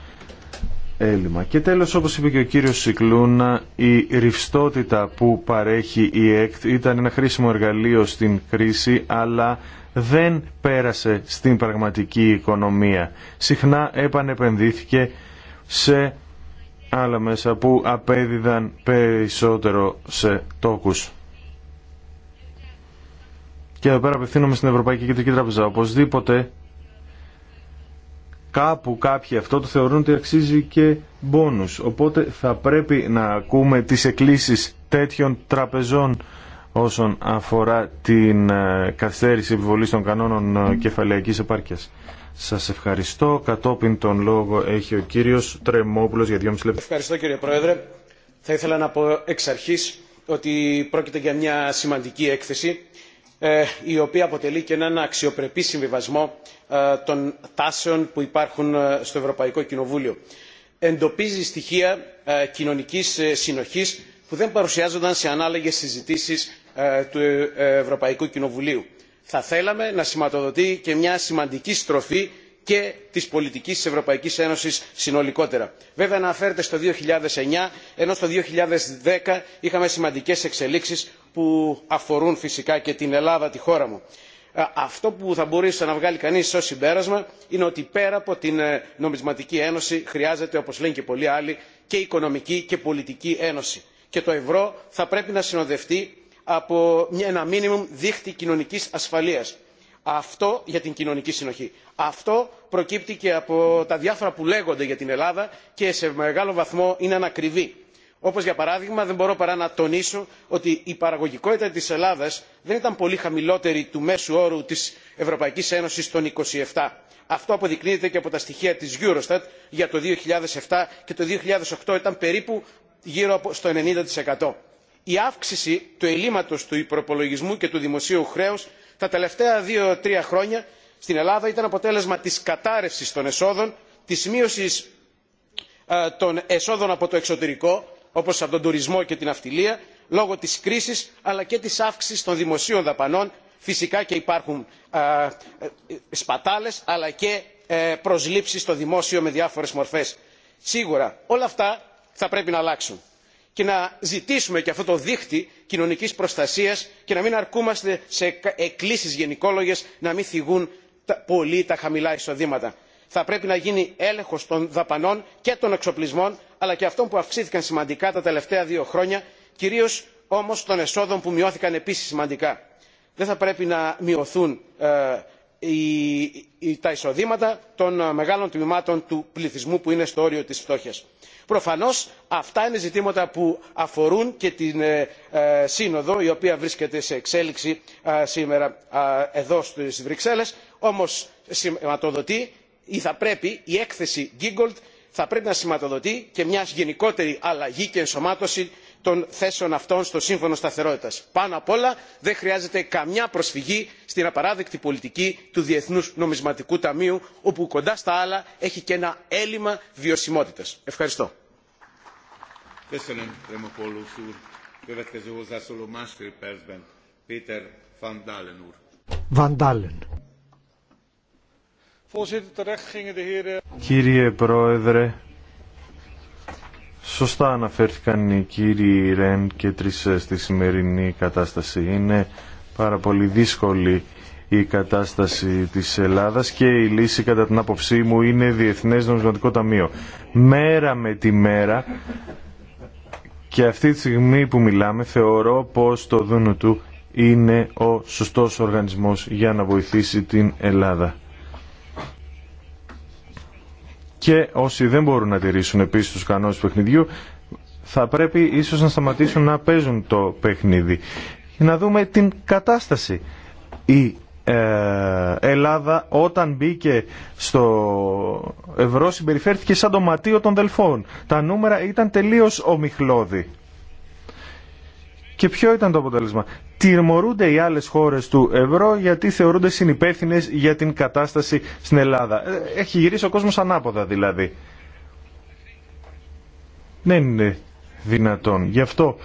Speaker 4: έλλειμμα. Και τέλος όπως είπε και ο κύριος Σικλούνα η ρυφστότητα που παρέχει η ΕΚΤ ήταν ένα χρήσιμο εργαλείο στην κρίση αλλά δεν πέρασε στην πραγματική οικονομία. Συχνά επανεπενδύθηκε σε άλλα μέσα που απέδιδαν περισσότερο σε τόκους. Και εδώ πέρα απευθύνομαι στην Ευρωπαϊκή Κεντρική Τράπεζα. Οπωσδήποτε κάπου κάποιοι αυτό το θεωρούν ότι αξίζει και μπόνους. Οπότε θα πρέπει να ακούμε τις εκκλήσεις τέτοιων τραπεζών όσον αφορά την ε, καθυστέρηση επιβολής των κανόνων ε, κεφαλαϊκής επάρκειας. Σας ευχαριστώ. Κατόπιν τον λόγο έχει ο κύριος Τρεμόπουλος για 2,5 λεπτά.
Speaker 6: Ευχαριστώ κύριε Πρόεδρε. Θα ήθελα να πω εξ αρχής ότι πρόκειται για μια σημαντική έκθεση ε, η οποία αποτελεί και έναν αξιοπρεπή συμβιβασμό ε, των τάσεων που υπάρχουν ε, στο ευρωπαϊκό κοινοβούλιο. εντοπίζει στοιχεία κοινωνικής συνοχής που δεν παρουσιάζονταν σε ανάλογες συζητήσεις του ευρωπαϊκού κοινοβουλίου. θα θέλαμε να σηματοδοτεί και μια σημαντική στροφή και τη πολιτική τη ευρωπαϊκής Ένωση συνολικότερα. βέβαια αναφέρεται στο 2009 ενώ στο 2010 είχαμε σημαντικές εξελίξεις που αφορούν φυσικά και την ελλάδα τη χώρα μου. αυτό που θα μπορούσε να βγάλει κανείς ως συμπέρασμα είναι ότι πέρα από την ε, νομισματική ένωση χρειάζεται όπως λένε και πολλοί άλλοι και οικονομική και πολιτική ένωση και το ευρώ θα πρέπει να συνοδευτεί από ένα μίνιμουμ δίχτυ κοινωνική ασφαλείας αυτό για την κοινωνική συνοχή. αυτό προκύπτει και από τα διάφορα που λέγονται για την ελλάδα και σε μεγάλο βαθμό είναι ανακριβή. Όπως για παράδειγμα δεν μπορώ παρά να τονίσω ότι η παραγωγικότητα της Ελλάδας δεν ήταν πολύ χαμηλότερη του μέσου όρου της Ευρωπαϊκής Ένωσης των 27. Αυτό αποδεικνύεται και από τα στοιχεία της Eurostat για το 2007 και το 2008 ήταν περίπου γύρω στο 90%. Η αύξηση του ελλείμματος του υπροπολογισμού και του δημοσίου χρέους τα τελευταία δύο τρία χρόνια στην ελλάδα ήταν αποτέλεσμα της κατάρρευσης των εσόδων της μείωσης ε, των εσόδων από το εξωτερικό όπως από τον τουρισμό και την ναυτιλία λόγω της κρίσης αλλά και της αύξησης των δημοσίων δαπανών φυσικά και υπάρχουν ε, ε, σπατάλες αλλά και προσλήψεις στο δημόσιο με διάφορες μορφές. σίγουρα όλα αυτά θα πρέπει να αλλάξουν και να ζητήσουμε και αυτό το δίχτυ κοινωνικής προστασίας και να μην αρκούμαστε σε εκκλήσεις γενικόλογες να μην θυγούν πολύ τα χαμηλά εισοδήματα. θα πρέπει να γίνει έλεγχος των δαπανών και των εξοπλισμών αλλά και αυτών που αυξήθηκαν σημαντικά τα τελευταία δύο χρόνια κυρίως όμως των εσόδων που μειώθηκαν επίσης σημαντικά. δεν θα πρέπει να μειωθούν ε, τα εισοδήματα των ε, μεγάλων τμήματων του πληθυσμού που είναι στο όριο της φτώχειας. προφανώς αυτά είναι ζητήματα που αφορούν και την ε, ε, σύνοδο η οποία βρίσκεται σε εξέλιξη σήμερα εδώ στις βρυξέλλες όμως σηματοδοτεί ή θα πρέπει η έκθεση giegold θα πρέπει να σηματοδοτεί και μια γενικότερη αλλαγή και ενσωμάτωση των θέσεων αυτών στο σύμφωνο σταθερότητα. πάνω απ' όλα δεν χρειάζεται καμιά προσφυγή στην απαράδεκτη πολιτική του διεθνού νομισματικού ταμείου όπου κοντά στα άλλα έχει και ένα έλλειμμα βιωσιμότητα. ευχαριστώ.
Speaker 4: Σωστά αναφέρθηκαν οι κύριοι Ρεν και Τρεις στη σημερινή κατάσταση. Είναι πάρα πολύ δύσκολη η κατάσταση της Ελλάδας και η λύση κατά την άποψή μου είναι Διεθνές Νομισματικό Ταμείο. Μέρα με τη μέρα και αυτή τη στιγμή που μιλάμε θεωρώ πως το δούνο του είναι ο σωστός οργανισμός για να βοηθήσει την Ελλάδα και όσοι δεν μπορούν να τηρήσουν επίσης τους κανόνες του παιχνιδιού θα πρέπει ίσως να σταματήσουν να παίζουν το παιχνίδι. Να δούμε την κατάσταση. Η ε, Ελλάδα όταν μπήκε στο ευρώ συμπεριφέρθηκε σαν το ματίο των δελφών. Τα νούμερα ήταν τελείως ομιχλώδη. Και ποιο ήταν το αποτέλεσμα. Τιρμορούνται οι άλλες χώρες του ευρώ γιατί θεωρούνται συνυπεύθυνε για την κατάσταση στην Ελλάδα. Ε, έχει γυρίσει ο κόσμος ανάποδα δηλαδή. Δεν είναι δυνατόν. Γι' αυτό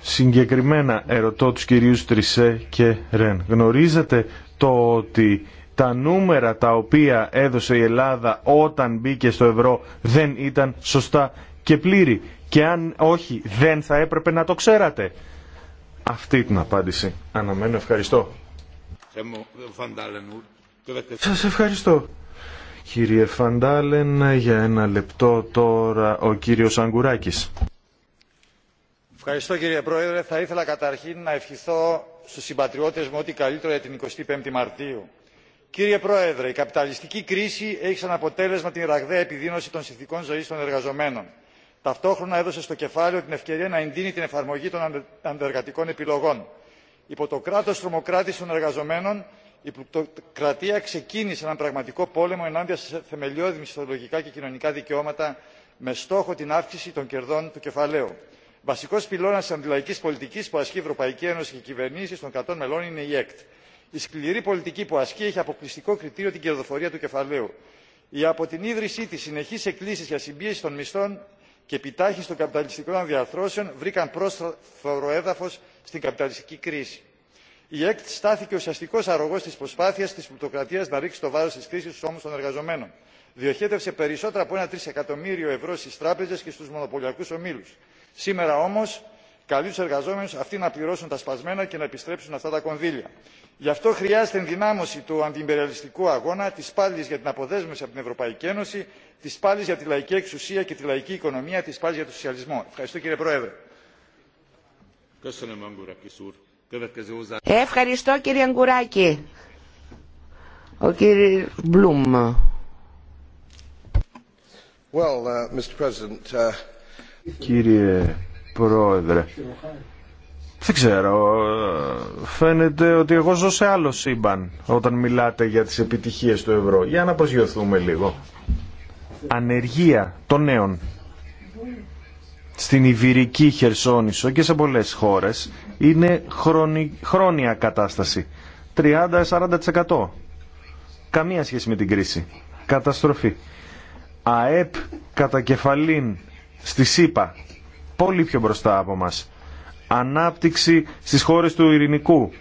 Speaker 4: συγκεκριμένα ερωτώ τους κυρίους Τρισέ και Ρεν. Γνωρίζετε το ότι τα νούμερα τα οποία έδωσε η Ελλάδα όταν μπήκε στο ευρώ δεν ήταν σωστά και πλήρη. Και αν όχι, δεν θα έπρεπε να το ξέρατε. Αυτή την απάντηση αναμένω. Ευχαριστώ.
Speaker 5: Σας ευχαριστώ.
Speaker 4: Κύριε Φαντάλεν, για ένα λεπτό τώρα ο κύριος Αγκουράκης.
Speaker 7: Ευχαριστώ κύριε Πρόεδρε. Θα ήθελα καταρχήν να ευχηθώ στους συμπατριώτες μου ό,τι καλύτερο για την 25η Μαρτίου. Κύριε Πρόεδρε, η καπιταλιστική κρίση έχει σαν αποτέλεσμα την ραγδαία επιδείνωση των συνθηκών ζωής των εργαζομένων ταυτόχρονα έδωσε στο κεφάλαιο την ευκαιρία να εντείνει την εφαρμογή των αντεργατικών επιλογών. υπό το κράτο τρομοκράτη των εργαζομένων η πλουτοκρατία ξεκίνησε έναν πραγματικό πόλεμο ενάντια σε θεμελιώδη μισθολογικά και κοινωνικά δικαιώματα με στόχο την αύξηση των κερδών του κεφαλαίου. βασικό πυλώνα τη αντιλαϊκή πολιτική που ασκεί η ευρωπαϊκή ένωση και οι κυβερνήσει των κρατών μελών είναι η ΕΚΤ. η σκληρή πολιτική που ασκεί έχει αποκλειστικό κριτήριο την κερδοφορία του κεφαλαίου. η από την ίδρυσή τη συνεχεί εκκλήσει για συμπίεση των μισθών και επιτάχυνση των καπιταλιστικών διαρθρώσεων βρήκαν πρόσφορο έδαφο στην καπιταλιστική κρίση. Η ΕΚΤ στάθηκε ουσιαστικό αρρωγό τη προσπάθεια τη πλουτοκρατία να ρίξει το βάρο τη κρίση στου ώμου των εργαζομένων. Διοχέτευσε περισσότερα από ένα τρισεκατομμύριο ευρώ στι τράπεζε και στου μονοπωλιακού ομίλου. Σήμερα όμω καλεί του εργαζόμενου αυτοί να πληρώσουν τα σπασμένα και να επιστρέψουν αυτά τα κονδύλια. Γι' αυτό χρειάζεται ενδυνάμωση του αντιυμπεριαλιστικού αγώνα, τη πάλη για την αποδέσμευση από την Ευρωπαϊκή Ένωση, τη πάλι για τη λαϊκή εξουσία και τη λαϊκή οικονομία, τη πάλι για τον σοσιαλισμό. Ευχαριστώ κύριε Πρόεδρε.
Speaker 3: Ευχαριστώ κύριε Αγγουράκη. Ο κύριε Μπλουμ.
Speaker 2: Uh, uh,
Speaker 4: κύριε Πρόεδρε, δεν ξέρω, φαίνεται ότι εγώ ζω σε άλλο σύμπαν όταν μιλάτε για τις επιτυχίες του ευρώ. Για να προσγειωθούμε λίγο ανεργία των νέων στην Ιβυρική Χερσόνησο και σε πολλές χώρες είναι χρόνια κατάσταση. 30-40%. Καμία σχέση με την κρίση. Καταστροφή. ΑΕΠ κατά κεφαλήν στη ΣΥΠΑ. Πολύ πιο μπροστά από μας. Ανάπτυξη στις χώρες του Ειρηνικού.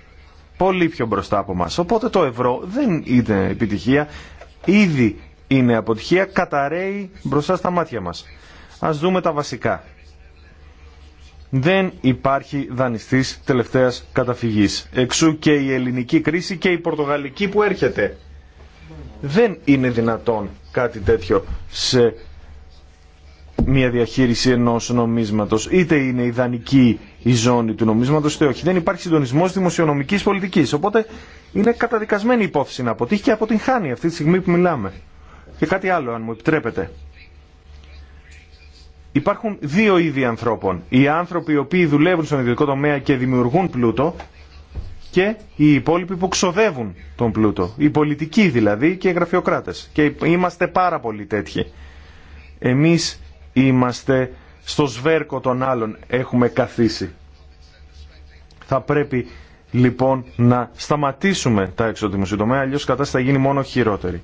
Speaker 4: Πολύ πιο μπροστά από μας. Οπότε το ευρώ δεν είναι επιτυχία. Ήδη είναι αποτυχία καταραίει μπροστά στα μάτια μας. Ας δούμε τα βασικά. Δεν υπάρχει δανειστής τελευταίας καταφυγής. Εξού και η ελληνική κρίση και η πορτογαλική που έρχεται. Δεν είναι δυνατόν κάτι τέτοιο σε μια διαχείριση ενός νομίσματος. Είτε είναι ιδανική η ζώνη του νομίσματος, είτε όχι. Δεν υπάρχει συντονισμός δημοσιονομικής πολιτικής. Οπότε είναι καταδικασμένη η υπόθεση να αποτύχει και αποτυγχάνει αυτή τη στιγμή που μιλάμε. Και κάτι άλλο, αν μου επιτρέπετε. Υπάρχουν δύο είδη ανθρώπων. Οι άνθρωποι οι οποίοι δουλεύουν στον ιδιωτικό τομέα και δημιουργούν πλούτο και οι υπόλοιποι που ξοδεύουν τον πλούτο. Οι πολιτικοί δηλαδή και οι γραφειοκράτες. Και είμαστε πάρα πολύ τέτοιοι. Εμείς είμαστε στο σβέρκο των άλλων. Έχουμε καθίσει. Θα πρέπει λοιπόν να σταματήσουμε τα έξω αλλιώς η κατάσταση θα γίνει μόνο χειρότερη.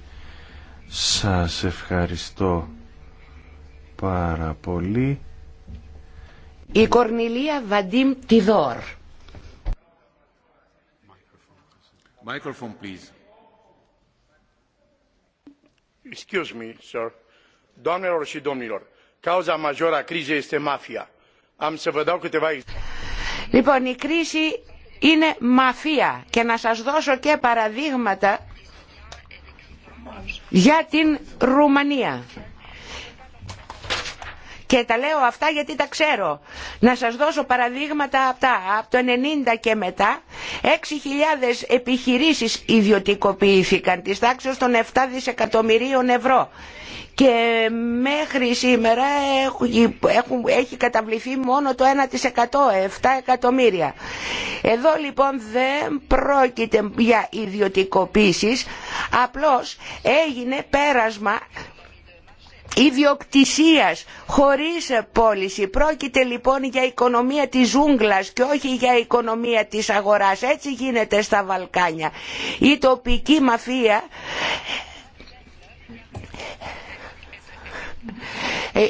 Speaker 4: Σας ευχαριστώ πάρα πολύ.
Speaker 3: Η Κορνιλία Βαντίμ Τιδόρ.
Speaker 5: Microphone, please.
Speaker 1: Excuse me, sir. Doamnelor și domnilor, cauza majoră a crizei este mafia. Am să vă dau câteva
Speaker 3: Λοιπόν, η κρίση είναι μαφία και να σας δώσω και παραδείγματα για την Ρουμανία. Και τα λέω αυτά γιατί τα ξέρω. Να σας δώσω παραδείγματα αυτά. Από το 90 και μετά, 6.000 επιχειρήσεις ιδιωτικοποιήθηκαν της τάξης των 7 δισεκατομμυρίων ευρώ και μέχρι σήμερα έχει καταβληθεί μόνο το 1% 7 εκατομμύρια. Εδώ λοιπόν δεν πρόκειται για ιδιωτικοποίηση απλώς έγινε πέρασμα ιδιοκτησίας χωρίς πώληση. Πρόκειται λοιπόν για οικονομία της ζούγκλας και όχι για οικονομία της αγοράς. Έτσι γίνεται στα Βαλκάνια. Η τοπική μαφία ε,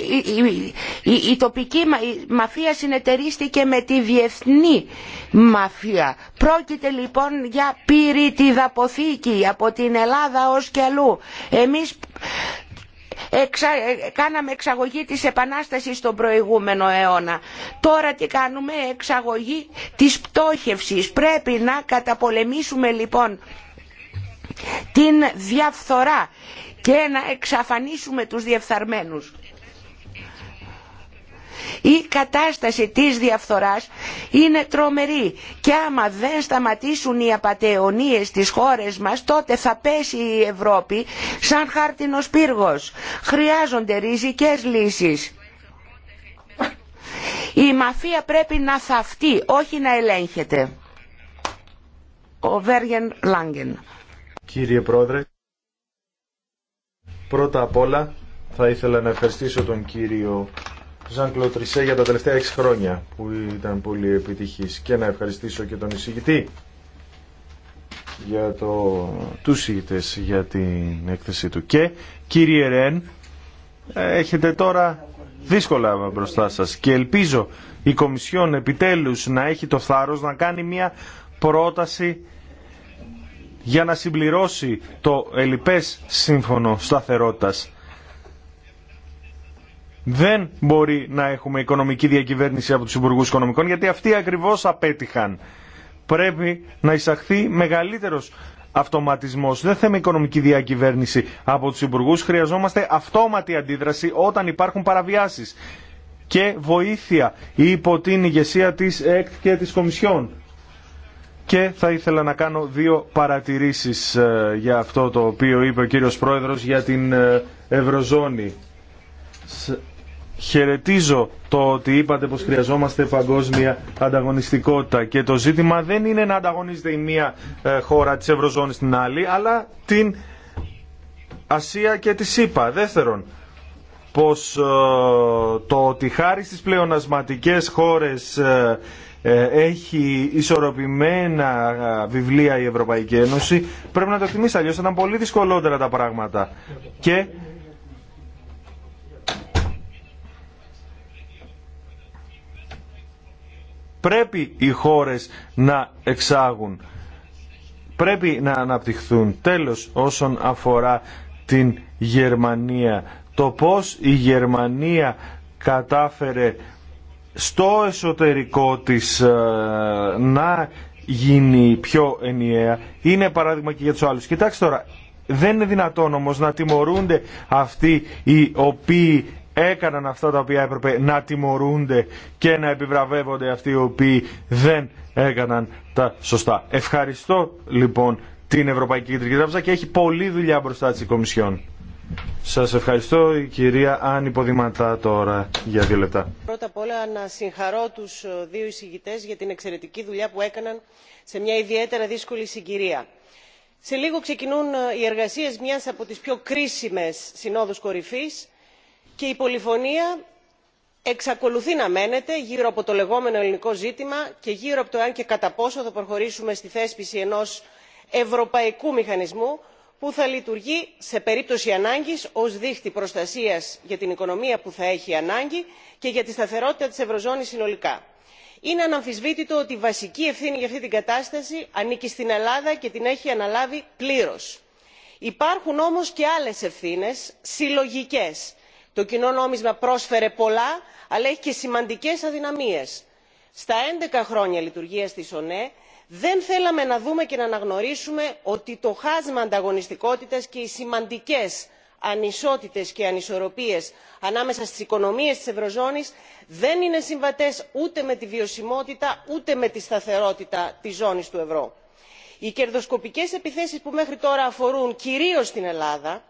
Speaker 3: η τοπική μαφία συνεταιρίστηκε με τη διεθνή μαφία. Πρόκειται λοιπόν για τη δαποθήκη από την Ελλάδα ως και αλλού. Εμείς ε, κάναμε εξαγωγή της επανάστασης στον προηγούμενο αιώνα. Τώρα τι κάνουμε εξαγωγή της πτώχευσης. Πρέπει να καταπολεμήσουμε λοιπόν την διαφθορά και να εξαφανίσουμε τους διεφθαρμένους. Η κατάσταση της διαφθοράς είναι τρομερή και άμα δεν σταματήσουν οι απαταιωνίες στις χώρες μας τότε θα πέσει η Ευρώπη σαν χάρτινος πύργος. Χρειάζονται ριζικές λύσεις. Η μαφία πρέπει να θαυτεί, όχι να ελέγχεται. Ο Βέργεν Λάγκεν.
Speaker 4: Κύριε Πρόεδρε, Πρώτα απ' όλα θα ήθελα να ευχαριστήσω τον κύριο Ζαν Κλωτρισέ για τα τελευταία 6 χρόνια που ήταν πολύ επιτυχής και να ευχαριστήσω και τον εισηγητή για το, τους για την έκθεσή του. Και κύριε Ρεν, έχετε τώρα δύσκολα μπροστά σας και ελπίζω η Κομισιόν επιτέλους να έχει το θάρρος να κάνει μια πρόταση για να συμπληρώσει το ελιπές σύμφωνο σταθερότητας. Δεν μπορεί να έχουμε οικονομική διακυβέρνηση από τους υπουργού Οικονομικών γιατί αυτοί ακριβώς απέτυχαν. Πρέπει να εισαχθεί μεγαλύτερος αυτοματισμός. Δεν θέλουμε οικονομική διακυβέρνηση από τους υπουργού. Χρειαζόμαστε αυτόματη αντίδραση όταν υπάρχουν παραβιάσεις και βοήθεια υπό την ηγεσία της ΕΚΤ και της Κομισιόν. Και θα ήθελα να κάνω δύο παρατηρήσεις ε, για αυτό το οποίο είπε ο κύριος Πρόεδρος για την ε, Ευρωζώνη. Χαιρετίζω το ότι είπατε πως χρειαζόμαστε παγκόσμια ανταγωνιστικότητα και το ζήτημα δεν είναι να ανταγωνίζεται η μία ε, χώρα της Ευρωζώνης στην άλλη, αλλά την Ασία και τη ΣΥΠΑ. Δεύτερον, πως το ότι χάρη στις πλεονασματικές χώρες ε, έχει ισορροπημένα ε, βιβλία η Ευρωπαϊκή Ένωση, πρέπει να το εκτιμήσει αλλιώ Θα ήταν πολύ δυσκολότερα τα πράγματα. Και πρέπει οι χώρες να εξάγουν. Πρέπει να αναπτυχθούν. Τέλος, όσον αφορά την Γερμανία, το πώς η Γερμανία κατάφερε στο εσωτερικό της ε, να γίνει πιο ενιαία είναι παράδειγμα και για τους άλλους. Κοιτάξτε τώρα, δεν είναι δυνατόν όμως να τιμωρούνται αυτοί οι οποίοι έκαναν αυτά τα οποία έπρεπε να τιμωρούνται και να επιβραβεύονται αυτοί οι οποίοι δεν έκαναν τα σωστά. Ευχαριστώ λοιπόν την Ευρωπαϊκή Κεντρική Τράπεζα και έχει πολλή δουλειά μπροστά της Κομισιόν. Σας ευχαριστώ η κυρία Άννη Ποδηματά τώρα για δύο λεπτά. Πρώτα απ'
Speaker 8: όλα να συγχαρώ τους ε, δύο εισηγητές για την εξαιρετική δουλειά που έκαναν σε μια ιδιαίτερα δύσκολη συγκυρία. Σε λίγο ξεκινούν ε, οι εργασίες μιας από τις πιο κρίσιμες συνόδους κορυφής και η πολυφωνία εξακολουθεί να μένεται γύρω από το λεγόμενο ελληνικό ζήτημα και γύρω από το αν και κατά πόσο θα προχωρήσουμε στη θέσπιση ενός ευρωπαϊκού μηχανισμού που θα λειτουργεί σε περίπτωση ανάγκης ως δίχτυ προστασίας για την οικονομία που θα έχει ανάγκη και για τη σταθερότητα της ευρωζώνης συνολικά. είναι αναμφισβήτητο ότι η βασική ευθύνη για αυτή την κατάσταση ανήκει στην ελλάδα και την έχει αναλάβει πλήρως. υπάρχουν όμως και άλλες ευθύνες συλλογικές. το κοινό νόμισμα πρόσφερε πολλά αλλά έχει και σημαντικές αδυναμίες. στα έντεκα χρόνια λειτουργίας της ονε δεν θέλαμε να δούμε και να αναγνωρίσουμε ότι το χάσμα ανταγωνιστικότητας και οι σημαντικές ανισότητες και ανισορροπίες ανάμεσα στις οικονομίες της ευρωζώνης δεν είναι συμβατές ούτε με τη βιωσιμότητα ούτε με τη σταθερότητα της ζώνης του ευρώ. οι κερδοσκοπικές επιθέσεις που μέχρι τώρα αφορούν κυρίως την ελλάδα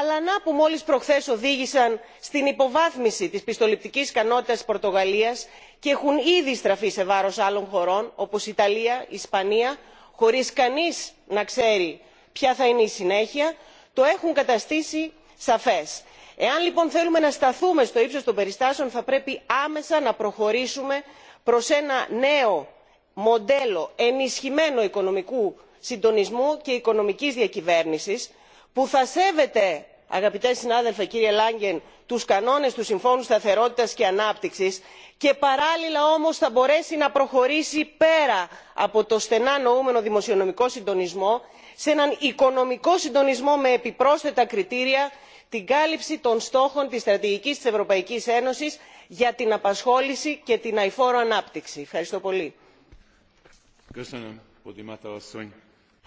Speaker 8: αλλά να που μόλις προχθές οδήγησαν στην υποβάθμιση της πιστοληπτικής ικανότητας της πορτογαλίας και έχουν ήδη στραφεί σε βάρος άλλων χωρών όπως ιταλία η ισπανία χωρίς κανείς να ξέρει ποια θα είναι η συνέχεια το έχουν καταστήσει σαφές. εάν λοιπόν θέλουμε να σταθούμε στο ύψος των περιστάσεων θα πρέπει άμεσα να προχωρήσουμε προς ένα νέο μοντέλο ενισχυμένου οικονομικού συντονισμού και οικονομικής διακυβέρνησης που θα σέβεται αγαπητέ συνάδελφε κύριε langen τους κανόνες του Συμφώνου Σταθερότητας και Ανάπτυξης και παράλληλα όμως θα μπορέσει να προχωρήσει πέρα από το στενά νοούμενο δημοσιονομικό συντονισμό σε έναν οικονομικό συντονισμό με επιπρόσθετα κριτήρια την κάλυψη των στόχων της στρατηγικής της Ευρωπαϊκής Ένωσης για την απασχόληση και την αηφόρο ανάπτυξη. Ευχαριστώ πολύ.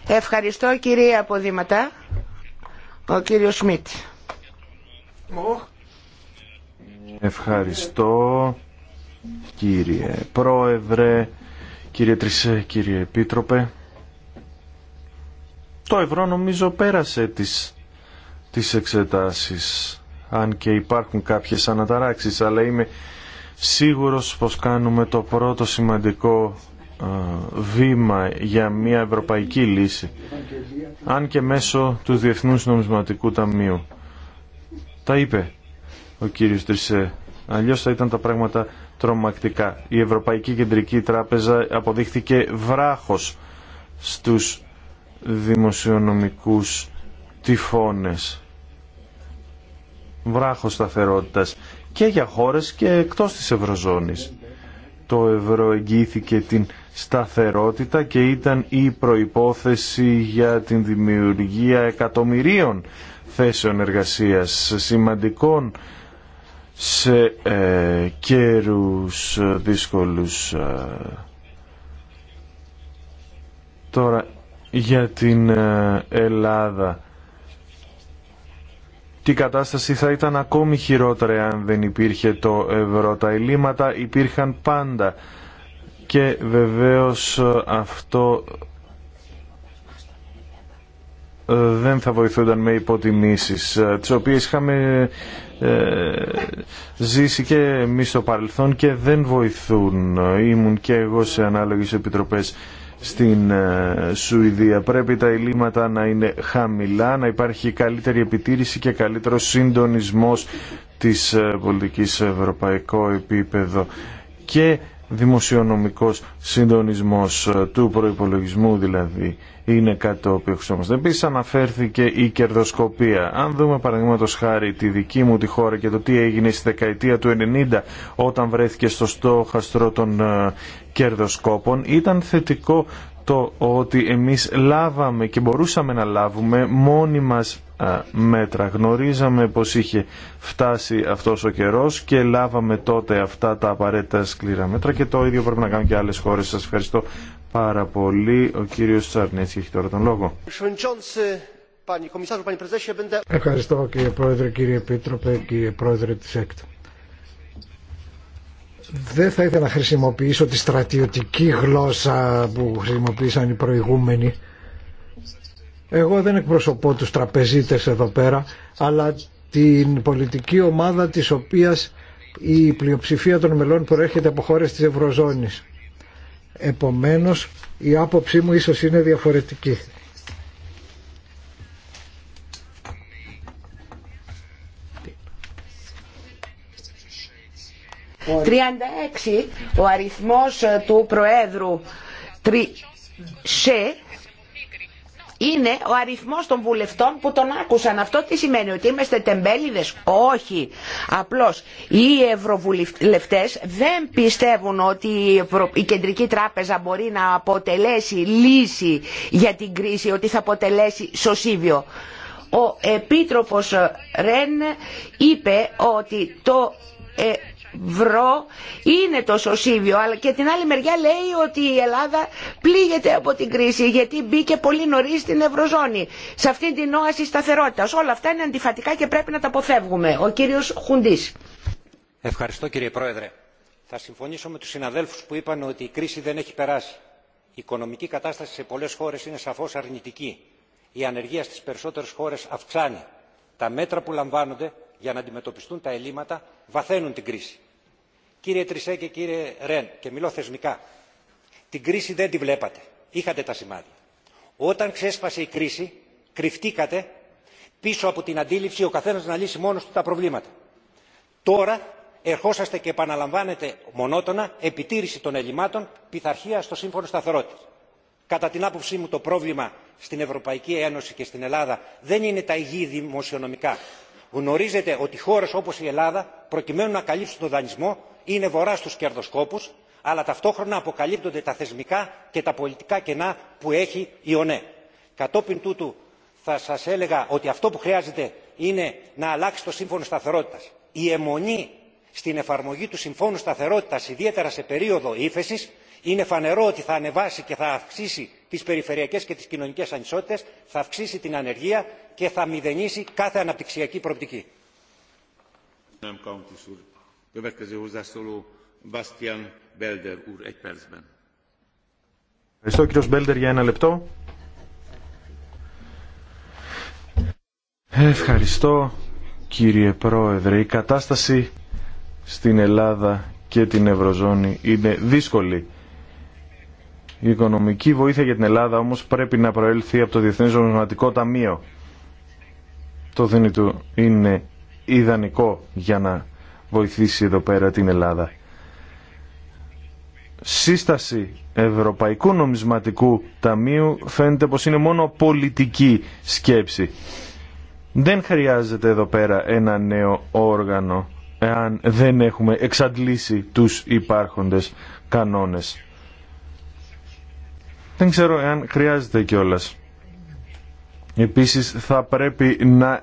Speaker 3: Ευχαριστώ
Speaker 4: Ευχαριστώ κύριε Πρόεδρε, κύριε Τρισέ, κύριε Επίτροπε. Το ευρώ νομίζω πέρασε τις, τις εξετάσεις, αν και υπάρχουν κάποιες αναταράξεις, αλλά είμαι σίγουρος πως κάνουμε το πρώτο σημαντικό βήμα για μια ευρωπαϊκή λύση, αν και μέσω του Διεθνούς Νομισματικού Ταμείου. Τα είπε ο κύριος Τρισέ. Αλλιώς θα ήταν τα πράγματα τρομακτικά. Η Ευρωπαϊκή Κεντρική Τράπεζα αποδείχθηκε βράχος στους δημοσιονομικούς τυφώνες. Βράχος σταθερότητας και για χώρες και εκτός της Ευρωζώνης. Το ευρώ εγγύθηκε την σταθερότητα και ήταν η προϋπόθεση για την δημιουργία εκατομμυρίων θέσεων εργασίας σημαντικών σε ε, καιρούς δύσκολους. Ε. Τώρα για την ε, Ελλάδα. Τι κατάσταση θα ήταν ακόμη χειρότερη αν δεν υπήρχε το ευρώ. Τα ελλείμματα υπήρχαν πάντα και βεβαίως ε, αυτό ε, δεν θα βοηθούνταν με υποτιμήσεις ε, τις οποίες είχαμε ζήσει και εμείς στο παρελθόν και δεν βοηθούν ήμουν και εγώ σε ανάλογες επιτροπές στην Σουηδία πρέπει τα ελλείμματα να είναι χαμηλά να υπάρχει καλύτερη επιτήρηση και καλύτερο συντονισμός της πολιτικής σε ευρωπαϊκό επίπεδο και δημοσιονομικός συντονισμός ε, του προϋπολογισμού δηλαδή είναι κάτι το οποίο χρησιμοποιούμε. Επίση αναφέρθηκε η κερδοσκοπία. Αν δούμε παραδείγματο χάρη τη δική μου τη χώρα και το τι έγινε στη δεκαετία του 90 όταν βρέθηκε στο στόχαστρο των ε, κερδοσκόπων ήταν θετικό το ότι εμείς λάβαμε και μπορούσαμε να λάβουμε μόνοι μας μέτρα. Γνωρίζαμε πως είχε φτάσει αυτός ο καιρός και λάβαμε τότε αυτά τα απαραίτητα σκληρά μέτρα και το ίδιο πρέπει να κάνουν και άλλες χώρες. Σας ευχαριστώ πάρα πολύ. Ο κύριος Τσαρνίτσι έχει τώρα τον λόγο.
Speaker 7: Ευχαριστώ
Speaker 2: κύριε Πρόεδρε, κύριε Επίτροπε, κύριε Πρόεδρε της ΕΚΤΟ δεν θα ήθελα να χρησιμοποιήσω τη στρατιωτική γλώσσα που χρησιμοποίησαν οι προηγούμενοι. Εγώ δεν εκπροσωπώ τους τραπεζίτες εδώ πέρα, αλλά την πολιτική ομάδα της οποίας η πλειοψηφία των μελών προέρχεται από χώρες της Ευρωζώνης. Επομένως, η άποψή μου ίσως είναι διαφορετική.
Speaker 3: 36 ο αριθμός ε, του Προέδρου ΣΕ, είναι ο αριθμός των βουλευτών που τον άκουσαν. Αυτό τι σημαίνει, ότι είμαστε τεμπέληδες. Όχι. Απλώς οι ευρωβουλευτές δεν πιστεύουν ότι η Κεντρική Τράπεζα μπορεί να αποτελέσει λύση για την κρίση, ότι θα αποτελέσει σωσίβιο. Ο Επίτροπος Ρεν είπε ότι το ε, Βρω είναι το σωσίβιο αλλά και την άλλη μεριά λέει ότι η Ελλάδα πλήγεται από την κρίση γιατί μπήκε πολύ νωρίς στην Ευρωζώνη σε αυτή την όαση σταθερότητας. Όλα αυτά είναι αντιφατικά και πρέπει να τα αποφεύγουμε. Ο κύριος Χουντής.
Speaker 9: Ευχαριστώ κύριε Πρόεδρε. Θα συμφωνήσω με τους συναδέλφους που είπαν ότι η κρίση δεν έχει περάσει. Η οικονομική κατάσταση σε πολλές χώρες είναι σαφώς αρνητική. Η ανεργία στις περισσότερες χώρες αυξάνει. Τα μέτρα που λαμβάνονται για να αντιμετωπιστούν τα ελλείμματα βαθαίνουν την κρίση Κύριε Τρισέ και κύριε Ρεν, και μιλώ θεσμικά, την κρίση δεν τη βλέπατε. Είχατε τα σημάδια. Όταν ξέσπασε η κρίση, κρυφτήκατε πίσω από την αντίληψη ο καθένα να λύσει μόνο του τα προβλήματα. Τώρα ερχόσαστε και επαναλαμβάνετε μονότονα επιτήρηση των ελλημάτων, πειθαρχία στο σύμφωνο σταθερότητα. Κατά την άποψή μου το πρόβλημα στην Ευρωπαϊκή Ένωση και στην Ελλάδα δεν είναι τα υγιή δημοσιονομικά. Γνωρίζετε ότι χώρε όπω η Ελλάδα, προκειμένου να καλύψουν τον δανεισμό, είναι βορρά στου κερδοσκόπου, αλλά ταυτόχρονα αποκαλύπτονται τα θεσμικά και τα πολιτικά κενά που έχει η ονε. κατόπιν τούτου θα σα έλεγα ότι αυτό που χρειάζεται είναι να αλλάξει το σύμφωνο σταθερότητα. η αιμονή στην εφαρμογή του συμφώνου σταθερότητα ιδιαίτερα σε περίοδο ύφεση είναι φανερό ότι θα ανεβάσει και θα αυξήσει τι περιφερειακέ και τι κοινωνικέ ανισότητε, θα αυξήσει την ανεργία και θα μηδενίσει κάθε αναπτυξιακή προοπτική.
Speaker 4: Ευχαριστώ κύριε Πρόεδρε. Η κατάσταση στην Ελλάδα και την Ευρωζώνη είναι δύσκολη. Η οικονομική βοήθεια για την Ελλάδα όμως πρέπει να προέλθει από το Διεθνές Νομισματικό Ταμείο. Το δίνει του είναι ιδανικό για να βοηθήσει εδώ πέρα την Ελλάδα. Σύσταση Ευρωπαϊκού Νομισματικού Ταμείου φαίνεται πως είναι μόνο πολιτική σκέψη. Δεν χρειάζεται εδώ πέρα ένα νέο όργανο εάν δεν έχουμε εξαντλήσει τους υπάρχοντες κανόνες. Δεν ξέρω εάν χρειάζεται κιόλας. Επίσης θα πρέπει να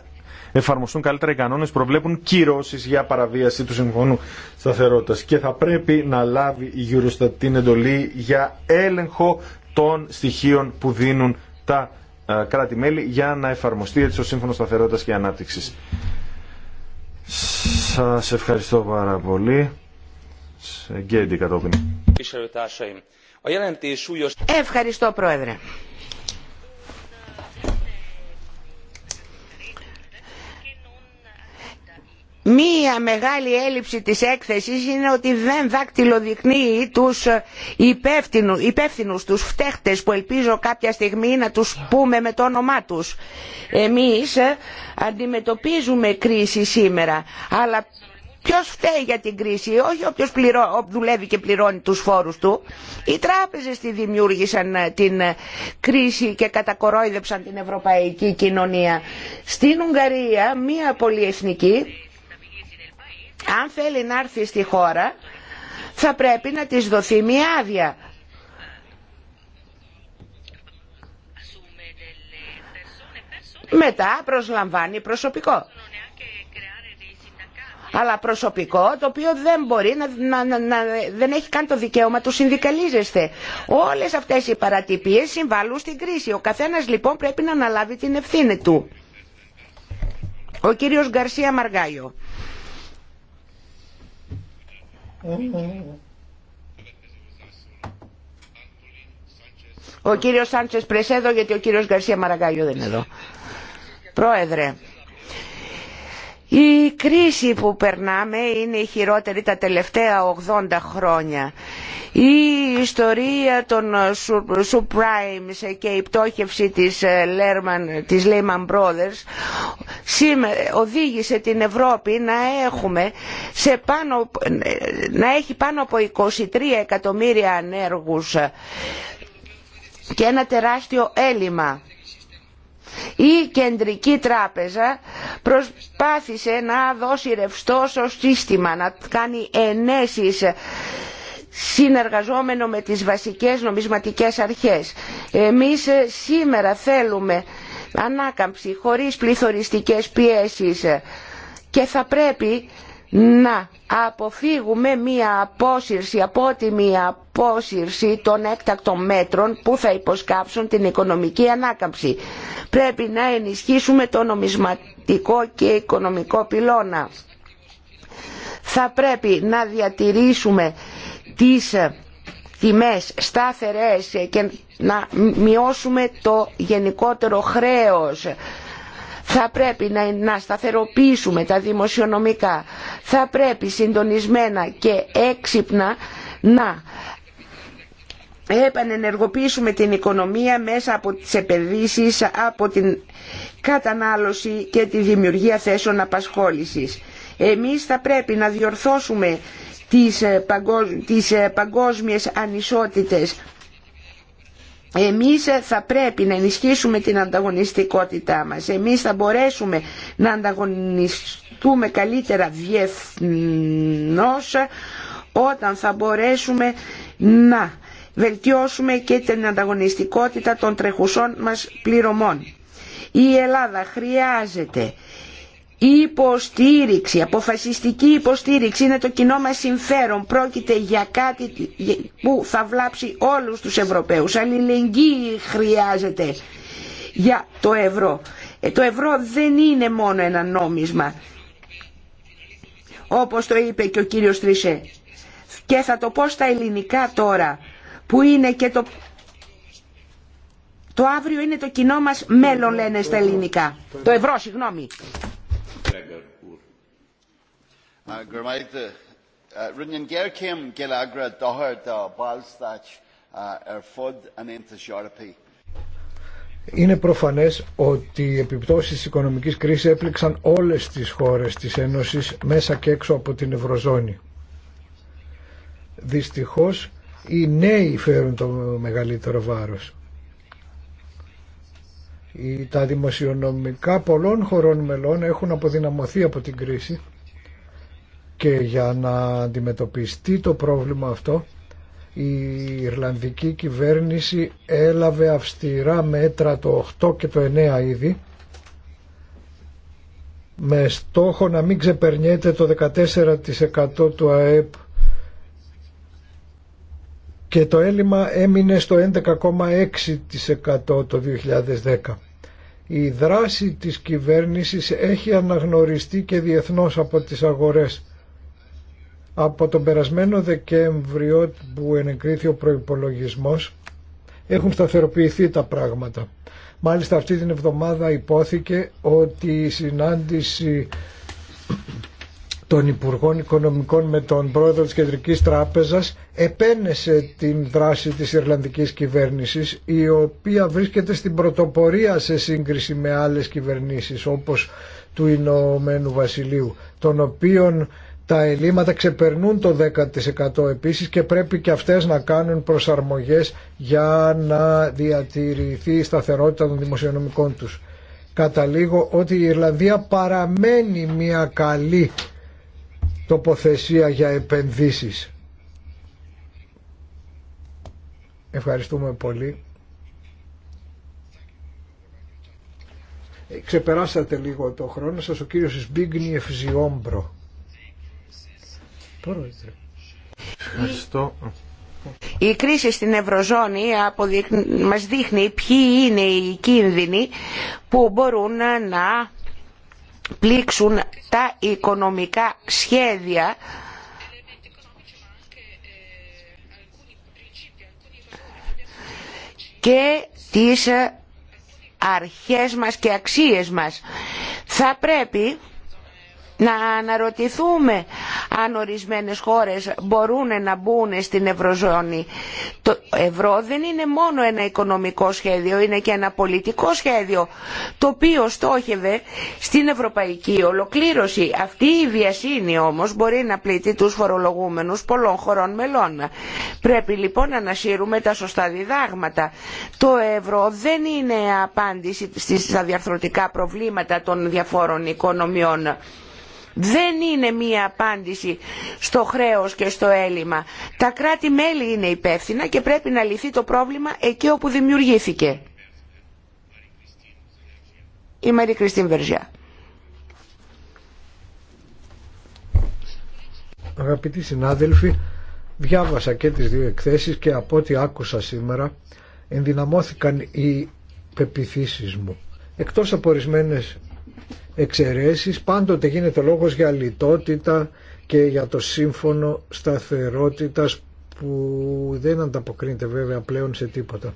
Speaker 4: εφαρμοστούν καλύτερα οι κανόνε προβλέπουν κυρώσει για παραβίαση του Συμφώνου Σταθερότητα. Και θα πρέπει να λάβει η Eurostat την εντολή για έλεγχο των στοιχείων που δίνουν τα ε, κράτη-μέλη για να εφαρμοστεί έτσι ο Σύμφωνο Σταθερότητα και Ανάπτυξη. Σας ευχαριστώ πάρα πολύ. Γκέντι κατόπιν.
Speaker 3: Ευχαριστώ Πρόεδρε. Μία μεγάλη έλλειψη της έκθεσης είναι ότι δεν δακτυλοδεικνύει τους ε, υπεύθυνου, υπεύθυνους, τους φταίχτες που ελπίζω κάποια στιγμή να τους πούμε με το όνομά τους. Εμείς ε, αντιμετωπίζουμε κρίση σήμερα, αλλά ποιος φταίει για την κρίση, όχι όποιος δουλεύει και πληρώνει τους φόρους του. Οι τράπεζες τη δημιούργησαν ε, την κρίση και κατακορόιδεψαν την ευρωπαϊκή κοινωνία. Στην Ουγγαρία μία πολυεθνική αν θέλει να έρθει στη χώρα θα πρέπει να της δοθεί μια άδεια. Μετά προσλαμβάνει προσωπικό. Αλλά προσωπικό το οποίο δεν μπορεί να, δεν έχει καν το δικαίωμα του συνδικαλίζεστε. Όλες αυτές οι παρατυπίες συμβάλλουν στην κρίση. Ο καθένας λοιπόν πρέπει να αναλάβει την ευθύνη του. Ο κύριος Γκαρσία Μαργάιο. Ο κύριος Σάντσες Πρεσέδο γιατί ο κύριος Γκαρσία Μαραγκάγιο δεν είναι εδώ. Πρόεδρε, η κρίση που περνάμε είναι η χειρότερη τα τελευταία 80 χρόνια. Η ιστορία των subprimes και η πτώχευση της, ε, της Lehman Brothers οδήγησε την Ευρώπη να, έχουμε σε να έχει πάνω από 23 εκατομμύρια ανέργους και ένα τεράστιο έλλειμμα η Κεντρική Τράπεζα προσπάθησε να δώσει ρευστό στο σύστημα, να κάνει ενέσεις συνεργαζόμενο με τις βασικές νομισματικές αρχές. Εμείς ε, σήμερα θέλουμε ανάκαμψη χωρίς πληθωριστικές πιέσεις και θα πρέπει να αποφύγουμε μία απόσυρση, απότιμη απόσυρση των έκτακτων μέτρων που θα υποσκάψουν την οικονομική ανάκαμψη. Πρέπει να ενισχύσουμε το νομισματικό και οικονομικό πυλώνα. Θα πρέπει να διατηρήσουμε τις τιμές στάθερες και να μειώσουμε το γενικότερο χρέος θα πρέπει να, να σταθεροποιήσουμε τα δημοσιονομικά, θα πρέπει συντονισμένα και έξυπνα να επανενεργοποιήσουμε την οικονομία μέσα από τις επενδύσεις, από την κατανάλωση και τη δημιουργία θέσεων απασχόλησης. Εμείς θα πρέπει να διορθώσουμε τις ε, ε, παγκόσμιες ανισότητες εμείς θα πρέπει να ενισχύσουμε την ανταγωνιστικότητά μας. Εμείς θα μπορέσουμε να ανταγωνιστούμε καλύτερα διεθνώς όταν θα μπορέσουμε να βελτιώσουμε και την ανταγωνιστικότητα των τρεχουσών μας πληρωμών. Η Ελλάδα χρειάζεται η υποστήριξη, αποφασιστική υποστήριξη είναι το κοινό μας συμφέρον. Πρόκειται για κάτι που θα βλάψει όλους τους Ευρωπαίους. Αλληλεγγύη χρειάζεται για το ευρώ. Ε, το ευρώ δεν είναι μόνο ένα νόμισμα. Όπως το είπε και ο κύριος Τρισέ. Και θα το πω στα ελληνικά τώρα, που είναι και το... Το αύριο είναι το κοινό μας μέλλον λένε στα ελληνικά. Το ευρώ, συγγνώμη.
Speaker 6: Uh,
Speaker 7: uh,
Speaker 2: Είναι προφανές ότι οι επιπτώσεις της οικονομικής κρίσης έπληξαν όλες τις χώρες της Ένωσης μέσα και έξω από την Ευρωζώνη. Δυστυχώς οι νέοι φέρουν το μεγαλύτερο βάρος. Τα δημοσιονομικά πολλών χωρών μελών έχουν αποδυναμωθεί από την κρίση και για να αντιμετωπιστεί το πρόβλημα αυτό, η Ιρλανδική κυβέρνηση έλαβε αυστηρά μέτρα το 8 και το 9 ήδη, με στόχο να μην ξεπερνιέται το 14% του ΑΕΠ και το έλλειμμα έμεινε στο 11,6% το 2010. Η δράση της κυβέρνησης έχει αναγνωριστεί και διεθνώς από τις αγορές. Από τον περασμένο Δεκέμβριο που ενεκρίθη ο προϋπολογισμός έχουν σταθεροποιηθεί τα πράγματα. Μάλιστα αυτή την εβδομάδα υπόθηκε ότι η συνάντηση των Υπουργών Οικονομικών με τον πρόεδρο της Κεντρικής Τράπεζας επένεσε την δράση της Ιρλανδικής κυβέρνησης η οποία βρίσκεται στην πρωτοπορία σε σύγκριση με άλλες κυβερνήσεις όπως του Ηνωμένου Βασιλείου των οποίον τα ελλείμματα ξεπερνούν το 10% επίσης και πρέπει και αυτές να κάνουν προσαρμογές για να διατηρηθεί η σταθερότητα των δημοσιονομικών τους. Καταλήγω ότι η Ιρλανδία παραμένει μια καλή τοποθεσία για επενδύσεις. Ευχαριστούμε πολύ. Ξεπεράσατε λίγο το χρόνο σας, ο κύριος Σμπίγνιεφ Ζιόμπρο.
Speaker 3: Η κρίση στην Ευρωζώνη μας δείχνει ποιοι είναι οι κίνδυνοι που μπορούν να πλήξουν τα οικονομικά σχέδια και τις αρχές μας και αξίες μας. Θα πρέπει να αναρωτηθούμε αν ορισμένες χώρες μπορούν να μπουν στην Ευρωζώνη. Το ευρώ δεν είναι μόνο ένα οικονομικό σχέδιο, είναι και ένα πολιτικό σχέδιο, το οποίο στόχευε στην ευρωπαϊκή ολοκλήρωση. Αυτή η βιασύνη όμως μπορεί να πλήττει τους φορολογούμενους πολλών χωρών μελών. Πρέπει λοιπόν να ανασύρουμε τα σωστά διδάγματα. Το ευρώ δεν είναι απάντηση στα διαρθρωτικά προβλήματα των διαφόρων οικονομιών δεν είναι μία απάντηση στο χρέος και στο έλλειμμα. Τα κράτη-μέλη είναι υπεύθυνα και πρέπει να λυθεί το πρόβλημα εκεί όπου δημιουργήθηκε.
Speaker 2: Η Μαρή Κριστίν Βερζιά. Αγαπητοί συνάδελφοι, διάβασα και τις δύο εκθέσεις και από ό,τι άκουσα σήμερα ενδυναμώθηκαν οι πεπιθήσεις μου. Εκτός από ορισμένε εξαιρέσεις πάντοτε γίνεται λόγος για λιτότητα και για το σύμφωνο σταθερότητας που δεν ανταποκρίνεται βέβαια πλέον σε τίποτα.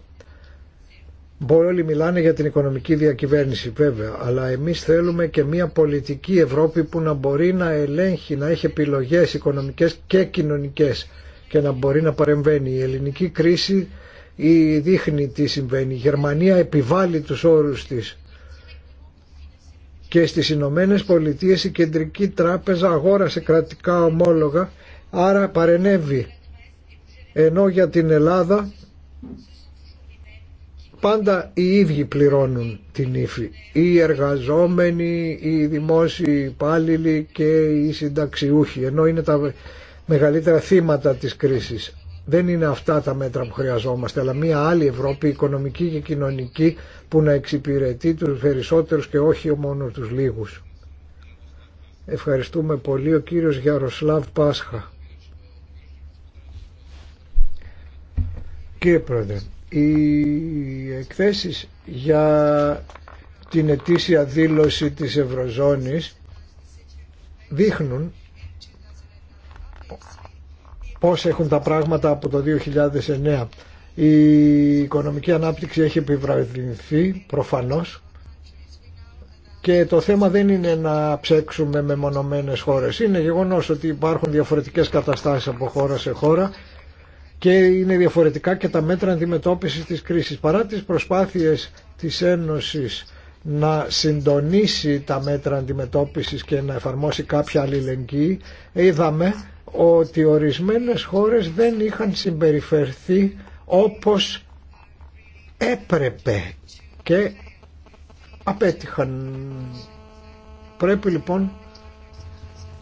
Speaker 2: Μπορεί όλοι μιλάνε για την οικονομική διακυβέρνηση βέβαια, αλλά εμείς θέλουμε και μια πολιτική Ευρώπη που να μπορεί να ελέγχει, να έχει επιλογές οικονομικές και κοινωνικές και να μπορεί να παρεμβαίνει. Η ελληνική κρίση ή δείχνει τι συμβαίνει. Η Γερμανία επιβάλλει τους όρους της και στις Ηνωμένε Πολιτείες η Κεντρική Τράπεζα αγόρασε κρατικά ομόλογα, άρα παρενέβη. Ενώ για την Ελλάδα πάντα οι ίδιοι πληρώνουν την ύφη. Οι εργαζόμενοι, οι δημόσιοι υπάλληλοι και οι συνταξιούχοι, ενώ είναι τα μεγαλύτερα θύματα της κρίσης. Δεν είναι αυτά τα μέτρα που χρειαζόμαστε, αλλά μια άλλη Ευρώπη, οικονομική και κοινωνική, που να εξυπηρετεί τους περισσότερους και όχι μόνο τους λίγους. Ευχαριστούμε πολύ ο κύριος Γιαροσλάβ Πάσχα. Κύριε Πρόεδρε, οι εκθέσεις για την ετήσια δήλωση της Ευρωζώνης δείχνουν πώς έχουν τα πράγματα από το 2009 η οικονομική ανάπτυξη έχει επιβραδυνθεί προφανώς και το θέμα δεν είναι να ψέξουμε με μονομένες χώρες. Είναι γεγονός ότι υπάρχουν διαφορετικές καταστάσεις από χώρα σε χώρα και είναι διαφορετικά και τα μέτρα αντιμετώπισης της κρίσης. Παρά τις προσπάθειες της Ένωσης να συντονίσει τα μέτρα αντιμετώπισης και να εφαρμόσει κάποια αλληλεγγύη, είδαμε ότι ορισμένες χώρες δεν είχαν συμπεριφερθεί όπως έπρεπε και απέτυχαν. Πρέπει λοιπόν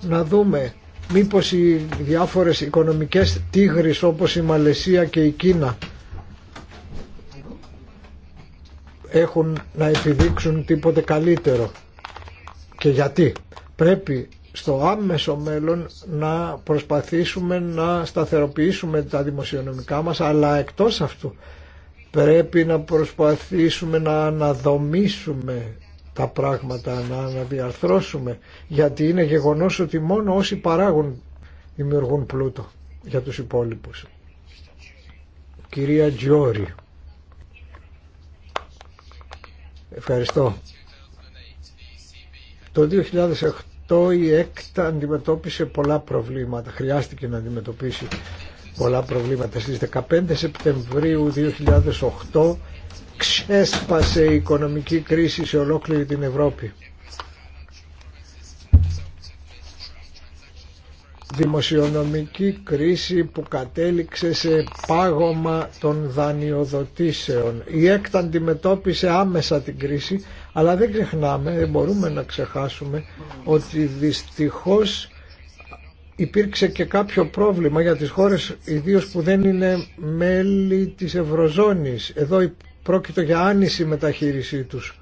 Speaker 2: να δούμε μήπως οι διάφορες οικονομικές τίγρεις όπως η Μαλαισία και η Κίνα έχουν να επιδείξουν τίποτε καλύτερο και γιατί πρέπει στο άμεσο μέλλον να προσπαθήσουμε να σταθεροποιήσουμε τα δημοσιονομικά μας αλλά εκτός αυτού πρέπει να προσπαθήσουμε να αναδομήσουμε τα πράγματα, να αναδιαρθρώσουμε γιατί είναι γεγονός ότι μόνο όσοι παράγουν δημιουργούν πλούτο για τους υπόλοιπους. Κυρία Τζιόρι, Ευχαριστώ. Το το η έκτα αντιμετώπισε πολλά προβλήματα, χρειάστηκε να αντιμετωπίσει πολλά προβλήματα. Στις 15 Σεπτεμβρίου 2008 ξέσπασε η οικονομική κρίση σε ολόκληρη την Ευρώπη. Δημοσιονομική κρίση που κατέληξε σε πάγωμα των δανειοδοτήσεων. Η ΕΚΤ αντιμετώπισε άμεσα την κρίση αλλά δεν ξεχνάμε, δεν μπορούμε να ξεχάσουμε ότι δυστυχώς υπήρξε και κάποιο πρόβλημα για τις χώρες ιδίως που δεν είναι μέλη της Ευρωζώνης. Εδώ πρόκειται για άνηση μεταχείρισή τους,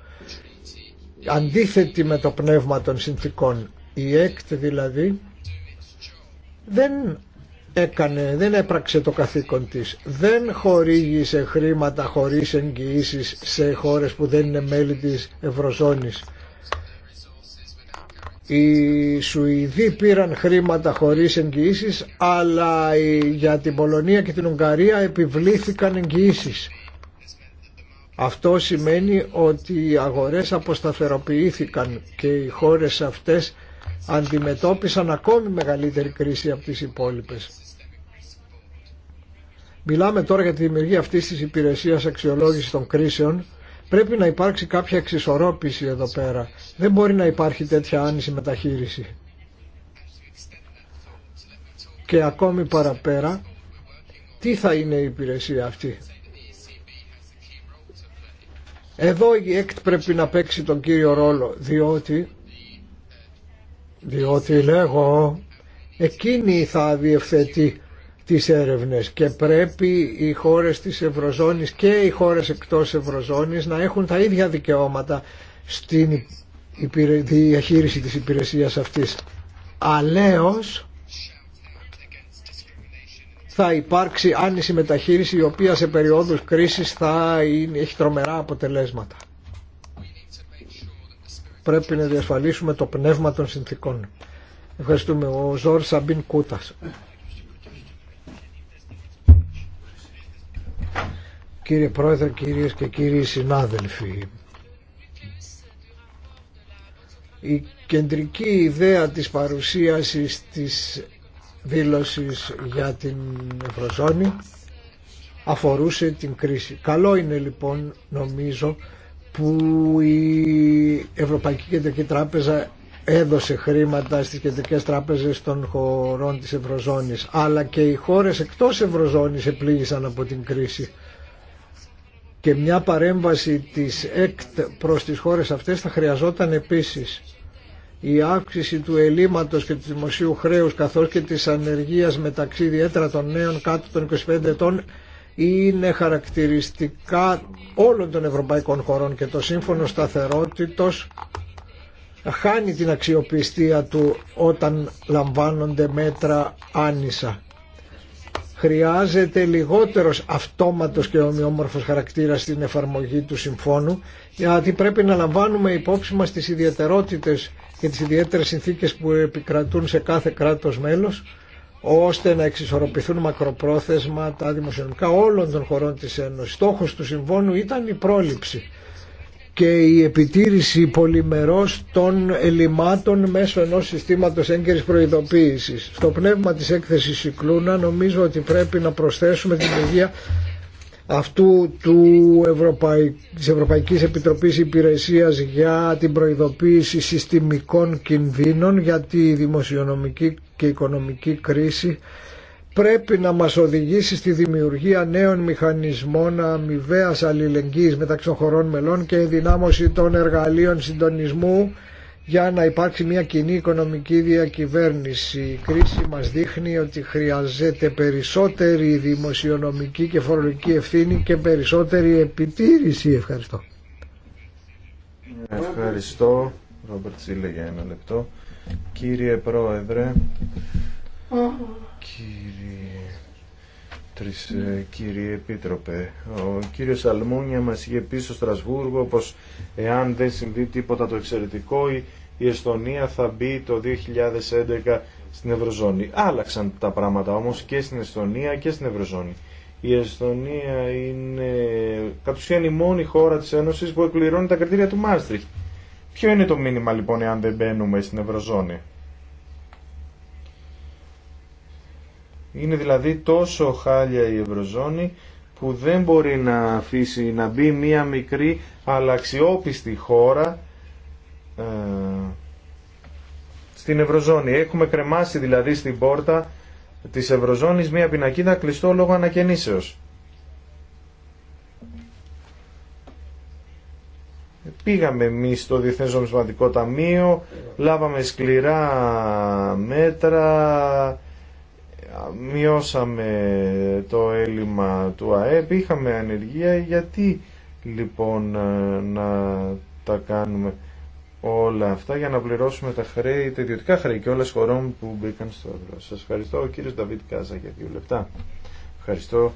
Speaker 2: αντίθετη με το πνεύμα των συνθήκων. Η ΕΚΤ δηλαδή δεν έκανε, δεν έπραξε το καθήκον της. Δεν χορήγησε χρήματα χωρίς εγγυήσεις σε χώρες που δεν είναι μέλη της Ευρωζώνης. Οι Σουηδοί πήραν χρήματα χωρίς εγγυήσεις αλλά για την Πολωνία και την Ουγγαρία επιβλήθηκαν εγγυήσεις. Αυτό σημαίνει ότι οι αγορές αποσταθεροποιήθηκαν και οι χώρες αυτές αντιμετώπισαν ακόμη μεγαλύτερη κρίση από τις υπόλοιπες. Μιλάμε τώρα για τη δημιουργία αυτής της υπηρεσίας αξιολόγηση των κρίσεων. Πρέπει να υπάρξει κάποια εξισορρόπηση εδώ πέρα. Δεν μπορεί να υπάρχει τέτοια άνηση μεταχείριση. Και ακόμη παραπέρα, τι θα είναι η υπηρεσία αυτή. Εδώ η ΕΚΤ πρέπει να παίξει τον κύριο ρόλο, διότι διότι λέγω εκείνη θα διευθετεί τις έρευνες και πρέπει οι χώρες της Ευρωζώνης και οι χώρες εκτός Ευρωζώνης να έχουν τα ίδια δικαιώματα στην διαχείριση της υπηρεσίας αυτής. Αλέως θα υπάρξει άνηση μεταχείριση η οποία σε περιόδους κρίσης θα έχει τρομερά αποτελέσματα πρέπει να διασφαλίσουμε το πνεύμα των συνθήκων. Ευχαριστούμε. Ο Ζόρ Σαμπίν Κούτας. Κύριε Πρόεδρε, κυρίες και κύριοι συνάδελφοι, η κεντρική ιδέα της παρουσίασης της δήλωσης για την Ευρωζώνη αφορούσε την κρίση. Καλό είναι λοιπόν νομίζω που η Ευρωπαϊκή Κεντρική Τράπεζα έδωσε χρήματα στις κεντρικές τράπεζες των χωρών της Ευρωζώνης αλλά και οι χώρες εκτός Ευρωζώνης επλήγησαν από την κρίση και μια παρέμβαση της ΕΚΤ προς τις χώρες αυτές θα χρειαζόταν επίσης η αύξηση του ελλείμματος και του δημοσίου χρέους καθώς και της ανεργίας μεταξύ ιδιαίτερα των νέων κάτω των 25 ετών είναι χαρακτηριστικά όλων των ευρωπαϊκών χωρών και το σύμφωνο σταθερότητος χάνει την αξιοπιστία του όταν λαμβάνονται μέτρα άνισα. Χρειάζεται λιγότερος αυτόματος και ομοιόμορφος χαρακτήρας στην εφαρμογή του συμφώνου γιατί πρέπει να λαμβάνουμε υπόψη μας τις ιδιαιτερότητες και τις ιδιαίτερες συνθήκες που επικρατούν σε κάθε κράτος μέλος ώστε να εξισορροπηθούν μακροπρόθεσμα τα δημοσιονομικά όλων των χωρών της Ένωσης. Στόχος του Συμβόνου ήταν η πρόληψη και η επιτήρηση πολυμερός των ελλημάτων μέσω ενός συστήματος έγκαιρης προειδοποίησης. Στο πνεύμα της έκθεσης Συκλούνα νομίζω ότι πρέπει να προσθέσουμε την υγεία αυτού του Ευρωπαϊ... της Ευρωπαϊκής Επιτροπής Υπηρεσίας για την προειδοποίηση συστημικών κινδύνων γιατί η δημοσιονομική και οικονομική κρίση πρέπει να μας οδηγήσει στη δημιουργία νέων μηχανισμών αμοιβαία αλληλεγγύης μεταξύ των χωρών μελών και ενδυνάμωση των εργαλείων συντονισμού για να υπάρξει μια κοινή οικονομική διακυβέρνηση. Η κρίση μας δείχνει ότι χρειαζέται περισσότερη δημοσιονομική και φορολογική ευθύνη και περισσότερη επιτήρηση. Ευχαριστώ.
Speaker 4: Ευχαριστώ. Ρόμπερτ Σίλε για Κύριε Πρόεδρε, κύριε, κύριε Επίτροπε, ο κύριος Αλμούνια μας είχε πει στο Στρασβούργο πως εάν δεν συμβεί τίποτα το εξαιρετικό η Εστονία θα μπει το 2011 στην Ευρωζώνη. Άλλαξαν τα πράγματα όμως και στην Εστονία και στην Ευρωζώνη. Η Εστονία είναι κατ' ουσίαν η μόνη χώρα της Ένωσης που εκπληρώνει τα κριτήρια του Μάστριχ. Ποιο είναι το μήνυμα λοιπόν εάν δεν μπαίνουμε στην Ευρωζώνη. Είναι δηλαδή τόσο χάλια η Ευρωζώνη που δεν μπορεί να αφήσει να μπει μία μικρή αλλά αξιόπιστη χώρα ε, στην Ευρωζώνη. Έχουμε κρεμάσει δηλαδή στην πόρτα της Ευρωζώνης μία πινακίδα κλειστό λόγω ανακαινήσεως. Πήγαμε εμεί στο Διεθνέ Νομισματικό Ταμείο, λάβαμε σκληρά μέτρα, μειώσαμε το έλλειμμα του ΑΕΠ, είχαμε ανεργία, γιατί λοιπόν ε, να τα κάνουμε όλα αυτά για να πληρώσουμε τα χρέη, τα ιδιωτικά χρέη και όλες χωρών που μπήκαν στο ευρώ. Σας ευχαριστώ, ο κύριος Νταβίτ Κάζα για δύο λεπτά. Ευχαριστώ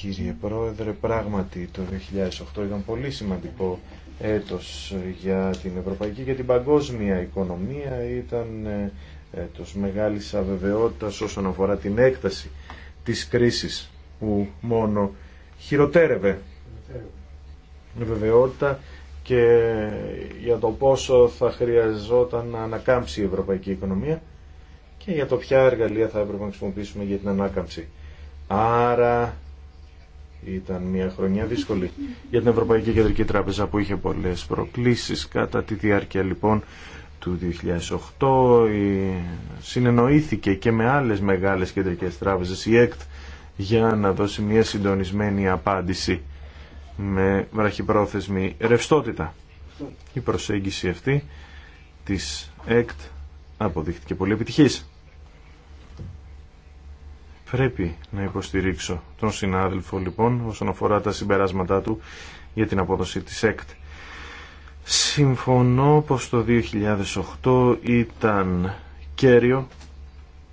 Speaker 4: κύριε Πρόεδρε. Πράγματι το 2008 ήταν πολύ σημαντικό έτος για την ευρωπαϊκή και την παγκόσμια οικονομία. Ήταν ε, έτος μεγάλης αβεβαιότητας όσον αφορά την έκταση της κρίσης που μόνο χειροτέρευε. Βεβαιότητα και ε, για το πόσο θα χρειαζόταν να ανακάμψει η ευρωπαϊκή οικονομία και για το ποια εργαλεία θα έπρεπε να χρησιμοποιήσουμε για την ανάκαμψη. Άρα ήταν μια χρονιά δύσκολη για την Ευρωπαϊκή Κεντρική Τράπεζα που είχε πολλές προκλήσεις. Κατά τη διάρκεια λοιπόν του 2008 συνεννοήθηκε και με άλλες μεγάλες κεντρικές τράπεζες η ΕΚΤ για να δώσει μια συντονισμένη απάντηση με βραχυπρόθεσμη ρευστότητα. Η προσέγγιση αυτή της ΕΚΤ αποδείχτηκε πολύ επιτυχής. Πρέπει να υποστηρίξω τον συνάδελφο λοιπόν όσον αφορά τα συμπεράσματά του για την απόδοση της ΕΚΤ. Συμφωνώ πως το 2008 ήταν κέριο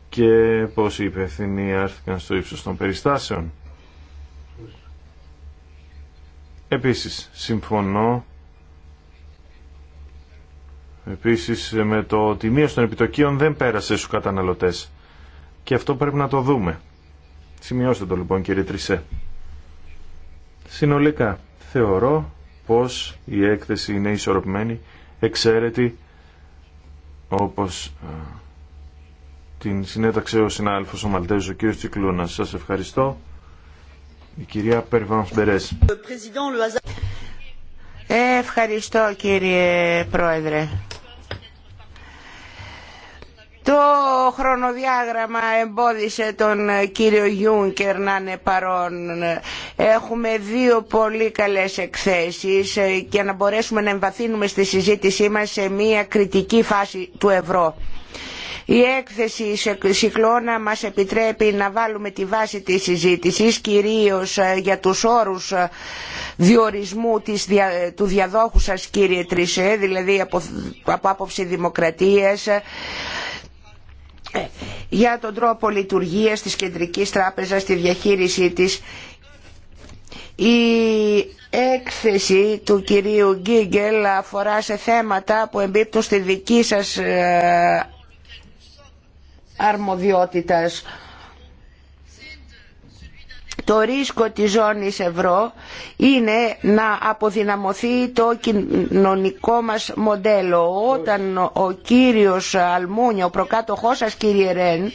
Speaker 4: και πως οι υπευθυνοί άρχισαν στο ύψος των περιστάσεων. Επίσης, συμφωνώ επίσης με το ότι η μείωση των επιτοκίων δεν πέρασε στους καταναλωτές. Και αυτό πρέπει να το δούμε. Σημειώστε το λοιπόν κύριε Τρισέ. Συνολικά θεωρώ πως η έκθεση είναι ισορροπημένη, εξαίρετη, όπως ε, την συνέταξε ο συνάδελφος ο Μαλτέζος, ο κύριος Τσικλούνας. Σας ευχαριστώ. Η κυρία Περβάνς Μπερές.
Speaker 3: Ε, ευχαριστώ κύριε Πρόεδρε. Το χρονοδιάγραμμα εμπόδισε τον ε, κύριο Γιούνκερ να είναι παρόν. Έχουμε δύο πολύ καλές εκθέσεις και ε, να μπορέσουμε να εμβαθύνουμε στη συζήτησή μας σε μια κριτική φάση του ευρώ. Η έκθεση Σικλώνα μας επιτρέπει να βάλουμε τη βάση της συζήτησης κυρίως ε, για τους όρους διορισμού της, του διαδόχου σας κύριε Τρισέ, δηλαδή από, από άποψη δημοκρατίας, για τον τρόπο λειτουργίας της Κεντρικής Τράπεζας, τη διαχείρισή της. Η έκθεση του κυρίου Γκίγκελ αφορά σε θέματα που εμπίπτουν στη δική σας ε, αρμοδιότητας το ρίσκο της ζώνης ευρώ είναι να αποδυναμωθεί το κοινωνικό μας μοντέλο. Όταν ο κύριος Αλμούνια, ο προκάτοχός σας κύριε Ρεν,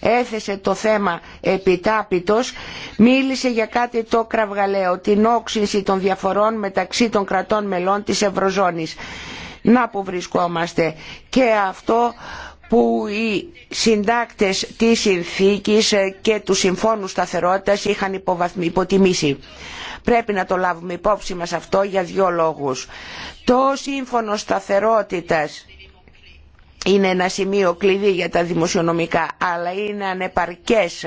Speaker 3: έθεσε το θέμα επιτάπητος, μίλησε για κάτι το κραυγαλαίο, την όξυνση των διαφορών μεταξύ των κρατών μελών της Ευρωζώνης. Να που βρισκόμαστε. Και αυτό που οι συντάκτες της συνθήκης και του συμφώνου σταθερότητας είχαν υποτιμήσει. Πρέπει να το λάβουμε υπόψη μας αυτό για δύο λόγους. Το σύμφωνο σταθερότητας είναι ένα σημείο κλειδί για τα δημοσιονομικά, αλλά είναι ανεπαρκές.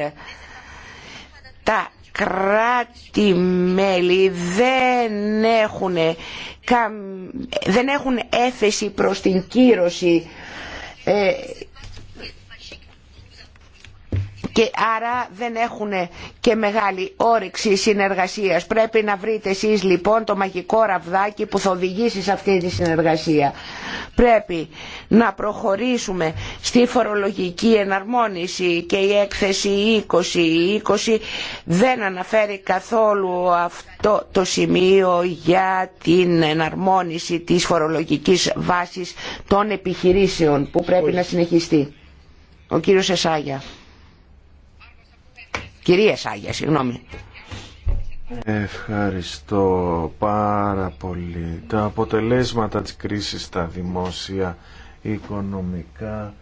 Speaker 3: Τα κράτη-μέλη δεν έχουν, δεν έχουν έφεση προς την κύρωση ε, και άρα δεν έχουν και μεγάλη όρεξη συνεργασίας. Πρέπει να βρείτε εσείς λοιπόν το μαγικό ραβδάκι που θα οδηγήσει σε αυτή τη συνεργασία. Πρέπει να προχωρήσουμε στη φορολογική εναρμόνιση και η έκθεση 20. 20 δεν αναφέρει καθόλου αυτό το σημείο για την εναρμόνιση της φορολογικής βάσης των επιχειρήσεων που πρέπει να συνεχιστεί. Ο κύριος Εσάγια. Κυρία
Speaker 4: Εσάγια, συγγνώμη. Ευχαριστώ πάρα πολύ. Τα αποτελέσματα της κρίσης στα δημόσια οικονομικά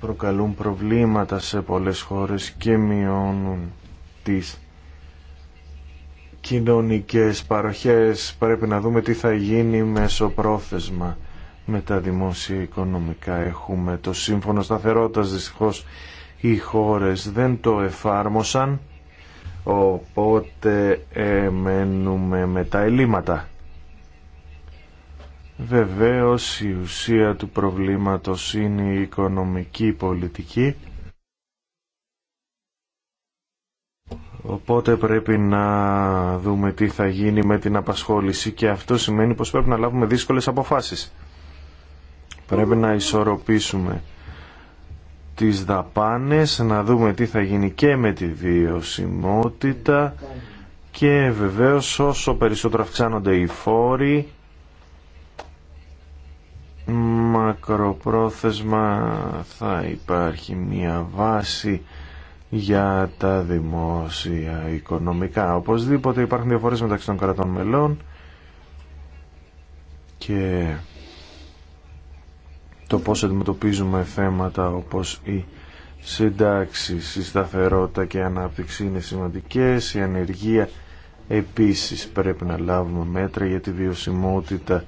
Speaker 4: προκαλούν προβλήματα σε πολλές χώρες και μειώνουν τις κοινωνικές παροχές. Πρέπει να δούμε τι θα γίνει πρόθεσμα με τα δημόσια οικονομικά. Έχουμε το σύμφωνο σταθερότητας δυστυχώς οι χώρες δεν το εφάρμοσαν οπότε ε, μένουμε με τα ελλείμματα. Βεβαίως η ουσία του προβλήματος είναι η οικονομική πολιτική Οπότε πρέπει να δούμε τι θα γίνει με την απασχόληση και αυτό σημαίνει πως πρέπει να λάβουμε δύσκολες αποφάσεις. Πρέπει να ισορροπήσουμε τις δαπάνες, να δούμε τι θα γίνει και με τη βιωσιμότητα και βεβαίως όσο περισσότερο αυξάνονται οι φόροι μακροπρόθεσμα θα υπάρχει μια βάση για τα δημόσια οικονομικά. Οπωσδήποτε υπάρχουν διαφορές μεταξύ των κρατών μελών και το πώς αντιμετωπίζουμε θέματα όπως η συντάξει, η σταθερότητα και η ανάπτυξη είναι σημαντικές, η ανεργία επίσης πρέπει να λάβουμε μέτρα για τη βιωσιμότητα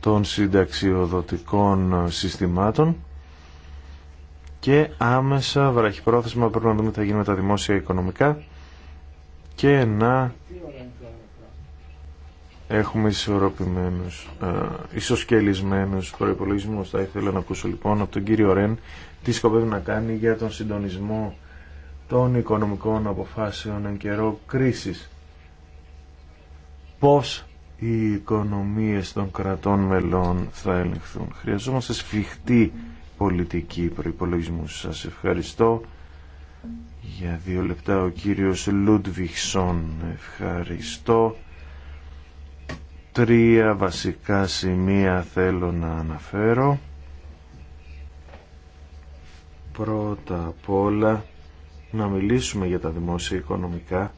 Speaker 4: των συνταξιοδοτικών συστημάτων και άμεσα βραχυπρόθεσμα πρέπει να δούμε τι θα γίνει με τα δημόσια οικονομικά και να έχουμε ισορροπημένους, ε, ισοσκελισμένους προϋπολογισμούς. Θα ήθελα να ακούσω λοιπόν από τον κύριο Ρεν τι σκοπεύει να κάνει για τον συντονισμό των οικονομικών αποφάσεων εν καιρό κρίσης. Πώς οι οικονομίες των κρατών μελών θα ελεγχθούν. Χρειαζόμαστε σφιχτή πολιτική προϋπολογισμού. Σας ευχαριστώ. Για δύο λεπτά ο κύριος Λούντβιχσον. Ευχαριστώ. Τρία βασικά σημεία θέλω να αναφέρω. Πρώτα απ' όλα να μιλήσουμε για τα δημόσια οικονομικά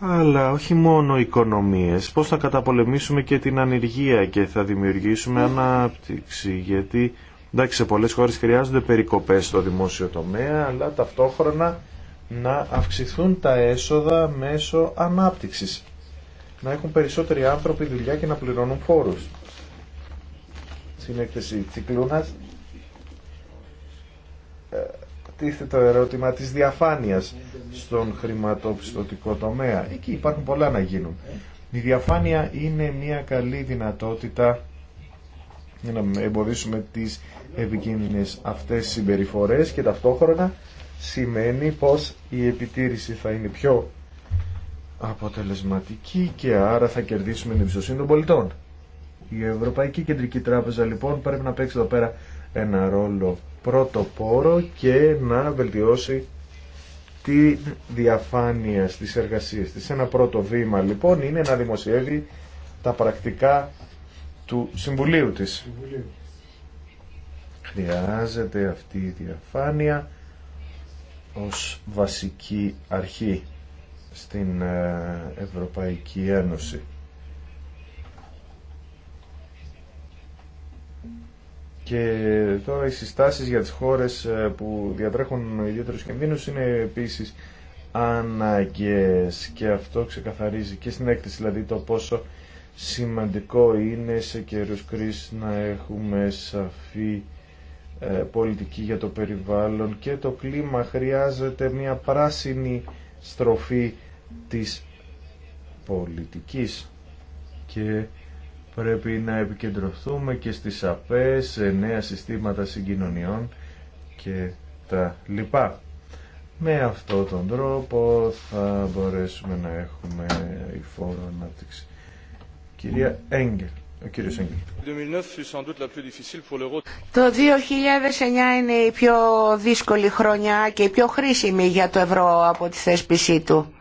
Speaker 4: Αλλά όχι μόνο οικονομίες. Πώς θα καταπολεμήσουμε και την ανεργία και θα δημιουργήσουμε ανάπτυξη. Γιατί εντάξει, σε πολλές χώρες χρειάζονται περικοπές στο δημόσιο τομέα, αλλά ταυτόχρονα να αυξηθούν τα έσοδα μέσω ανάπτυξης. Να έχουν περισσότεροι άνθρωποι δουλειά και να πληρώνουν φόρους. Στην έκθεση ε, τίθεται το ερώτημα της διαφάνειας στον χρηματοπιστωτικό τομέα. Εκεί υπάρχουν πολλά να γίνουν. Η διαφάνεια είναι μια καλή δυνατότητα για να εμποδίσουμε τις επικίνδυνες αυτές συμπεριφορές και ταυτόχρονα σημαίνει πως η επιτήρηση θα είναι πιο αποτελεσματική και άρα θα κερδίσουμε την εμπιστοσύνη των πολιτών. Η Ευρωπαϊκή Κεντρική Τράπεζα λοιπόν πρέπει να παίξει εδώ πέρα ένα ρόλο πρώτο πόρο και να βελτιώσει τη διαφάνεια στις εργασίες της. Ένα πρώτο βήμα λοιπόν είναι να δημοσιεύει τα πρακτικά του Συμβουλίου της. Χρειάζεται αυτή η διαφάνεια ως βασική αρχή στην ε, Ευρωπαϊκή Ένωση. Και τώρα οι συστάσεις για τις χώρες ε, που διατρέχουν ιδιαίτερου κινδύνου είναι επίσης αναγκαίες και αυτό ξεκαθαρίζει και στην έκθεση δηλαδή το πόσο σημαντικό είναι σε καιρούς κρίση να έχουμε σαφή ε, πολιτική για το περιβάλλον και το κλίμα χρειάζεται μια πράσινη στροφή της πολιτικής και Πρέπει να επικεντρωθούμε και στις ΑΠΕΣ, σε νέα συστήματα συγκοινωνιών και τα λοιπά. Με αυτόν τον τρόπο θα μπορέσουμε να έχουμε η φόρο ανάπτυξη. Κυρία Έγκελ.
Speaker 3: Το 2009 είναι η πιο δύσκολη χρονιά και η πιο χρήσιμη για το ευρώ από τη θέσπιση του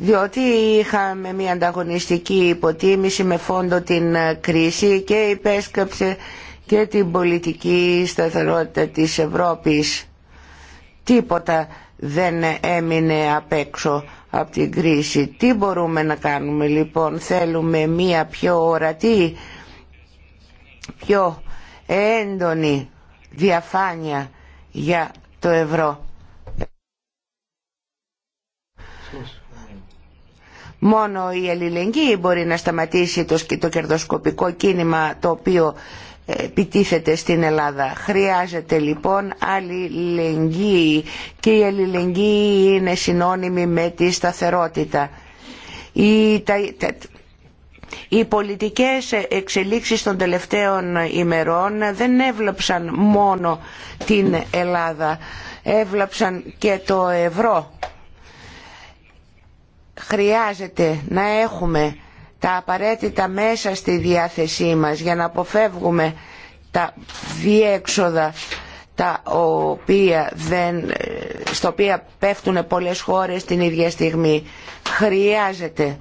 Speaker 3: διότι είχαμε μια ανταγωνιστική υποτίμηση με φόντο την κρίση και υπέσκαψε και την πολιτική σταθερότητα της Ευρώπης. Τίποτα δεν έμεινε απ' έξω από την κρίση. Τι μπορούμε να κάνουμε λοιπόν, θέλουμε μια πιο ορατή, πιο έντονη διαφάνεια για το ευρώ. Μόνο η αλληλεγγύη μπορεί να σταματήσει το κερδοσκοπικό κίνημα το οποίο ε, επιτίθεται στην Ελλάδα. Χρειάζεται λοιπόν αλληλεγγύη και η αλληλεγγύη είναι συνώνυμη με τη σταθερότητα. Οι, τα, οι πολιτικές εξελίξεις των τελευταίων ημερών δεν έβλαψαν μόνο την Ελλάδα, έβλαψαν και το ευρώ χρειάζεται να έχουμε τα απαραίτητα μέσα στη διάθεσή μας για να αποφεύγουμε τα διέξοδα τα οποία δεν, στο οποία πέφτουν πολλές χώρες την ίδια στιγμή. Χρειάζεται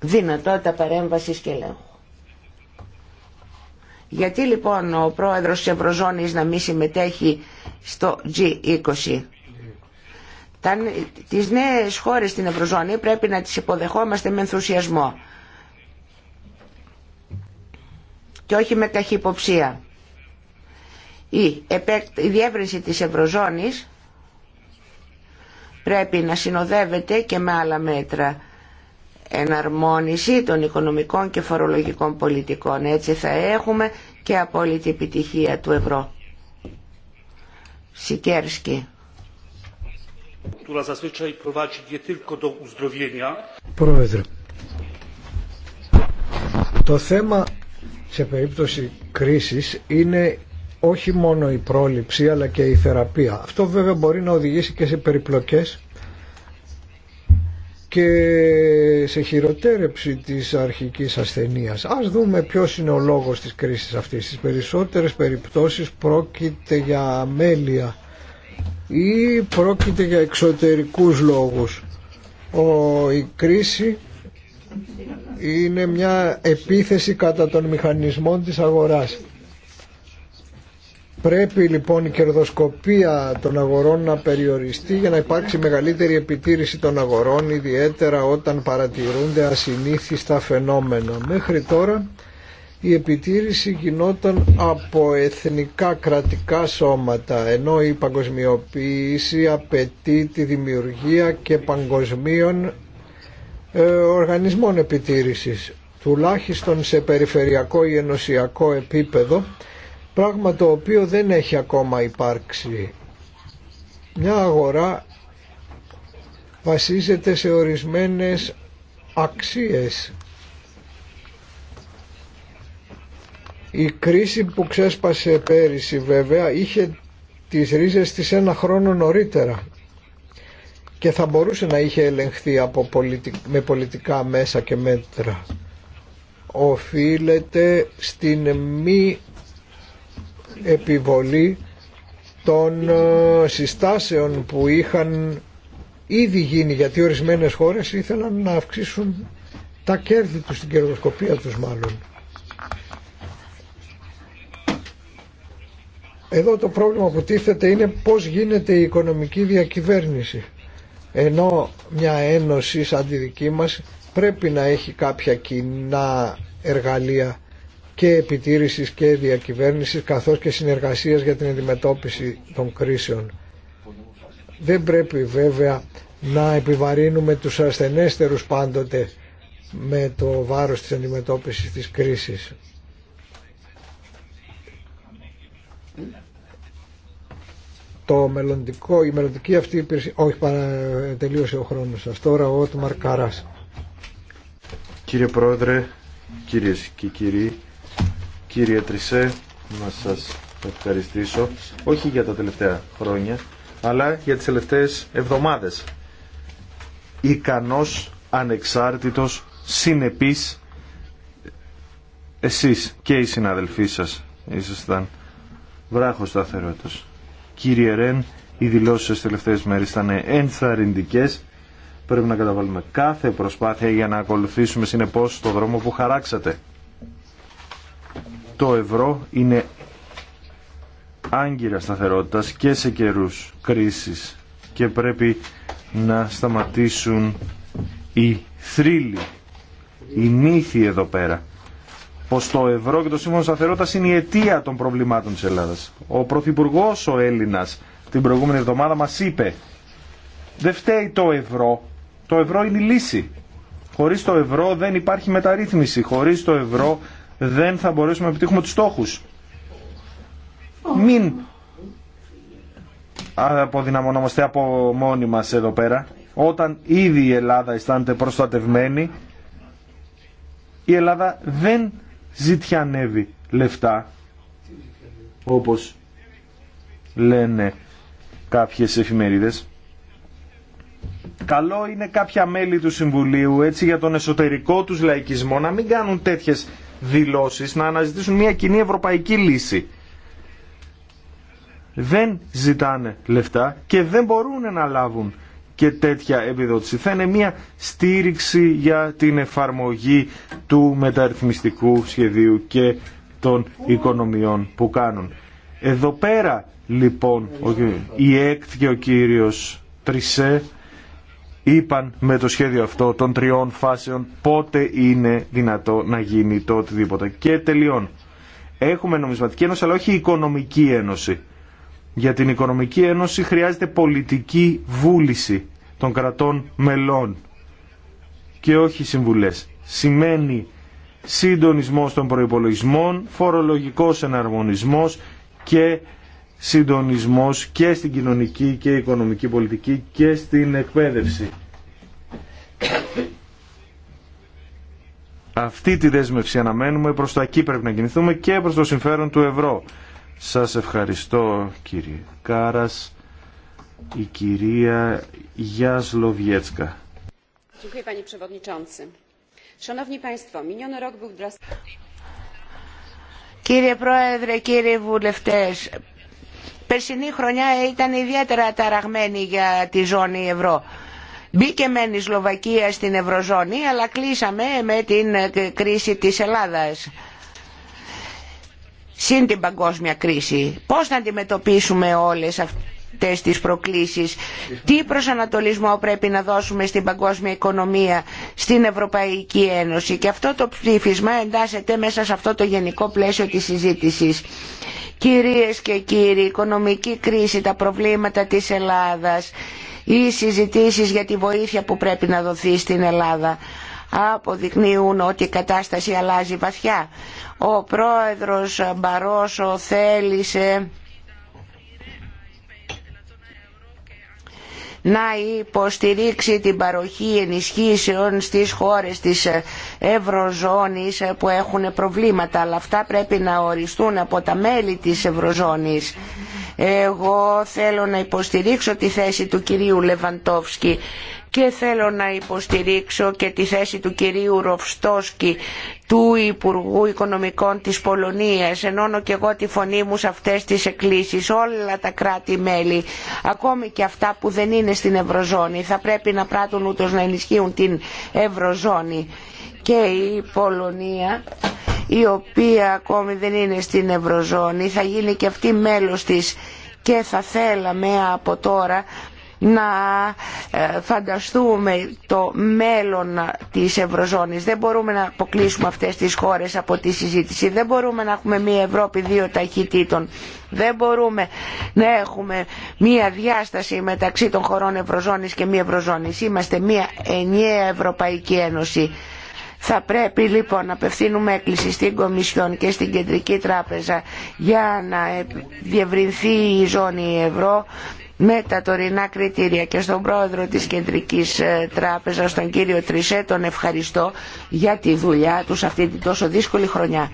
Speaker 3: δυνατότητα παρέμβασης και ελέγχου. Γιατί λοιπόν ο πρόεδρος της Ευρωζώνης να μην συμμετέχει στο G20 τις νέες χώρες στην Ευρωζώνη πρέπει να τις υποδεχόμαστε με ενθουσιασμό και όχι με καχυποψία. Η, η διεύρυνση της Ευρωζώνης πρέπει να συνοδεύεται και με άλλα μέτρα εναρμόνιση των οικονομικών και φορολογικών πολιτικών. Έτσι θα έχουμε και απόλυτη επιτυχία του ευρώ.
Speaker 2: Σικέρσκι. Πρόεδρε, το θέμα σε περίπτωση κρίσης είναι όχι μόνο η πρόληψη αλλά και η θεραπεία. Αυτό βέβαια μπορεί να οδηγήσει και σε περιπλοκές και σε χειροτέρεψη της αρχικής ασθενείας. Ας δούμε ποιος είναι ο λόγος της κρίσης αυτής. Στις περισσότερες περιπτώσεις πρόκειται για αμέλεια ή πρόκειται για εξωτερικούς λόγους. Ο, η κρίση είναι μια επίθεση κατά των μηχανισμών της αγοράς. Πρέπει λοιπόν η κερδοσκοπία των αγορών να περιοριστεί για να υπάρξει μεγαλύτερη επιτήρηση των αγορών, ιδιαίτερα όταν παρατηρούνται ασυνήθιστα φαινόμενα. Μέχρι τώρα η επιτήρηση γινόταν από εθνικά κρατικά σώματα ενώ η παγκοσμιοποίηση απαιτεί τη δημιουργία και παγκοσμίων ε, οργανισμών επιτήρησης τουλάχιστον σε περιφερειακό ή ενωσιακό επίπεδο πράγμα το οποίο δεν έχει ακόμα υπάρξει. Μια αγορά βασίζεται σε ορισμένες αξίες Η κρίση που ξέσπασε πέρυσι βέβαια είχε τις ρίζες της ένα χρόνο νωρίτερα και θα μπορούσε να είχε ελεγχθεί από με πολιτικά μέσα και μέτρα. Οφείλεται στην μη επιβολή των ε, συστάσεων που είχαν ήδη γίνει γιατί ορισμένες χώρες ήθελαν να αυξήσουν τα κέρδη τους στην κερδοσκοπία τους μάλλον. Εδώ το πρόβλημα που τίθεται είναι πώς γίνεται η οικονομική διακυβέρνηση. Ενώ μια ένωση σαν τη δική μας πρέπει να έχει κάποια κοινά εργαλεία και επιτήρησης και διακυβέρνησης καθώς και συνεργασίας για την αντιμετώπιση των κρίσεων. Δεν πρέπει βέβαια να επιβαρύνουμε τους ασθενέστερους πάντοτε με το βάρος της αντιμετώπισης της κρίσης το μελλοντικό, η μελλοντική αυτή υπηρεσία... Όχι, παρα, τελείωσε ο χρόνος σας. Τώρα ο Ότμαρ Καράς.
Speaker 4: Κύριε Πρόεδρε, κυρίες και κύριοι, κύριε Τρισέ, να σας ευχαριστήσω, όχι για τα τελευταία χρόνια, αλλά για τις τελευταίες εβδομάδες. Ικανός, ανεξάρτητος, συνεπής, εσείς και οι συναδελφοί σας ήσασταν βράχος σταθερότητας. Κύριε Ρεν, οι δηλώσει στις τελευταίες μέρες ήταν ενθαρρυντικέ. Πρέπει να καταβάλουμε κάθε προσπάθεια για να ακολουθήσουμε συνεπώς το δρόμο που χαράξατε. Το ευρώ είναι άγκυρα σταθερότητα και σε καιρού κρίσης και πρέπει να σταματήσουν οι θρύλοι, οι μύθοι εδώ πέρα. Πω το ευρώ και το σύμφωνο σταθερότητα είναι η αιτία των προβλημάτων τη Ελλάδα. Ο Πρωθυπουργό ο Έλληνα την προηγούμενη εβδομάδα μα είπε δεν φταίει το ευρώ, το ευρώ είναι η λύση. Χωρί το ευρώ δεν υπάρχει μεταρρύθμιση, χωρί το ευρώ δεν θα μπορέσουμε να επιτύχουμε του στόχου. Μην αποδυναμωνόμαστε από μόνοι μας εδώ πέρα. Όταν ήδη η Ελλάδα αισθάνεται προστατευμένη, η Ελλάδα δεν ζητιανεύει λεφτά όπως λένε κάποιες εφημερίδες. Καλό είναι κάποια μέλη του Συμβουλίου έτσι για τον εσωτερικό τους λαϊκισμό να μην κάνουν τέτοιες δηλώσεις, να αναζητήσουν μια κοινή ευρωπαϊκή λύση. Δεν ζητάνε λεφτά και δεν μπορούν να λάβουν και τέτοια επιδότηση. Θα είναι μια στήριξη για την εφαρμογή του μεταρρυθμιστικού σχεδίου και των οικονομιών που κάνουν. Εδώ πέρα λοιπόν η ΕΚΤ και ο κύριος Τρισέ είπαν με το σχέδιο αυτό των τριών φάσεων πότε είναι δυνατό να γίνει το οτιδήποτε. Και τελειών. Έχουμε νομισματική ένωση αλλά όχι οικονομική ένωση. Για την Οικονομική Ένωση χρειάζεται πολιτική βούληση των κρατών μελών και όχι συμβουλές. Σημαίνει συντονισμός των προϋπολογισμών, φορολογικός εναρμονισμός και συντονισμός και στην κοινωνική και οικονομική πολιτική και στην εκπαίδευση. Αυτή τη δέσμευση αναμένουμε, προς τα εκεί πρέπει να κινηθούμε και προς το συμφέρον του ευρώ. Σας ευχαριστώ κύριε Κάρας. Η κυρία Γιάσλοβιέτσκα.
Speaker 3: Κύριε Πρόεδρε, κύριοι βουλευτές, περσινή χρονιά ήταν ιδιαίτερα ταραγμένη για τη ζώνη ευρώ. Μπήκε μεν η Σλοβακία στην Ευρωζώνη, αλλά κλείσαμε με την ε, κρίση της Ελλάδας συν την παγκόσμια κρίση. Πώς να αντιμετωπίσουμε όλες αυτές τις προκλήσεις, τι προσανατολισμό πρέπει να δώσουμε στην παγκόσμια οικονομία, στην Ευρωπαϊκή Ένωση και αυτό το ψήφισμα εντάσσεται μέσα σε αυτό το γενικό πλαίσιο της συζήτησης. Κυρίες και κύριοι, η οικονομική κρίση, τα προβλήματα της Ελλάδας, οι συζητήσεις για τη βοήθεια που πρέπει να δοθεί στην Ελλάδα αποδεικνύουν ότι η κατάσταση αλλάζει βαθιά. Ο πρόεδρος Μπαρόσο θέλησε να υποστηρίξει την παροχή ενισχύσεων στις χώρες της Ευρωζώνης που έχουν προβλήματα αλλά αυτά πρέπει να οριστούν από τα μέλη της Ευρωζώνης. Εγώ θέλω να υποστηρίξω τη θέση του κυρίου Λεβαντόφσκι και θέλω να υποστηρίξω και τη θέση του κυρίου Ροφστόσκη του Υπουργού Οικονομικών της Πολωνίας ενώνω και εγώ τη φωνή μου σε αυτές τις εκκλήσεις όλα τα κράτη-μέλη ακόμη και αυτά που δεν είναι στην Ευρωζώνη θα πρέπει να πράττουν ούτως να ενισχύουν την Ευρωζώνη και η Πολωνία η οποία ακόμη δεν είναι στην Ευρωζώνη θα γίνει και αυτή μέλος της και θα θέλαμε από τώρα να ε, φανταστούμε το μέλλον της Ευρωζώνης. Δεν μπορούμε να αποκλείσουμε αυτές τις χώρες από τη συζήτηση. Δεν μπορούμε να έχουμε μία Ευρώπη δύο ταχυτήτων. Δεν μπορούμε να έχουμε μία διάσταση μεταξύ των χωρών Ευρωζώνης και μη Ευρωζώνης. Είμαστε μία ενιαία Ευρωπαϊκή Ένωση. Θα πρέπει λοιπόν να απευθύνουμε έκκληση στην Κομισιόν και στην Κεντρική Τράπεζα για να διευρυνθεί η ζώνη ευρώ με τα τωρινά κριτήρια και στον πρόεδρο της Κεντρικής ε, Τράπεζας, τον κύριο Τρισέ, τον ευχαριστώ για τη δουλειά του αυτή την τόσο δύσκολη χρονιά.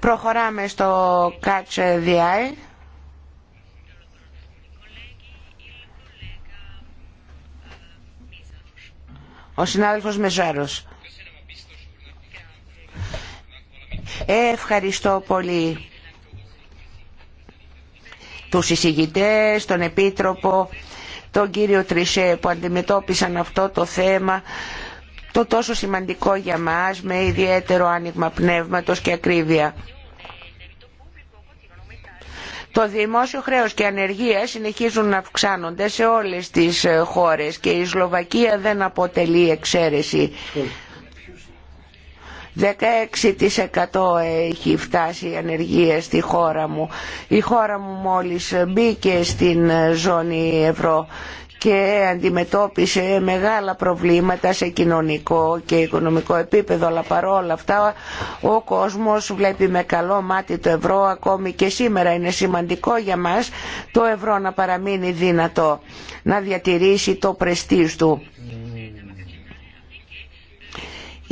Speaker 3: Προχωράμε στο Catch the Eye. Ο συνάδελφος Μεζάρος. Ε, ευχαριστώ πολύ τους εισηγητές, τον Επίτροπο, τον κύριο Τρισέ που αντιμετώπισαν αυτό το θέμα το τόσο σημαντικό για μας με ιδιαίτερο άνοιγμα πνεύματος και ακρίβεια. Το δημόσιο χρέος και ανεργία συνεχίζουν να αυξάνονται σε όλες τις χώρες και η Σλοβακία δεν αποτελεί εξαίρεση. Mm. 16% έχει φτάσει η ανεργία στη χώρα μου. Η χώρα μου μόλις μπήκε στην ζώνη ευρώ και αντιμετώπισε μεγάλα προβλήματα σε κοινωνικό και οικονομικό επίπεδο αλλά παρόλα αυτά ο κόσμος βλέπει με καλό μάτι το ευρώ ακόμη και σήμερα είναι σημαντικό για μας το ευρώ να παραμείνει δυνατό να διατηρήσει το πρεστής του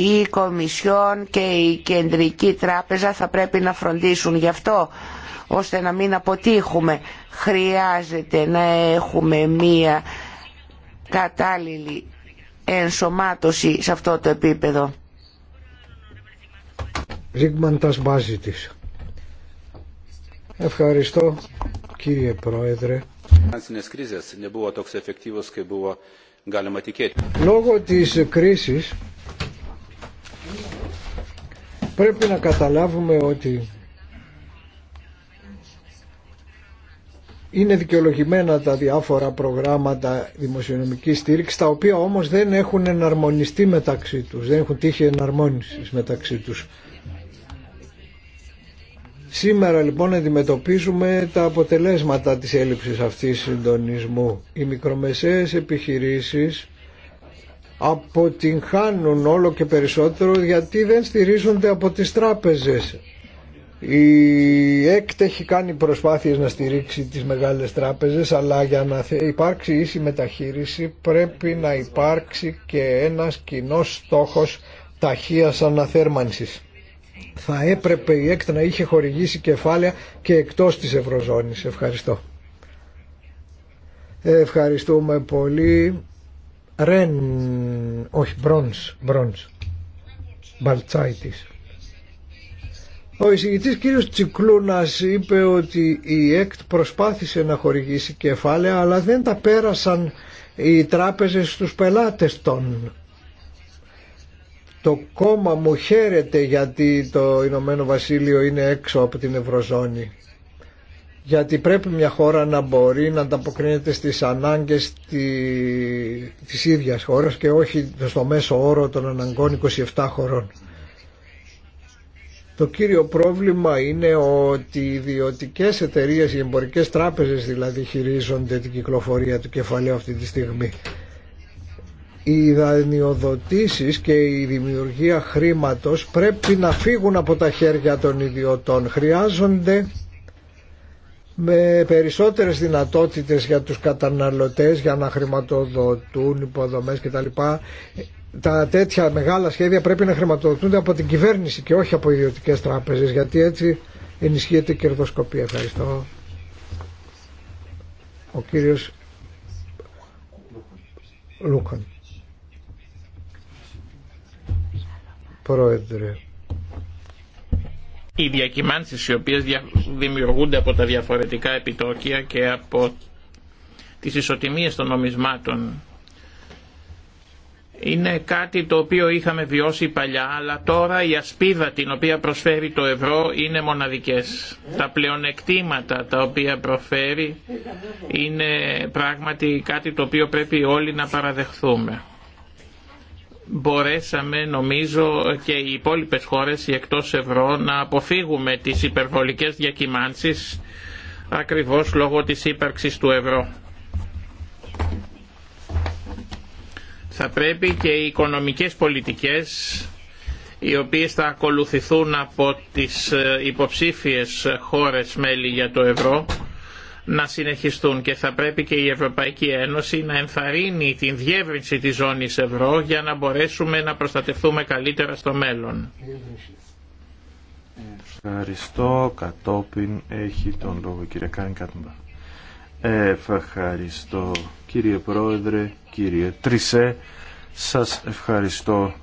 Speaker 3: η Κομισιόν και η Κεντρική Τράπεζα θα πρέπει να φροντίσουν γι' αυτό ώστε να μην αποτύχουμε. Χρειάζεται να έχουμε μία κατάλληλη ενσωμάτωση σε αυτό το επίπεδο.
Speaker 2: Ρίγμαντας μπάζι Ευχαριστώ κύριε Πρόεδρε. Λόγω της κρίσης Πρέπει να καταλάβουμε ότι είναι δικαιολογημένα τα διάφορα προγράμματα δημοσιονομικής στήριξης τα οποία όμως δεν έχουν εναρμονιστεί μεταξύ τους, δεν έχουν τύχει εναρμόνισης μεταξύ τους. Σήμερα λοιπόν αντιμετωπίζουμε τα αποτελέσματα της έλλειψης αυτής συντονισμού. Οι μικρομεσαίες επιχειρήσεις αποτυγχάνουν όλο και περισσότερο γιατί δεν στηρίζονται από τις τράπεζες. Η ΕΚΤ έχει κάνει προσπάθειες να στηρίξει τις μεγάλες τράπεζες αλλά για να υπάρξει ίση μεταχείριση πρέπει να υπάρξει και ένας κοινό στόχος ταχείας αναθέρμανσης. Θα έπρεπε η ΕΚΤ να είχε χορηγήσει κεφάλαια και εκτός της Ευρωζώνης. Ευχαριστώ. Ε, ευχαριστούμε πολύ. Ρεν, όχι, Μπρόνς, Μπρόνς, Μπαλτσάιτης. Ο εισηγητής κύριος Τσικλούνας είπε ότι η ΕΚΤ προσπάθησε να χορηγήσει κεφάλαια αλλά δεν τα πέρασαν οι τράπεζες στους πελάτες των. Το κόμμα μου χαίρεται γιατί το Ηνωμένο Βασίλειο είναι έξω από την Ευρωζώνη γιατί πρέπει μια χώρα να μπορεί να ανταποκρίνεται στις ανάγκες της ίδιας χώρας και όχι στο μέσο όρο των αναγκών 27 χωρών. Το κύριο πρόβλημα είναι ότι οι ιδιωτικέ εταιρείε, οι εμπορικέ τράπεζε δηλαδή, χειρίζονται την κυκλοφορία του κεφαλαίου αυτή τη στιγμή. Οι δανειοδοτήσει και η δημιουργία χρήματο πρέπει να φύγουν από τα χέρια των ιδιωτών. Χρειάζονται με περισσότερες δυνατότητες για τους καταναλωτές για να χρηματοδοτούν υποδομές κτλ. Τα τέτοια μεγάλα σχέδια πρέπει να χρηματοδοτούνται από την κυβέρνηση και όχι από ιδιωτικές τράπεζες γιατί έτσι ενισχύεται η κερδοσκοπία. Ευχαριστώ. Ο κύριος Λούκαν. Πρόεδρε
Speaker 10: οι διακυμάνσεις οι οποίες δημιουργούνται από τα διαφορετικά επιτόκια και από τις ισοτιμίες των νομισμάτων είναι κάτι το οποίο είχαμε βιώσει παλιά, αλλά τώρα η ασπίδα την οποία προσφέρει το ευρώ είναι μοναδικές. Τα πλεονεκτήματα τα οποία προφέρει είναι πράγματι κάτι το οποίο πρέπει όλοι να παραδεχθούμε μπορέσαμε νομίζω και οι υπόλοιπες χώρες οι εκτός ευρώ να αποφύγουμε τις υπερβολικές διακυμάνσεις ακριβώς λόγω της ύπαρξης του ευρώ. Θα πρέπει και οι οικονομικές πολιτικές οι οποίες θα ακολουθηθούν από τις ε, υποψήφιες χώρες μέλη για το ευρώ να συνεχιστούν και θα πρέπει και η Ευρωπαϊκή Ένωση να ενθαρρύνει την διεύρυνση της ζώνης ευρώ για να μπορέσουμε να προστατευτούμε καλύτερα στο μέλλον.
Speaker 4: Ευχαριστώ. Κατόπιν έχει τον λόγο κύριε Κάνη Κάτμπα. Ευχαριστώ κύριε Πρόεδρε, κύριε Τρισέ. Σας ευχαριστώ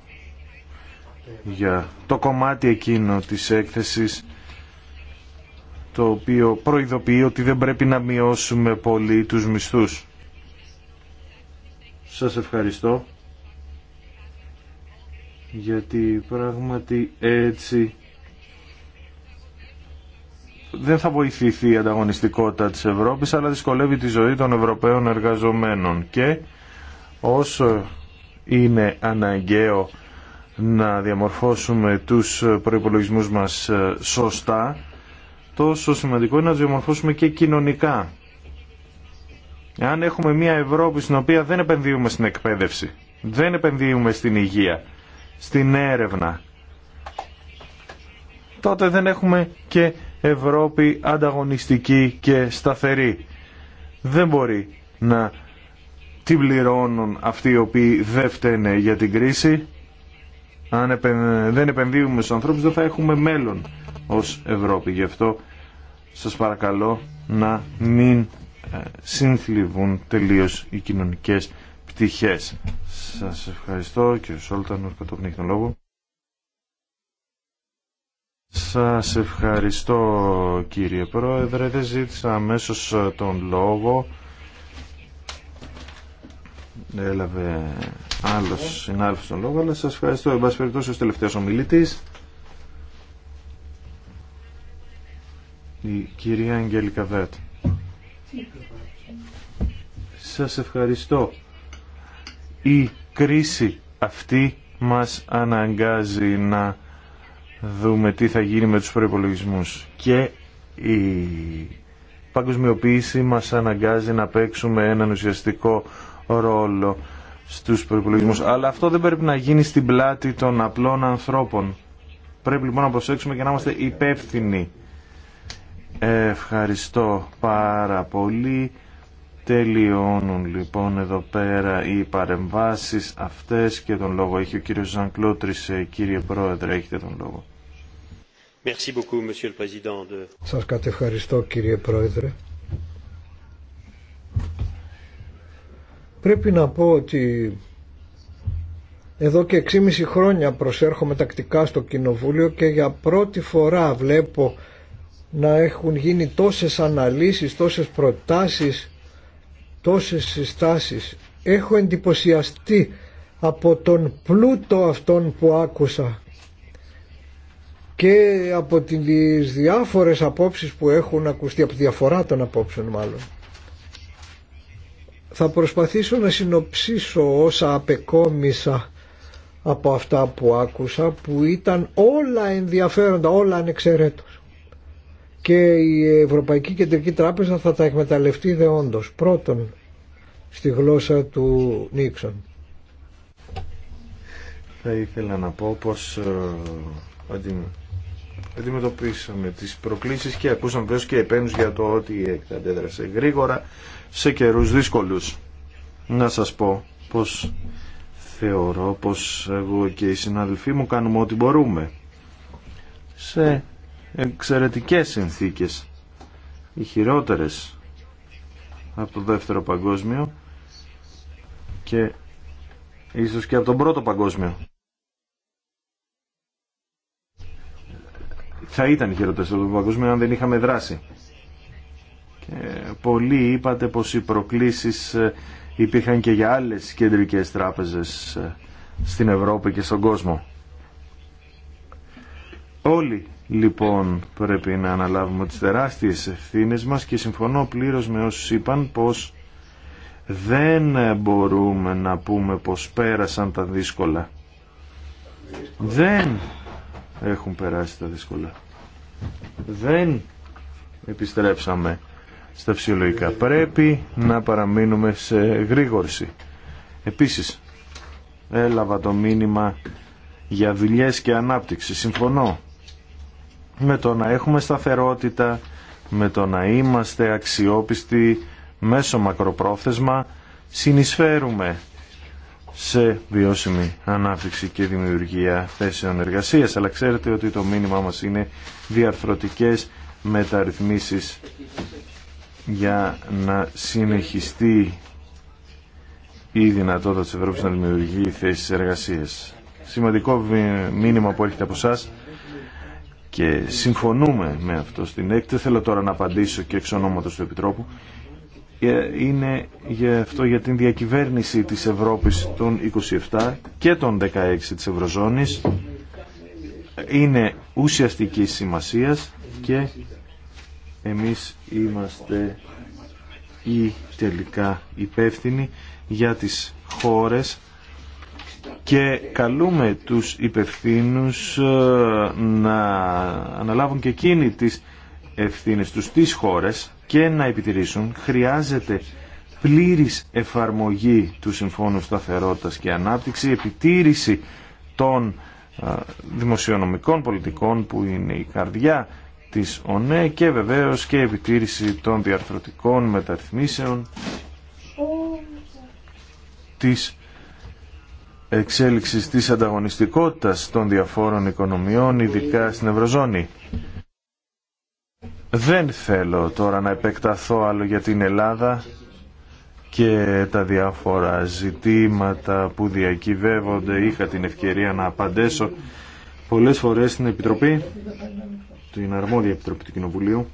Speaker 4: για το κομμάτι εκείνο της έκθεσης το οποίο προειδοποιεί ότι δεν πρέπει να μειώσουμε πολύ τους μισθούς. Σας ευχαριστώ γιατί πράγματι έτσι δεν θα βοηθηθεί η ανταγωνιστικότητα της Ευρώπης αλλά δυσκολεύει τη ζωή των Ευρωπαίων εργαζομένων και όσο είναι αναγκαίο να διαμορφώσουμε τους προϋπολογισμούς μας σωστά τόσο σημαντικό είναι να του διαμορφώσουμε και κοινωνικά. Αν έχουμε μια Ευρώπη στην οποία δεν επενδύουμε στην εκπαίδευση, δεν επενδύουμε στην υγεία, στην έρευνα, τότε δεν έχουμε και Ευρώπη ανταγωνιστική και σταθερή. Δεν μπορεί να την πληρώνουν αυτοί οι οποίοι δεν φταίνε για την κρίση. Αν δεν επενδύουμε στους ανθρώπους δεν θα έχουμε μέλλον ως Ευρώπη. Γι' αυτό σας παρακαλώ να μην ε, συνθλιβούν τελείως οι κοινωνικές πτυχές. Σας ευχαριστώ και Σόλταν κατόπιν τον λόγο. Σας ευχαριστώ κύριε Πρόεδρε. Δεν ζήτησα αμέσως ε, τον λόγο. Έλαβε άλλος συνάδελφος τον λόγο, αλλά σας ευχαριστώ. Εν πάση περιπτώσει, ως τελευταίος ομιλητής. η κυρία Αγγέλικα Βέτ. Σας ευχαριστώ. Η κρίση αυτή μας αναγκάζει να δούμε τι θα γίνει με τους προϋπολογισμούς και η παγκοσμιοποίηση μας αναγκάζει να παίξουμε έναν ουσιαστικό ρόλο στους προϋπολογισμούς. Αλλά αυτό δεν πρέπει να γίνει στην πλάτη των απλών ανθρώπων. Πρέπει λοιπόν να προσέξουμε και να είμαστε υπεύθυνοι Ευχαριστώ πάρα πολύ. Τελειώνουν λοιπόν εδώ πέρα οι παρεμβάσεις αυτές και τον λόγο έχει ο κύριος Ζανκλώτρης. Ε, κύριε Πρόεδρε, έχετε τον λόγο.
Speaker 2: Σας κατευχαριστώ κύριε Πρόεδρε. Πρέπει να πω ότι εδώ και 6,5 χρόνια προσέρχομαι τακτικά στο Κοινοβούλιο και για πρώτη φορά βλέπω να έχουν γίνει τόσες αναλύσεις, τόσες προτάσεις, τόσες συστάσεις. Έχω εντυπωσιαστεί από τον πλούτο αυτόν που άκουσα και από τις διάφορες απόψεις που έχουν ακουστεί, από διαφορά των απόψεων μάλλον. Θα προσπαθήσω να συνοψίσω όσα απεκόμισα από αυτά που άκουσα που ήταν όλα ενδιαφέροντα, όλα ανεξαιρέτως και η Ευρωπαϊκή Κεντρική Τράπεζα θα τα εκμεταλλευτεί δεόντως. Πρώτον, στη γλώσσα του Νίξον.
Speaker 4: Θα ήθελα να πω πως ε, αντιμετωπίσαμε τις προκλήσεις και ακούσαμε βέβαια και επένους για το ότι αντέδρασε γρήγορα σε καιρούς δύσκολους. Να σας πω πως θεωρώ πως εγώ και οι συναδελφοί μου κάνουμε ό,τι μπορούμε. Σε εξαιρετικές συνθήκες, οι χειρότερες από το Δεύτερο Παγκόσμιο και ίσως και από τον Πρώτο Παγκόσμιο. Θα ήταν χειρότερες από τον Παγκόσμιο αν δεν είχαμε δράσει. Και πολλοί είπατε πως οι προκλήσεις ε, υπήρχαν και για άλλες κεντρικές τράπεζες ε, στην Ευρώπη και στον κόσμο. Όλοι λοιπόν πρέπει να αναλάβουμε τις τεράστιες ευθύνε μας και συμφωνώ πλήρως με όσους είπαν πως δεν μπορούμε να πούμε πως πέρασαν τα δύσκολα. Δεν έχουν περάσει τα δύσκολα. Δεν επιστρέψαμε στα φυσιολογικά. Πρέπει να παραμείνουμε σε γρήγορση. Επίσης, έλαβα το μήνυμα για δουλειές και ανάπτυξη. Συμφωνώ με το να έχουμε σταθερότητα, με το να είμαστε αξιόπιστοι μέσω μακροπρόθεσμα, συνεισφέρουμε σε βιώσιμη ανάπτυξη και δημιουργία θέσεων εργασίας. Αλλά ξέρετε ότι το μήνυμά μας είναι διαρθρωτικές μεταρρυθμίσεις για να συνεχιστεί η δυνατότητα της Ευρώπης να δημιουργεί θέσεις εργασίας. Σημαντικό μήνυμα που έρχεται από εσά και συμφωνούμε με αυτό στην έκτη θέλω τώρα να απαντήσω και εξ ονόματος του Επιτρόπου. Ε, είναι για αυτό για την διακυβέρνηση της Ευρώπης των 27 και των 16 της Ευρωζώνης. Είναι ουσιαστική σημασίας και εμείς είμαστε οι τελικά υπεύθυνοι για τις χώρες και καλούμε τους υπευθύνους ε, να αναλάβουν και εκείνοι τις ευθύνες τους στις χώρες και να επιτηρήσουν. Χρειάζεται πλήρης εφαρμογή του Συμφώνου Σταθερότητας και Ανάπτυξη, επιτήρηση των ε, δημοσιονομικών πολιτικών που είναι η καρδιά της ΟΝΕ και βεβαίως και επιτήρηση των διαρθρωτικών μεταρρυθμίσεων της εξέλιξη της ανταγωνιστικότητας των διαφόρων οικονομιών, ειδικά στην Ευρωζώνη. Δεν θέλω τώρα να επεκταθώ άλλο για την Ελλάδα και τα διάφορα ζητήματα που διακυβεύονται. Είχα την ευκαιρία να απαντήσω πολλές φορές στην Επιτροπή, την αρμόδια Επιτροπή του Κοινοβουλίου.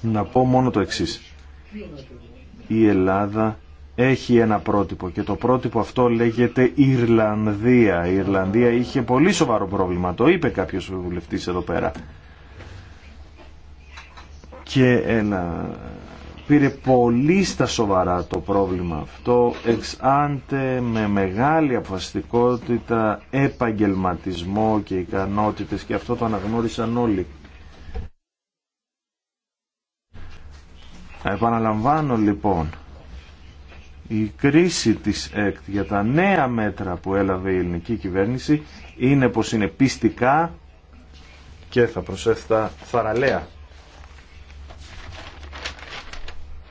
Speaker 4: Να πω μόνο το εξής. Η Ελλάδα έχει ένα πρότυπο και το πρότυπο αυτό λέγεται Ιρλανδία. Η Ιρλανδία είχε πολύ σοβαρό πρόβλημα, το είπε κάποιος βουλευτής εδώ πέρα. Και ένα... πήρε πολύ στα σοβαρά το πρόβλημα αυτό, εξάντε με μεγάλη αποφασιστικότητα, επαγγελματισμό και ικανότητες και αυτό το αναγνώρισαν όλοι. Επαναλαμβάνω λοιπόν, η κρίση της ΕΚΤ για τα νέα μέτρα που έλαβε η ελληνική κυβέρνηση είναι πως είναι πιστικά και θα προσέφτα θαραλέα.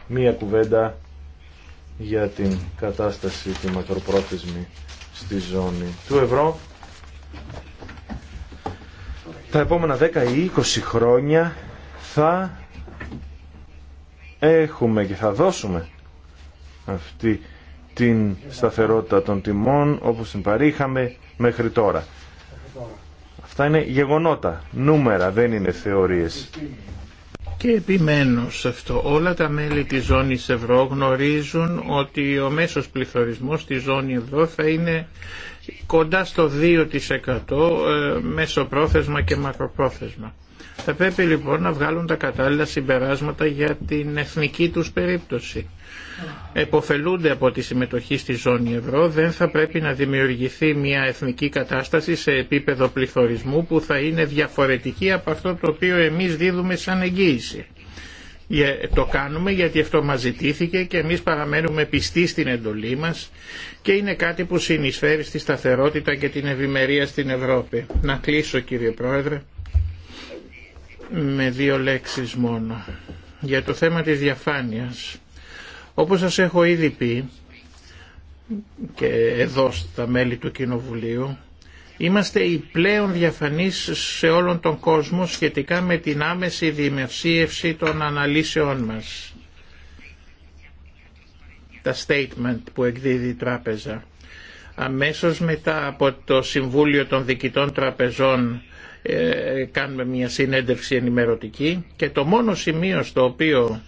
Speaker 4: Μία κουβέντα για την κατάσταση τη μακροπρόθεσμη στη ζώνη του ευρώ. Τα επόμενα 10 ή 20 χρόνια θα έχουμε και θα δώσουμε αυτή την σταθερότητα των τιμών όπως την παρήχαμε μέχρι τώρα. Αυτά είναι γεγονότα, νούμερα, δεν είναι θεωρίες.
Speaker 10: Και επιμένω σε αυτό. Όλα τα μέλη της ζώνης ευρώ γνωρίζουν ότι ο μέσος πληθωρισμός στη ζώνη ευρώ θα είναι κοντά στο 2% ε, μέσο πρόθεσμα και μακροπρόθεσμα. Θα πρέπει λοιπόν να βγάλουν τα κατάλληλα συμπεράσματα για την εθνική τους περίπτωση εποφελούνται από τη συμμετοχή στη ζώνη ευρώ, δεν θα πρέπει να δημιουργηθεί μια εθνική κατάσταση σε επίπεδο πληθωρισμού που θα είναι διαφορετική από αυτό το οποίο εμείς δίδουμε σαν εγγύηση. Το κάνουμε γιατί αυτό μας ζητήθηκε και εμείς παραμένουμε πιστοί στην εντολή μας και είναι κάτι που συνεισφέρει στη σταθερότητα και την ευημερία στην Ευρώπη. Να κλείσω κύριε Πρόεδρε με δύο λέξεις μόνο. Για το θέμα της διαφάνειας όπως σας έχω ήδη πει και εδώ στα μέλη του Κοινοβουλίου, είμαστε οι πλέον διαφανείς σε όλον τον κόσμο σχετικά με την άμεση δημοσίευση των αναλύσεών μας. Τα statement που εκδίδει η τράπεζα. Αμέσως μετά από το Συμβούλιο των Δικητών Τραπεζών ε, κάνουμε μια συνέντευξη ενημερωτική και το μόνο σημείο στο οποίο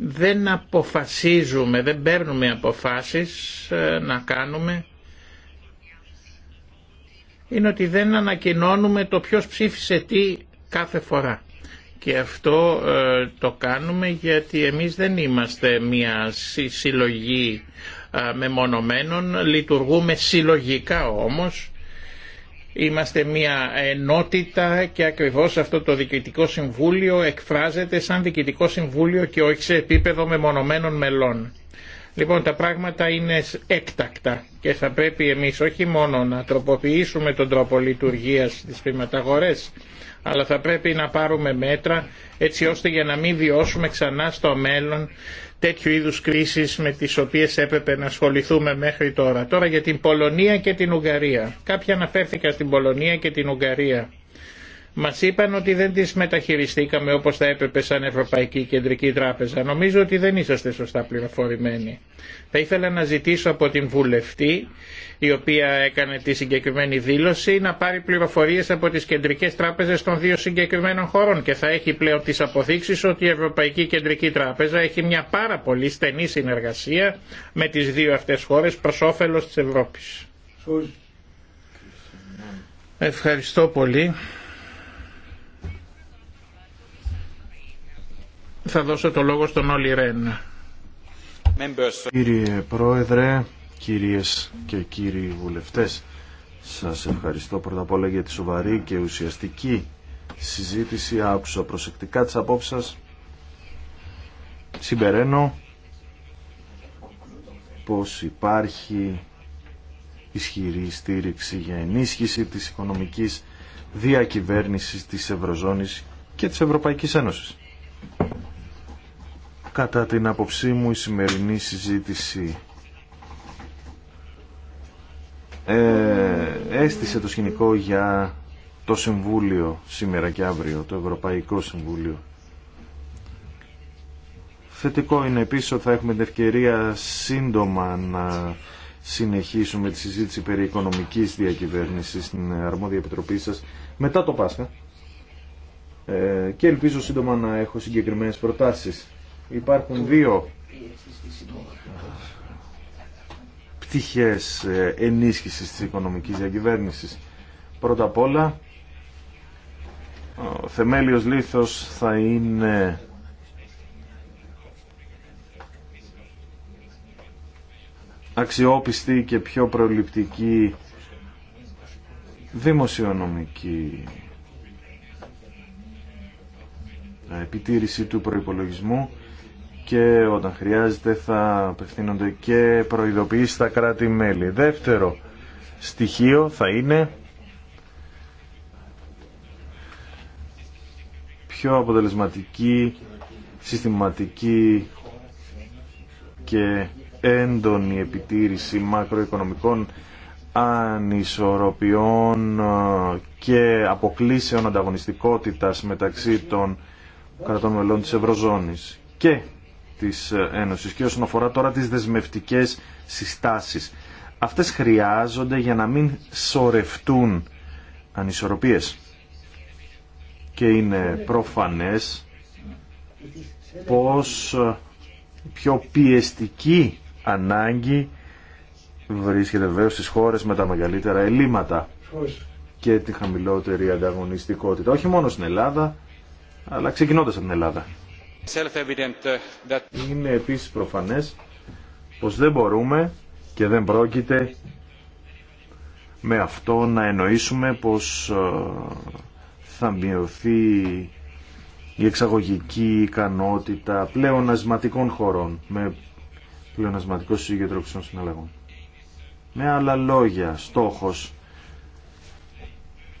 Speaker 10: δεν αποφασίζουμε, δεν παίρνουμε αποφάσεις ε, να κάνουμε είναι ότι δεν ανακοινώνουμε το ποιος ψήφισε τι κάθε φορά. Και αυτό ε, το κάνουμε γιατί εμείς δεν είμαστε μια συλλογή ε, μεμονωμένων, λειτουργούμε συλλογικά όμως Είμαστε μια ενότητα και ακριβώς αυτό το Διοικητικό Συμβούλιο εκφράζεται σαν Διοικητικό Συμβούλιο και όχι σε επίπεδο μεμονωμένων μελών. Λοιπόν, τα πράγματα είναι έκτακτα και θα πρέπει εμείς όχι μόνο να τροποποιήσουμε τον τρόπο λειτουργίας της πληματαγορές, αλλά θα πρέπει να πάρουμε μέτρα έτσι ώστε για να μην βιώσουμε ξανά στο μέλλον τέτοιου είδους κρίσεις με τις οποίες έπρεπε να ασχοληθούμε μέχρι τώρα. Τώρα για την Πολωνία και την Ουγγαρία. Κάποιοι αναφέρθηκαν στην Πολωνία και την Ουγγαρία. Μας είπαν ότι δεν τις μεταχειριστήκαμε όπως θα έπρεπε σαν Ευρωπαϊκή Κεντρική Τράπεζα. Νομίζω ότι δεν είσαστε σωστά πληροφορημένοι. Θα ήθελα να ζητήσω από την βουλευτή, η οποία έκανε τη συγκεκριμένη δήλωση, να πάρει πληροφορίες από τις κεντρικές τράπεζες των δύο συγκεκριμένων χωρών και θα έχει πλέον τις αποδείξεις ότι η Ευρωπαϊκή Κεντρική Τράπεζα έχει μια πάρα πολύ στενή συνεργασία με τις δύο αυτές χώρες προς όφελος της Ευρώπη. Ευχαριστώ πολύ. Θα δώσω το λόγο στον Όλυ Ρέν.
Speaker 4: Κύριε Πρόεδρε, κυρίες και κύριοι βουλευτές, σας ευχαριστώ πρώτα απ' όλα για τη σοβαρή και ουσιαστική συζήτηση. Άκουσα προσεκτικά τις απόψεις σας. Συμπεραίνω πως υπάρχει ισχυρή στήριξη για ενίσχυση της οικονομικής διακυβέρνησης της Ευρωζώνης και της Ευρωπαϊκής Ένωσης. Κατά την άποψή μου η σημερινή συζήτηση ε, έστησε το σκηνικό για το Συμβούλιο σήμερα και αύριο, το Ευρωπαϊκό Συμβούλιο. Θετικό είναι επίσης ότι θα έχουμε την ευκαιρία σύντομα να συνεχίσουμε τη συζήτηση περί οικονομικής διακυβέρνησης στην αρμόδια επιτροπή σας μετά το Πάσχα ε, και ελπίζω σύντομα να έχω συγκεκριμένες προτάσεις. Υπάρχουν δύο πτυχές ε, ενίσχυσης της οικονομικής διακυβέρνησης. Πρώτα απ' όλα, ο θεμέλιος λίθος θα είναι αξιόπιστη και πιο προληπτική δημοσιονομική επιτήρηση του προϋπολογισμού και όταν χρειάζεται θα απευθύνονται και προειδοποιήσει στα κράτη-μέλη. Δεύτερο στοιχείο θα είναι πιο αποτελεσματική, συστηματική και έντονη επιτήρηση μακροοικονομικών ανισορροπιών και αποκλήσεων ανταγωνιστικότητας μεταξύ των κρατών μελών της Ευρωζώνης. Και της ε, Ένωσης και όσον αφορά τώρα τις δεσμευτικές συστάσεις. Αυτές χρειάζονται για να μην σορευτούν ανισορροπίες. Και είναι προφανές πως ε, πιο πιεστική ανάγκη βρίσκεται βέβαια στις χώρες με τα μεγαλύτερα ελλείμματα και τη χαμηλότερη ανταγωνιστικότητα. Όχι μόνο στην Ελλάδα, αλλά ξεκινώντας από την Ελλάδα.
Speaker 1: Uh,
Speaker 4: είναι επίσης προφανές πως δεν μπορούμε και δεν πρόκειται με αυτό να εννοήσουμε πως ε, θα μειωθεί η εξαγωγική ικανότητα πλεονασματικών χωρών με πλεονασματικό σύγκεντρο των συναλλαγών. Με άλλα λόγια, στόχος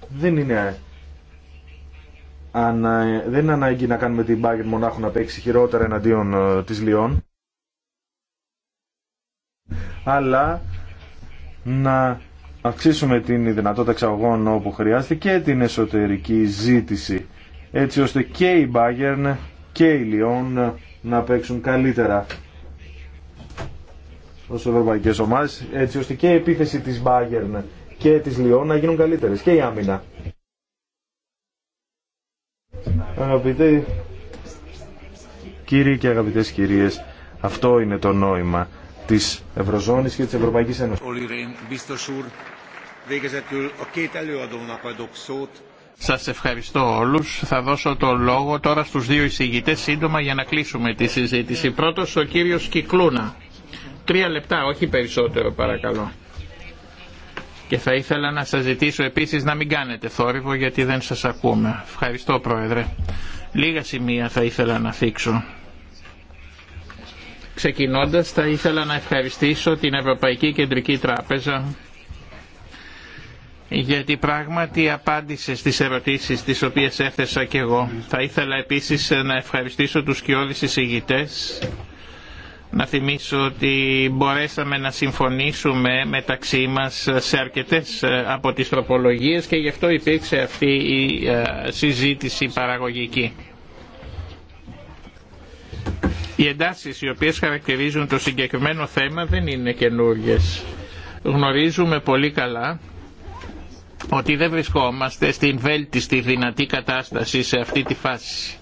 Speaker 4: δεν είναι ανα... δεν είναι ανάγκη να κάνουμε την Bayern Μονάχου να παίξει χειρότερα εναντίον ε, της Λιών αλλά να αυξήσουμε την δυνατότητα εξαγωγών όπου χρειάζεται και την εσωτερική ζήτηση έτσι ώστε και η Bayern και η Λιών να παίξουν καλύτερα ως ευρωπαϊκές ομάδες έτσι ώστε και η επίθεση της Bayern και της Λιόν να γίνουν καλύτερες και η άμυνα Αγαπητοί κύριοι και αγαπητές κυρίες, αυτό είναι το νόημα της Ευρωζώνης και της Ευρωπαϊκής Ένωσης.
Speaker 10: Σας ευχαριστώ όλους. Θα δώσω το λόγο τώρα στους δύο εισηγητές σύντομα για να κλείσουμε τη συζήτηση. Πρώτος ο κύριος Κυκλούνα. Τρία λεπτά, όχι περισσότερο παρακαλώ. Και θα ήθελα να σας ζητήσω επίσης να μην κάνετε θόρυβο γιατί δεν σας ακούμε. Ευχαριστώ Πρόεδρε. Λίγα σημεία θα ήθελα να θίξω. Ξεκινώντας θα ήθελα να ευχαριστήσω την Ευρωπαϊκή Κεντρική Τράπεζα γιατί πράγματι απάντησε στις ερωτήσεις τις οποίες έθεσα και εγώ. Θα ήθελα επίσης να ευχαριστήσω τους κοιόδης εισηγητές να θυμίσω ότι μπορέσαμε να συμφωνήσουμε μεταξύ μας σε αρκετές ε, από τις τροπολογίες και γι' αυτό υπήρξε αυτή η ε, συζήτηση παραγωγική. Οι εντάσεις οι οποίες χαρακτηρίζουν το συγκεκριμένο θέμα δεν είναι καινούργιες. Γνωρίζουμε πολύ καλά ότι δεν βρισκόμαστε στην βέλτιστη δυνατή κατάσταση σε αυτή τη φάση.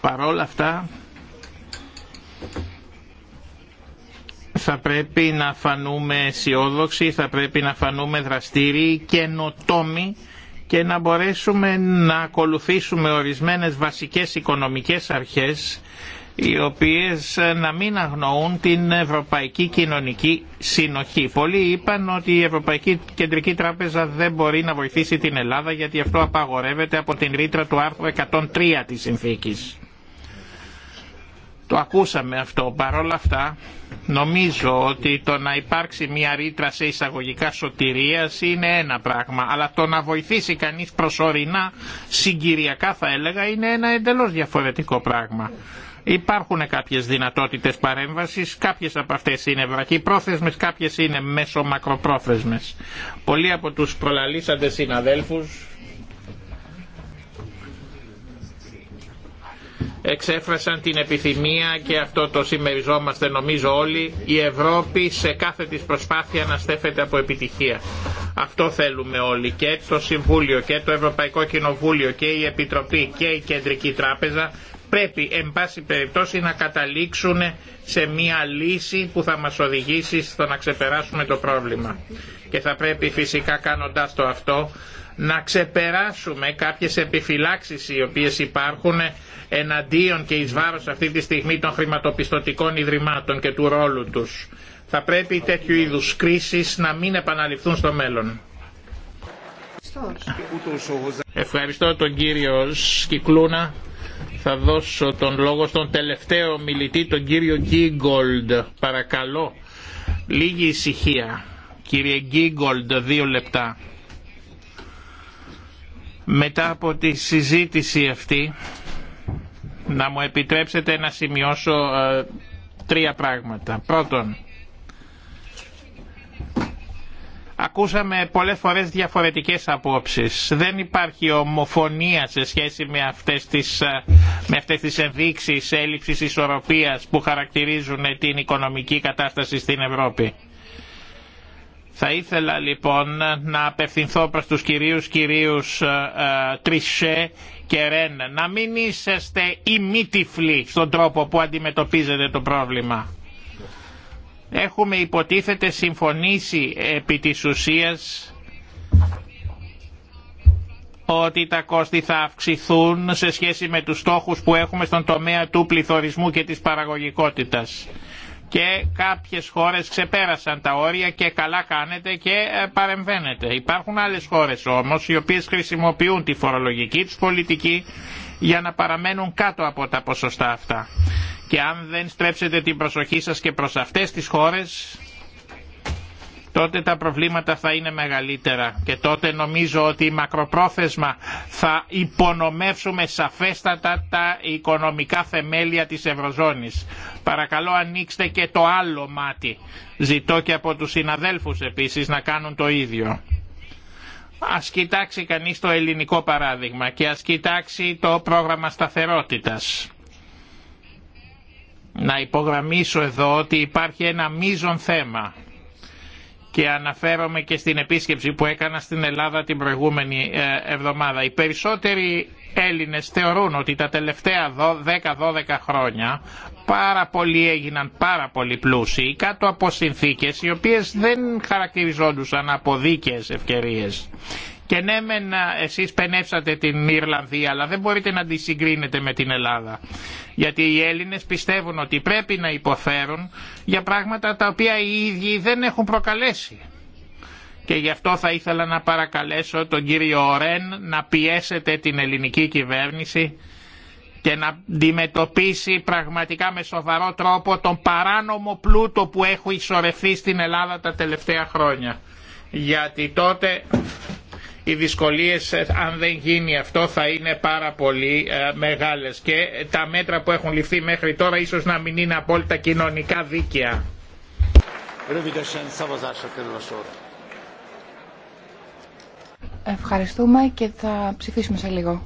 Speaker 10: Παρόλα αυτά θα πρέπει να φανούμε αισιόδοξοι, θα πρέπει να φανούμε δραστήριοι και νοτόμοι και να μπορέσουμε να ακολουθήσουμε ορισμένες βασικές οικονομικές αρχές οι οποίες να μην αγνοούν την Ευρωπαϊκή Κοινωνική Συνοχή. Πολλοί είπαν ότι η Ευρωπαϊκή Κεντρική Τράπεζα δεν μπορεί να βοηθήσει την Ελλάδα γιατί αυτό απαγορεύεται από την ρήτρα του άρθρου 103 της συνθήκης. Το ακούσαμε αυτό. Παρ' όλα αυτά νομίζω ότι το να υπάρξει μια ρήτρα σε εισαγωγικά σωτηρίας είναι ένα πράγμα. Αλλά το να βοηθήσει κανείς προσωρινά συγκυριακά θα έλεγα είναι ένα εντελώς διαφορετικό πράγμα. Υπάρχουν κάποιες δυνατότητες παρέμβασης, κάποιες από αυτές είναι βραχυπρόθεσμες, κάποιες είναι μέσο-μακροπρόθεσμες. Πολλοί από τους προλαλήσαντες συναδέλφους εξέφρασαν την επιθυμία και αυτό το συμμεριζόμαστε νομίζω όλοι η Ευρώπη σε κάθε της προσπάθεια να στέφεται από επιτυχία. Αυτό θέλουμε όλοι και το Συμβούλιο και το Ευρωπαϊκό Κοινοβούλιο και η Επιτροπή και η Κεντρική Τράπεζα πρέπει εν πάση περιπτώσει να καταλήξουν σε μια λύση που θα μας οδηγήσει στο να ξεπεράσουμε το πρόβλημα. Και θα πρέπει φυσικά κάνοντας το αυτό να ξεπεράσουμε κάποιες επιφυλάξεις οι οποίες υπάρχουν εναντίον και εις βάρος αυτή τη στιγμή των χρηματοπιστωτικών ιδρυμάτων και του ρόλου τους. Θα πρέπει τέτοιου είδους κρίσεις να μην επαναληφθούν στο μέλλον. Ευχαριστώ τον κύριο Σκυκλούνα. Θα δώσω τον λόγο στον τελευταίο μιλητή, τον κύριο Γκίγκολντ. Παρακαλώ, λίγη ησυχία. Κύριε Γκίγκολντ, δύο λεπτά. Μετά από τη συζήτηση αυτή, να μου επιτρέψετε να σημειώσω ε, τρία πράγματα. Πρώτον, ακούσαμε πολλές φορές διαφορετικές απόψεις. Δεν υπάρχει ομοφωνία σε σχέση με αυτές τις, ε, με αυτές τις ενδείξεις έλλειψης ισορροπίας που χαρακτηρίζουν την οικονομική κατάσταση στην Ευρώπη. Θα ήθελα λοιπόν να απευθυνθώ προς τους κυρίους κυρίους ε, Τρισσέ και να μην είσαστε ημίτυφλοι στον τρόπο που αντιμετωπίζετε το πρόβλημα. Έχουμε υποτίθεται συμφωνήσει επί της ουσίας ότι τα κόστη θα αυξηθούν σε σχέση με τους στόχους που έχουμε στον τομέα του πληθωρισμού και της παραγωγικότητας και κάποιες χώρες ξεπέρασαν τα όρια και καλά κάνετε και ε, παρεμβαίνετε. Υπάρχουν άλλες χώρες όμως οι οποίες χρησιμοποιούν τη φορολογική τους πολιτική για να παραμένουν κάτω από τα ποσοστά αυτά. Και αν δεν στρέψετε την προσοχή σας και προς αυτές τις χώρες τότε τα προβλήματα θα είναι μεγαλύτερα και τότε νομίζω ότι μακροπρόθεσμα θα υπονομεύσουμε σαφέστατα τα οικονομικά θεμέλια της Ευρωζώνης. Παρακαλώ ανοίξτε και το άλλο μάτι. Ζητώ και από τους συναδέλφους επίσης να κάνουν το ίδιο. Ας κοιτάξει κανείς το ελληνικό παράδειγμα και ας κοιτάξει το πρόγραμμα σταθερότητας. Να υπογραμμίσω εδώ ότι υπάρχει ένα μείζον θέμα και αναφέρομαι και στην επίσκεψη που έκανα στην Ελλάδα την προηγούμενη ε, εβδομάδα. Οι περισσότεροι Έλληνες θεωρούν ότι τα τελευταία 10-12 χρόνια πάρα πολλοί έγιναν πάρα πολύ πλούσιοι κάτω από συνθήκες οι οποίες δεν χαρακτηριζόντουσαν από δίκαιες ευκαιρίες. Και ναι μεν εσείς πενέψατε την Ιρλανδία αλλά δεν μπορείτε να τη συγκρίνετε με την Ελλάδα. Γιατί οι Έλληνες πιστεύουν ότι πρέπει να υποφέρουν για πράγματα τα οποία οι ίδιοι δεν έχουν προκαλέσει. Και γι' αυτό θα ήθελα να παρακαλέσω τον κύριο Ρέν να πιέσετε την ελληνική κυβέρνηση και να αντιμετωπίσει πραγματικά με σοβαρό τρόπο τον παράνομο πλούτο που έχει ισορρευτεί στην Ελλάδα τα τελευταία χρόνια. Γιατί τότε οι δυσκολίες ε, αν δεν γίνει αυτό θα είναι πάρα πολύ ε, μεγάλες και τα μέτρα που έχουν ληφθεί μέχρι τώρα ίσως να μην είναι απόλυτα κοινωνικά δίκαια.
Speaker 3: Ευχαριστούμε και θα ψηφίσουμε σε λίγο.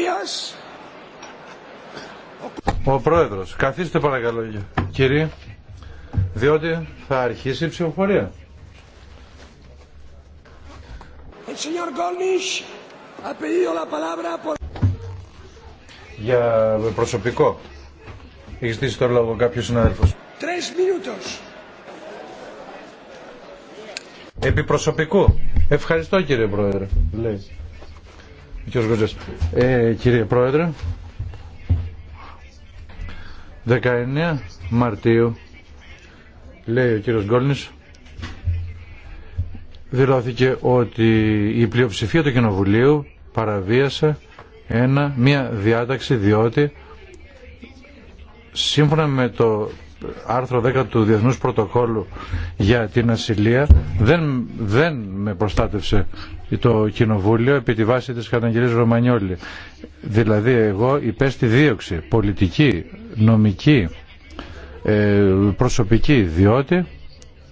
Speaker 2: Ιταλίας
Speaker 1: Ο Πρόεδρος. Καθίστε παρακαλώ κύριε. Διότι θα αρχίσει η ψηφοφορία. Για προσωπικό. Έχει στήσει το λόγο κάποιος συνάδελφος.
Speaker 9: Τρεις μινούτος.
Speaker 1: Επί προσωπικού. Ευχαριστώ κύριε Πρόεδρε. Ε, κύριε Πρόεδρε, 19 Μαρτίου, λέει ο κύριος Γκόλνης, δηλώθηκε ότι η πλειοψηφία του Κοινοβουλίου παραβίασε ένα, μια διάταξη διότι σύμφωνα με το άρθρο 10 του Διεθνούς Πρωτοκόλου για την ασυλία δεν, δεν με προστάτευσε το Κοινοβούλιο επί τη βάση της καταγγελής Ρωμανιόλη. Δηλαδή εγώ υπέστη δίωξη πολιτική, νομική, ε, προσωπική, διότι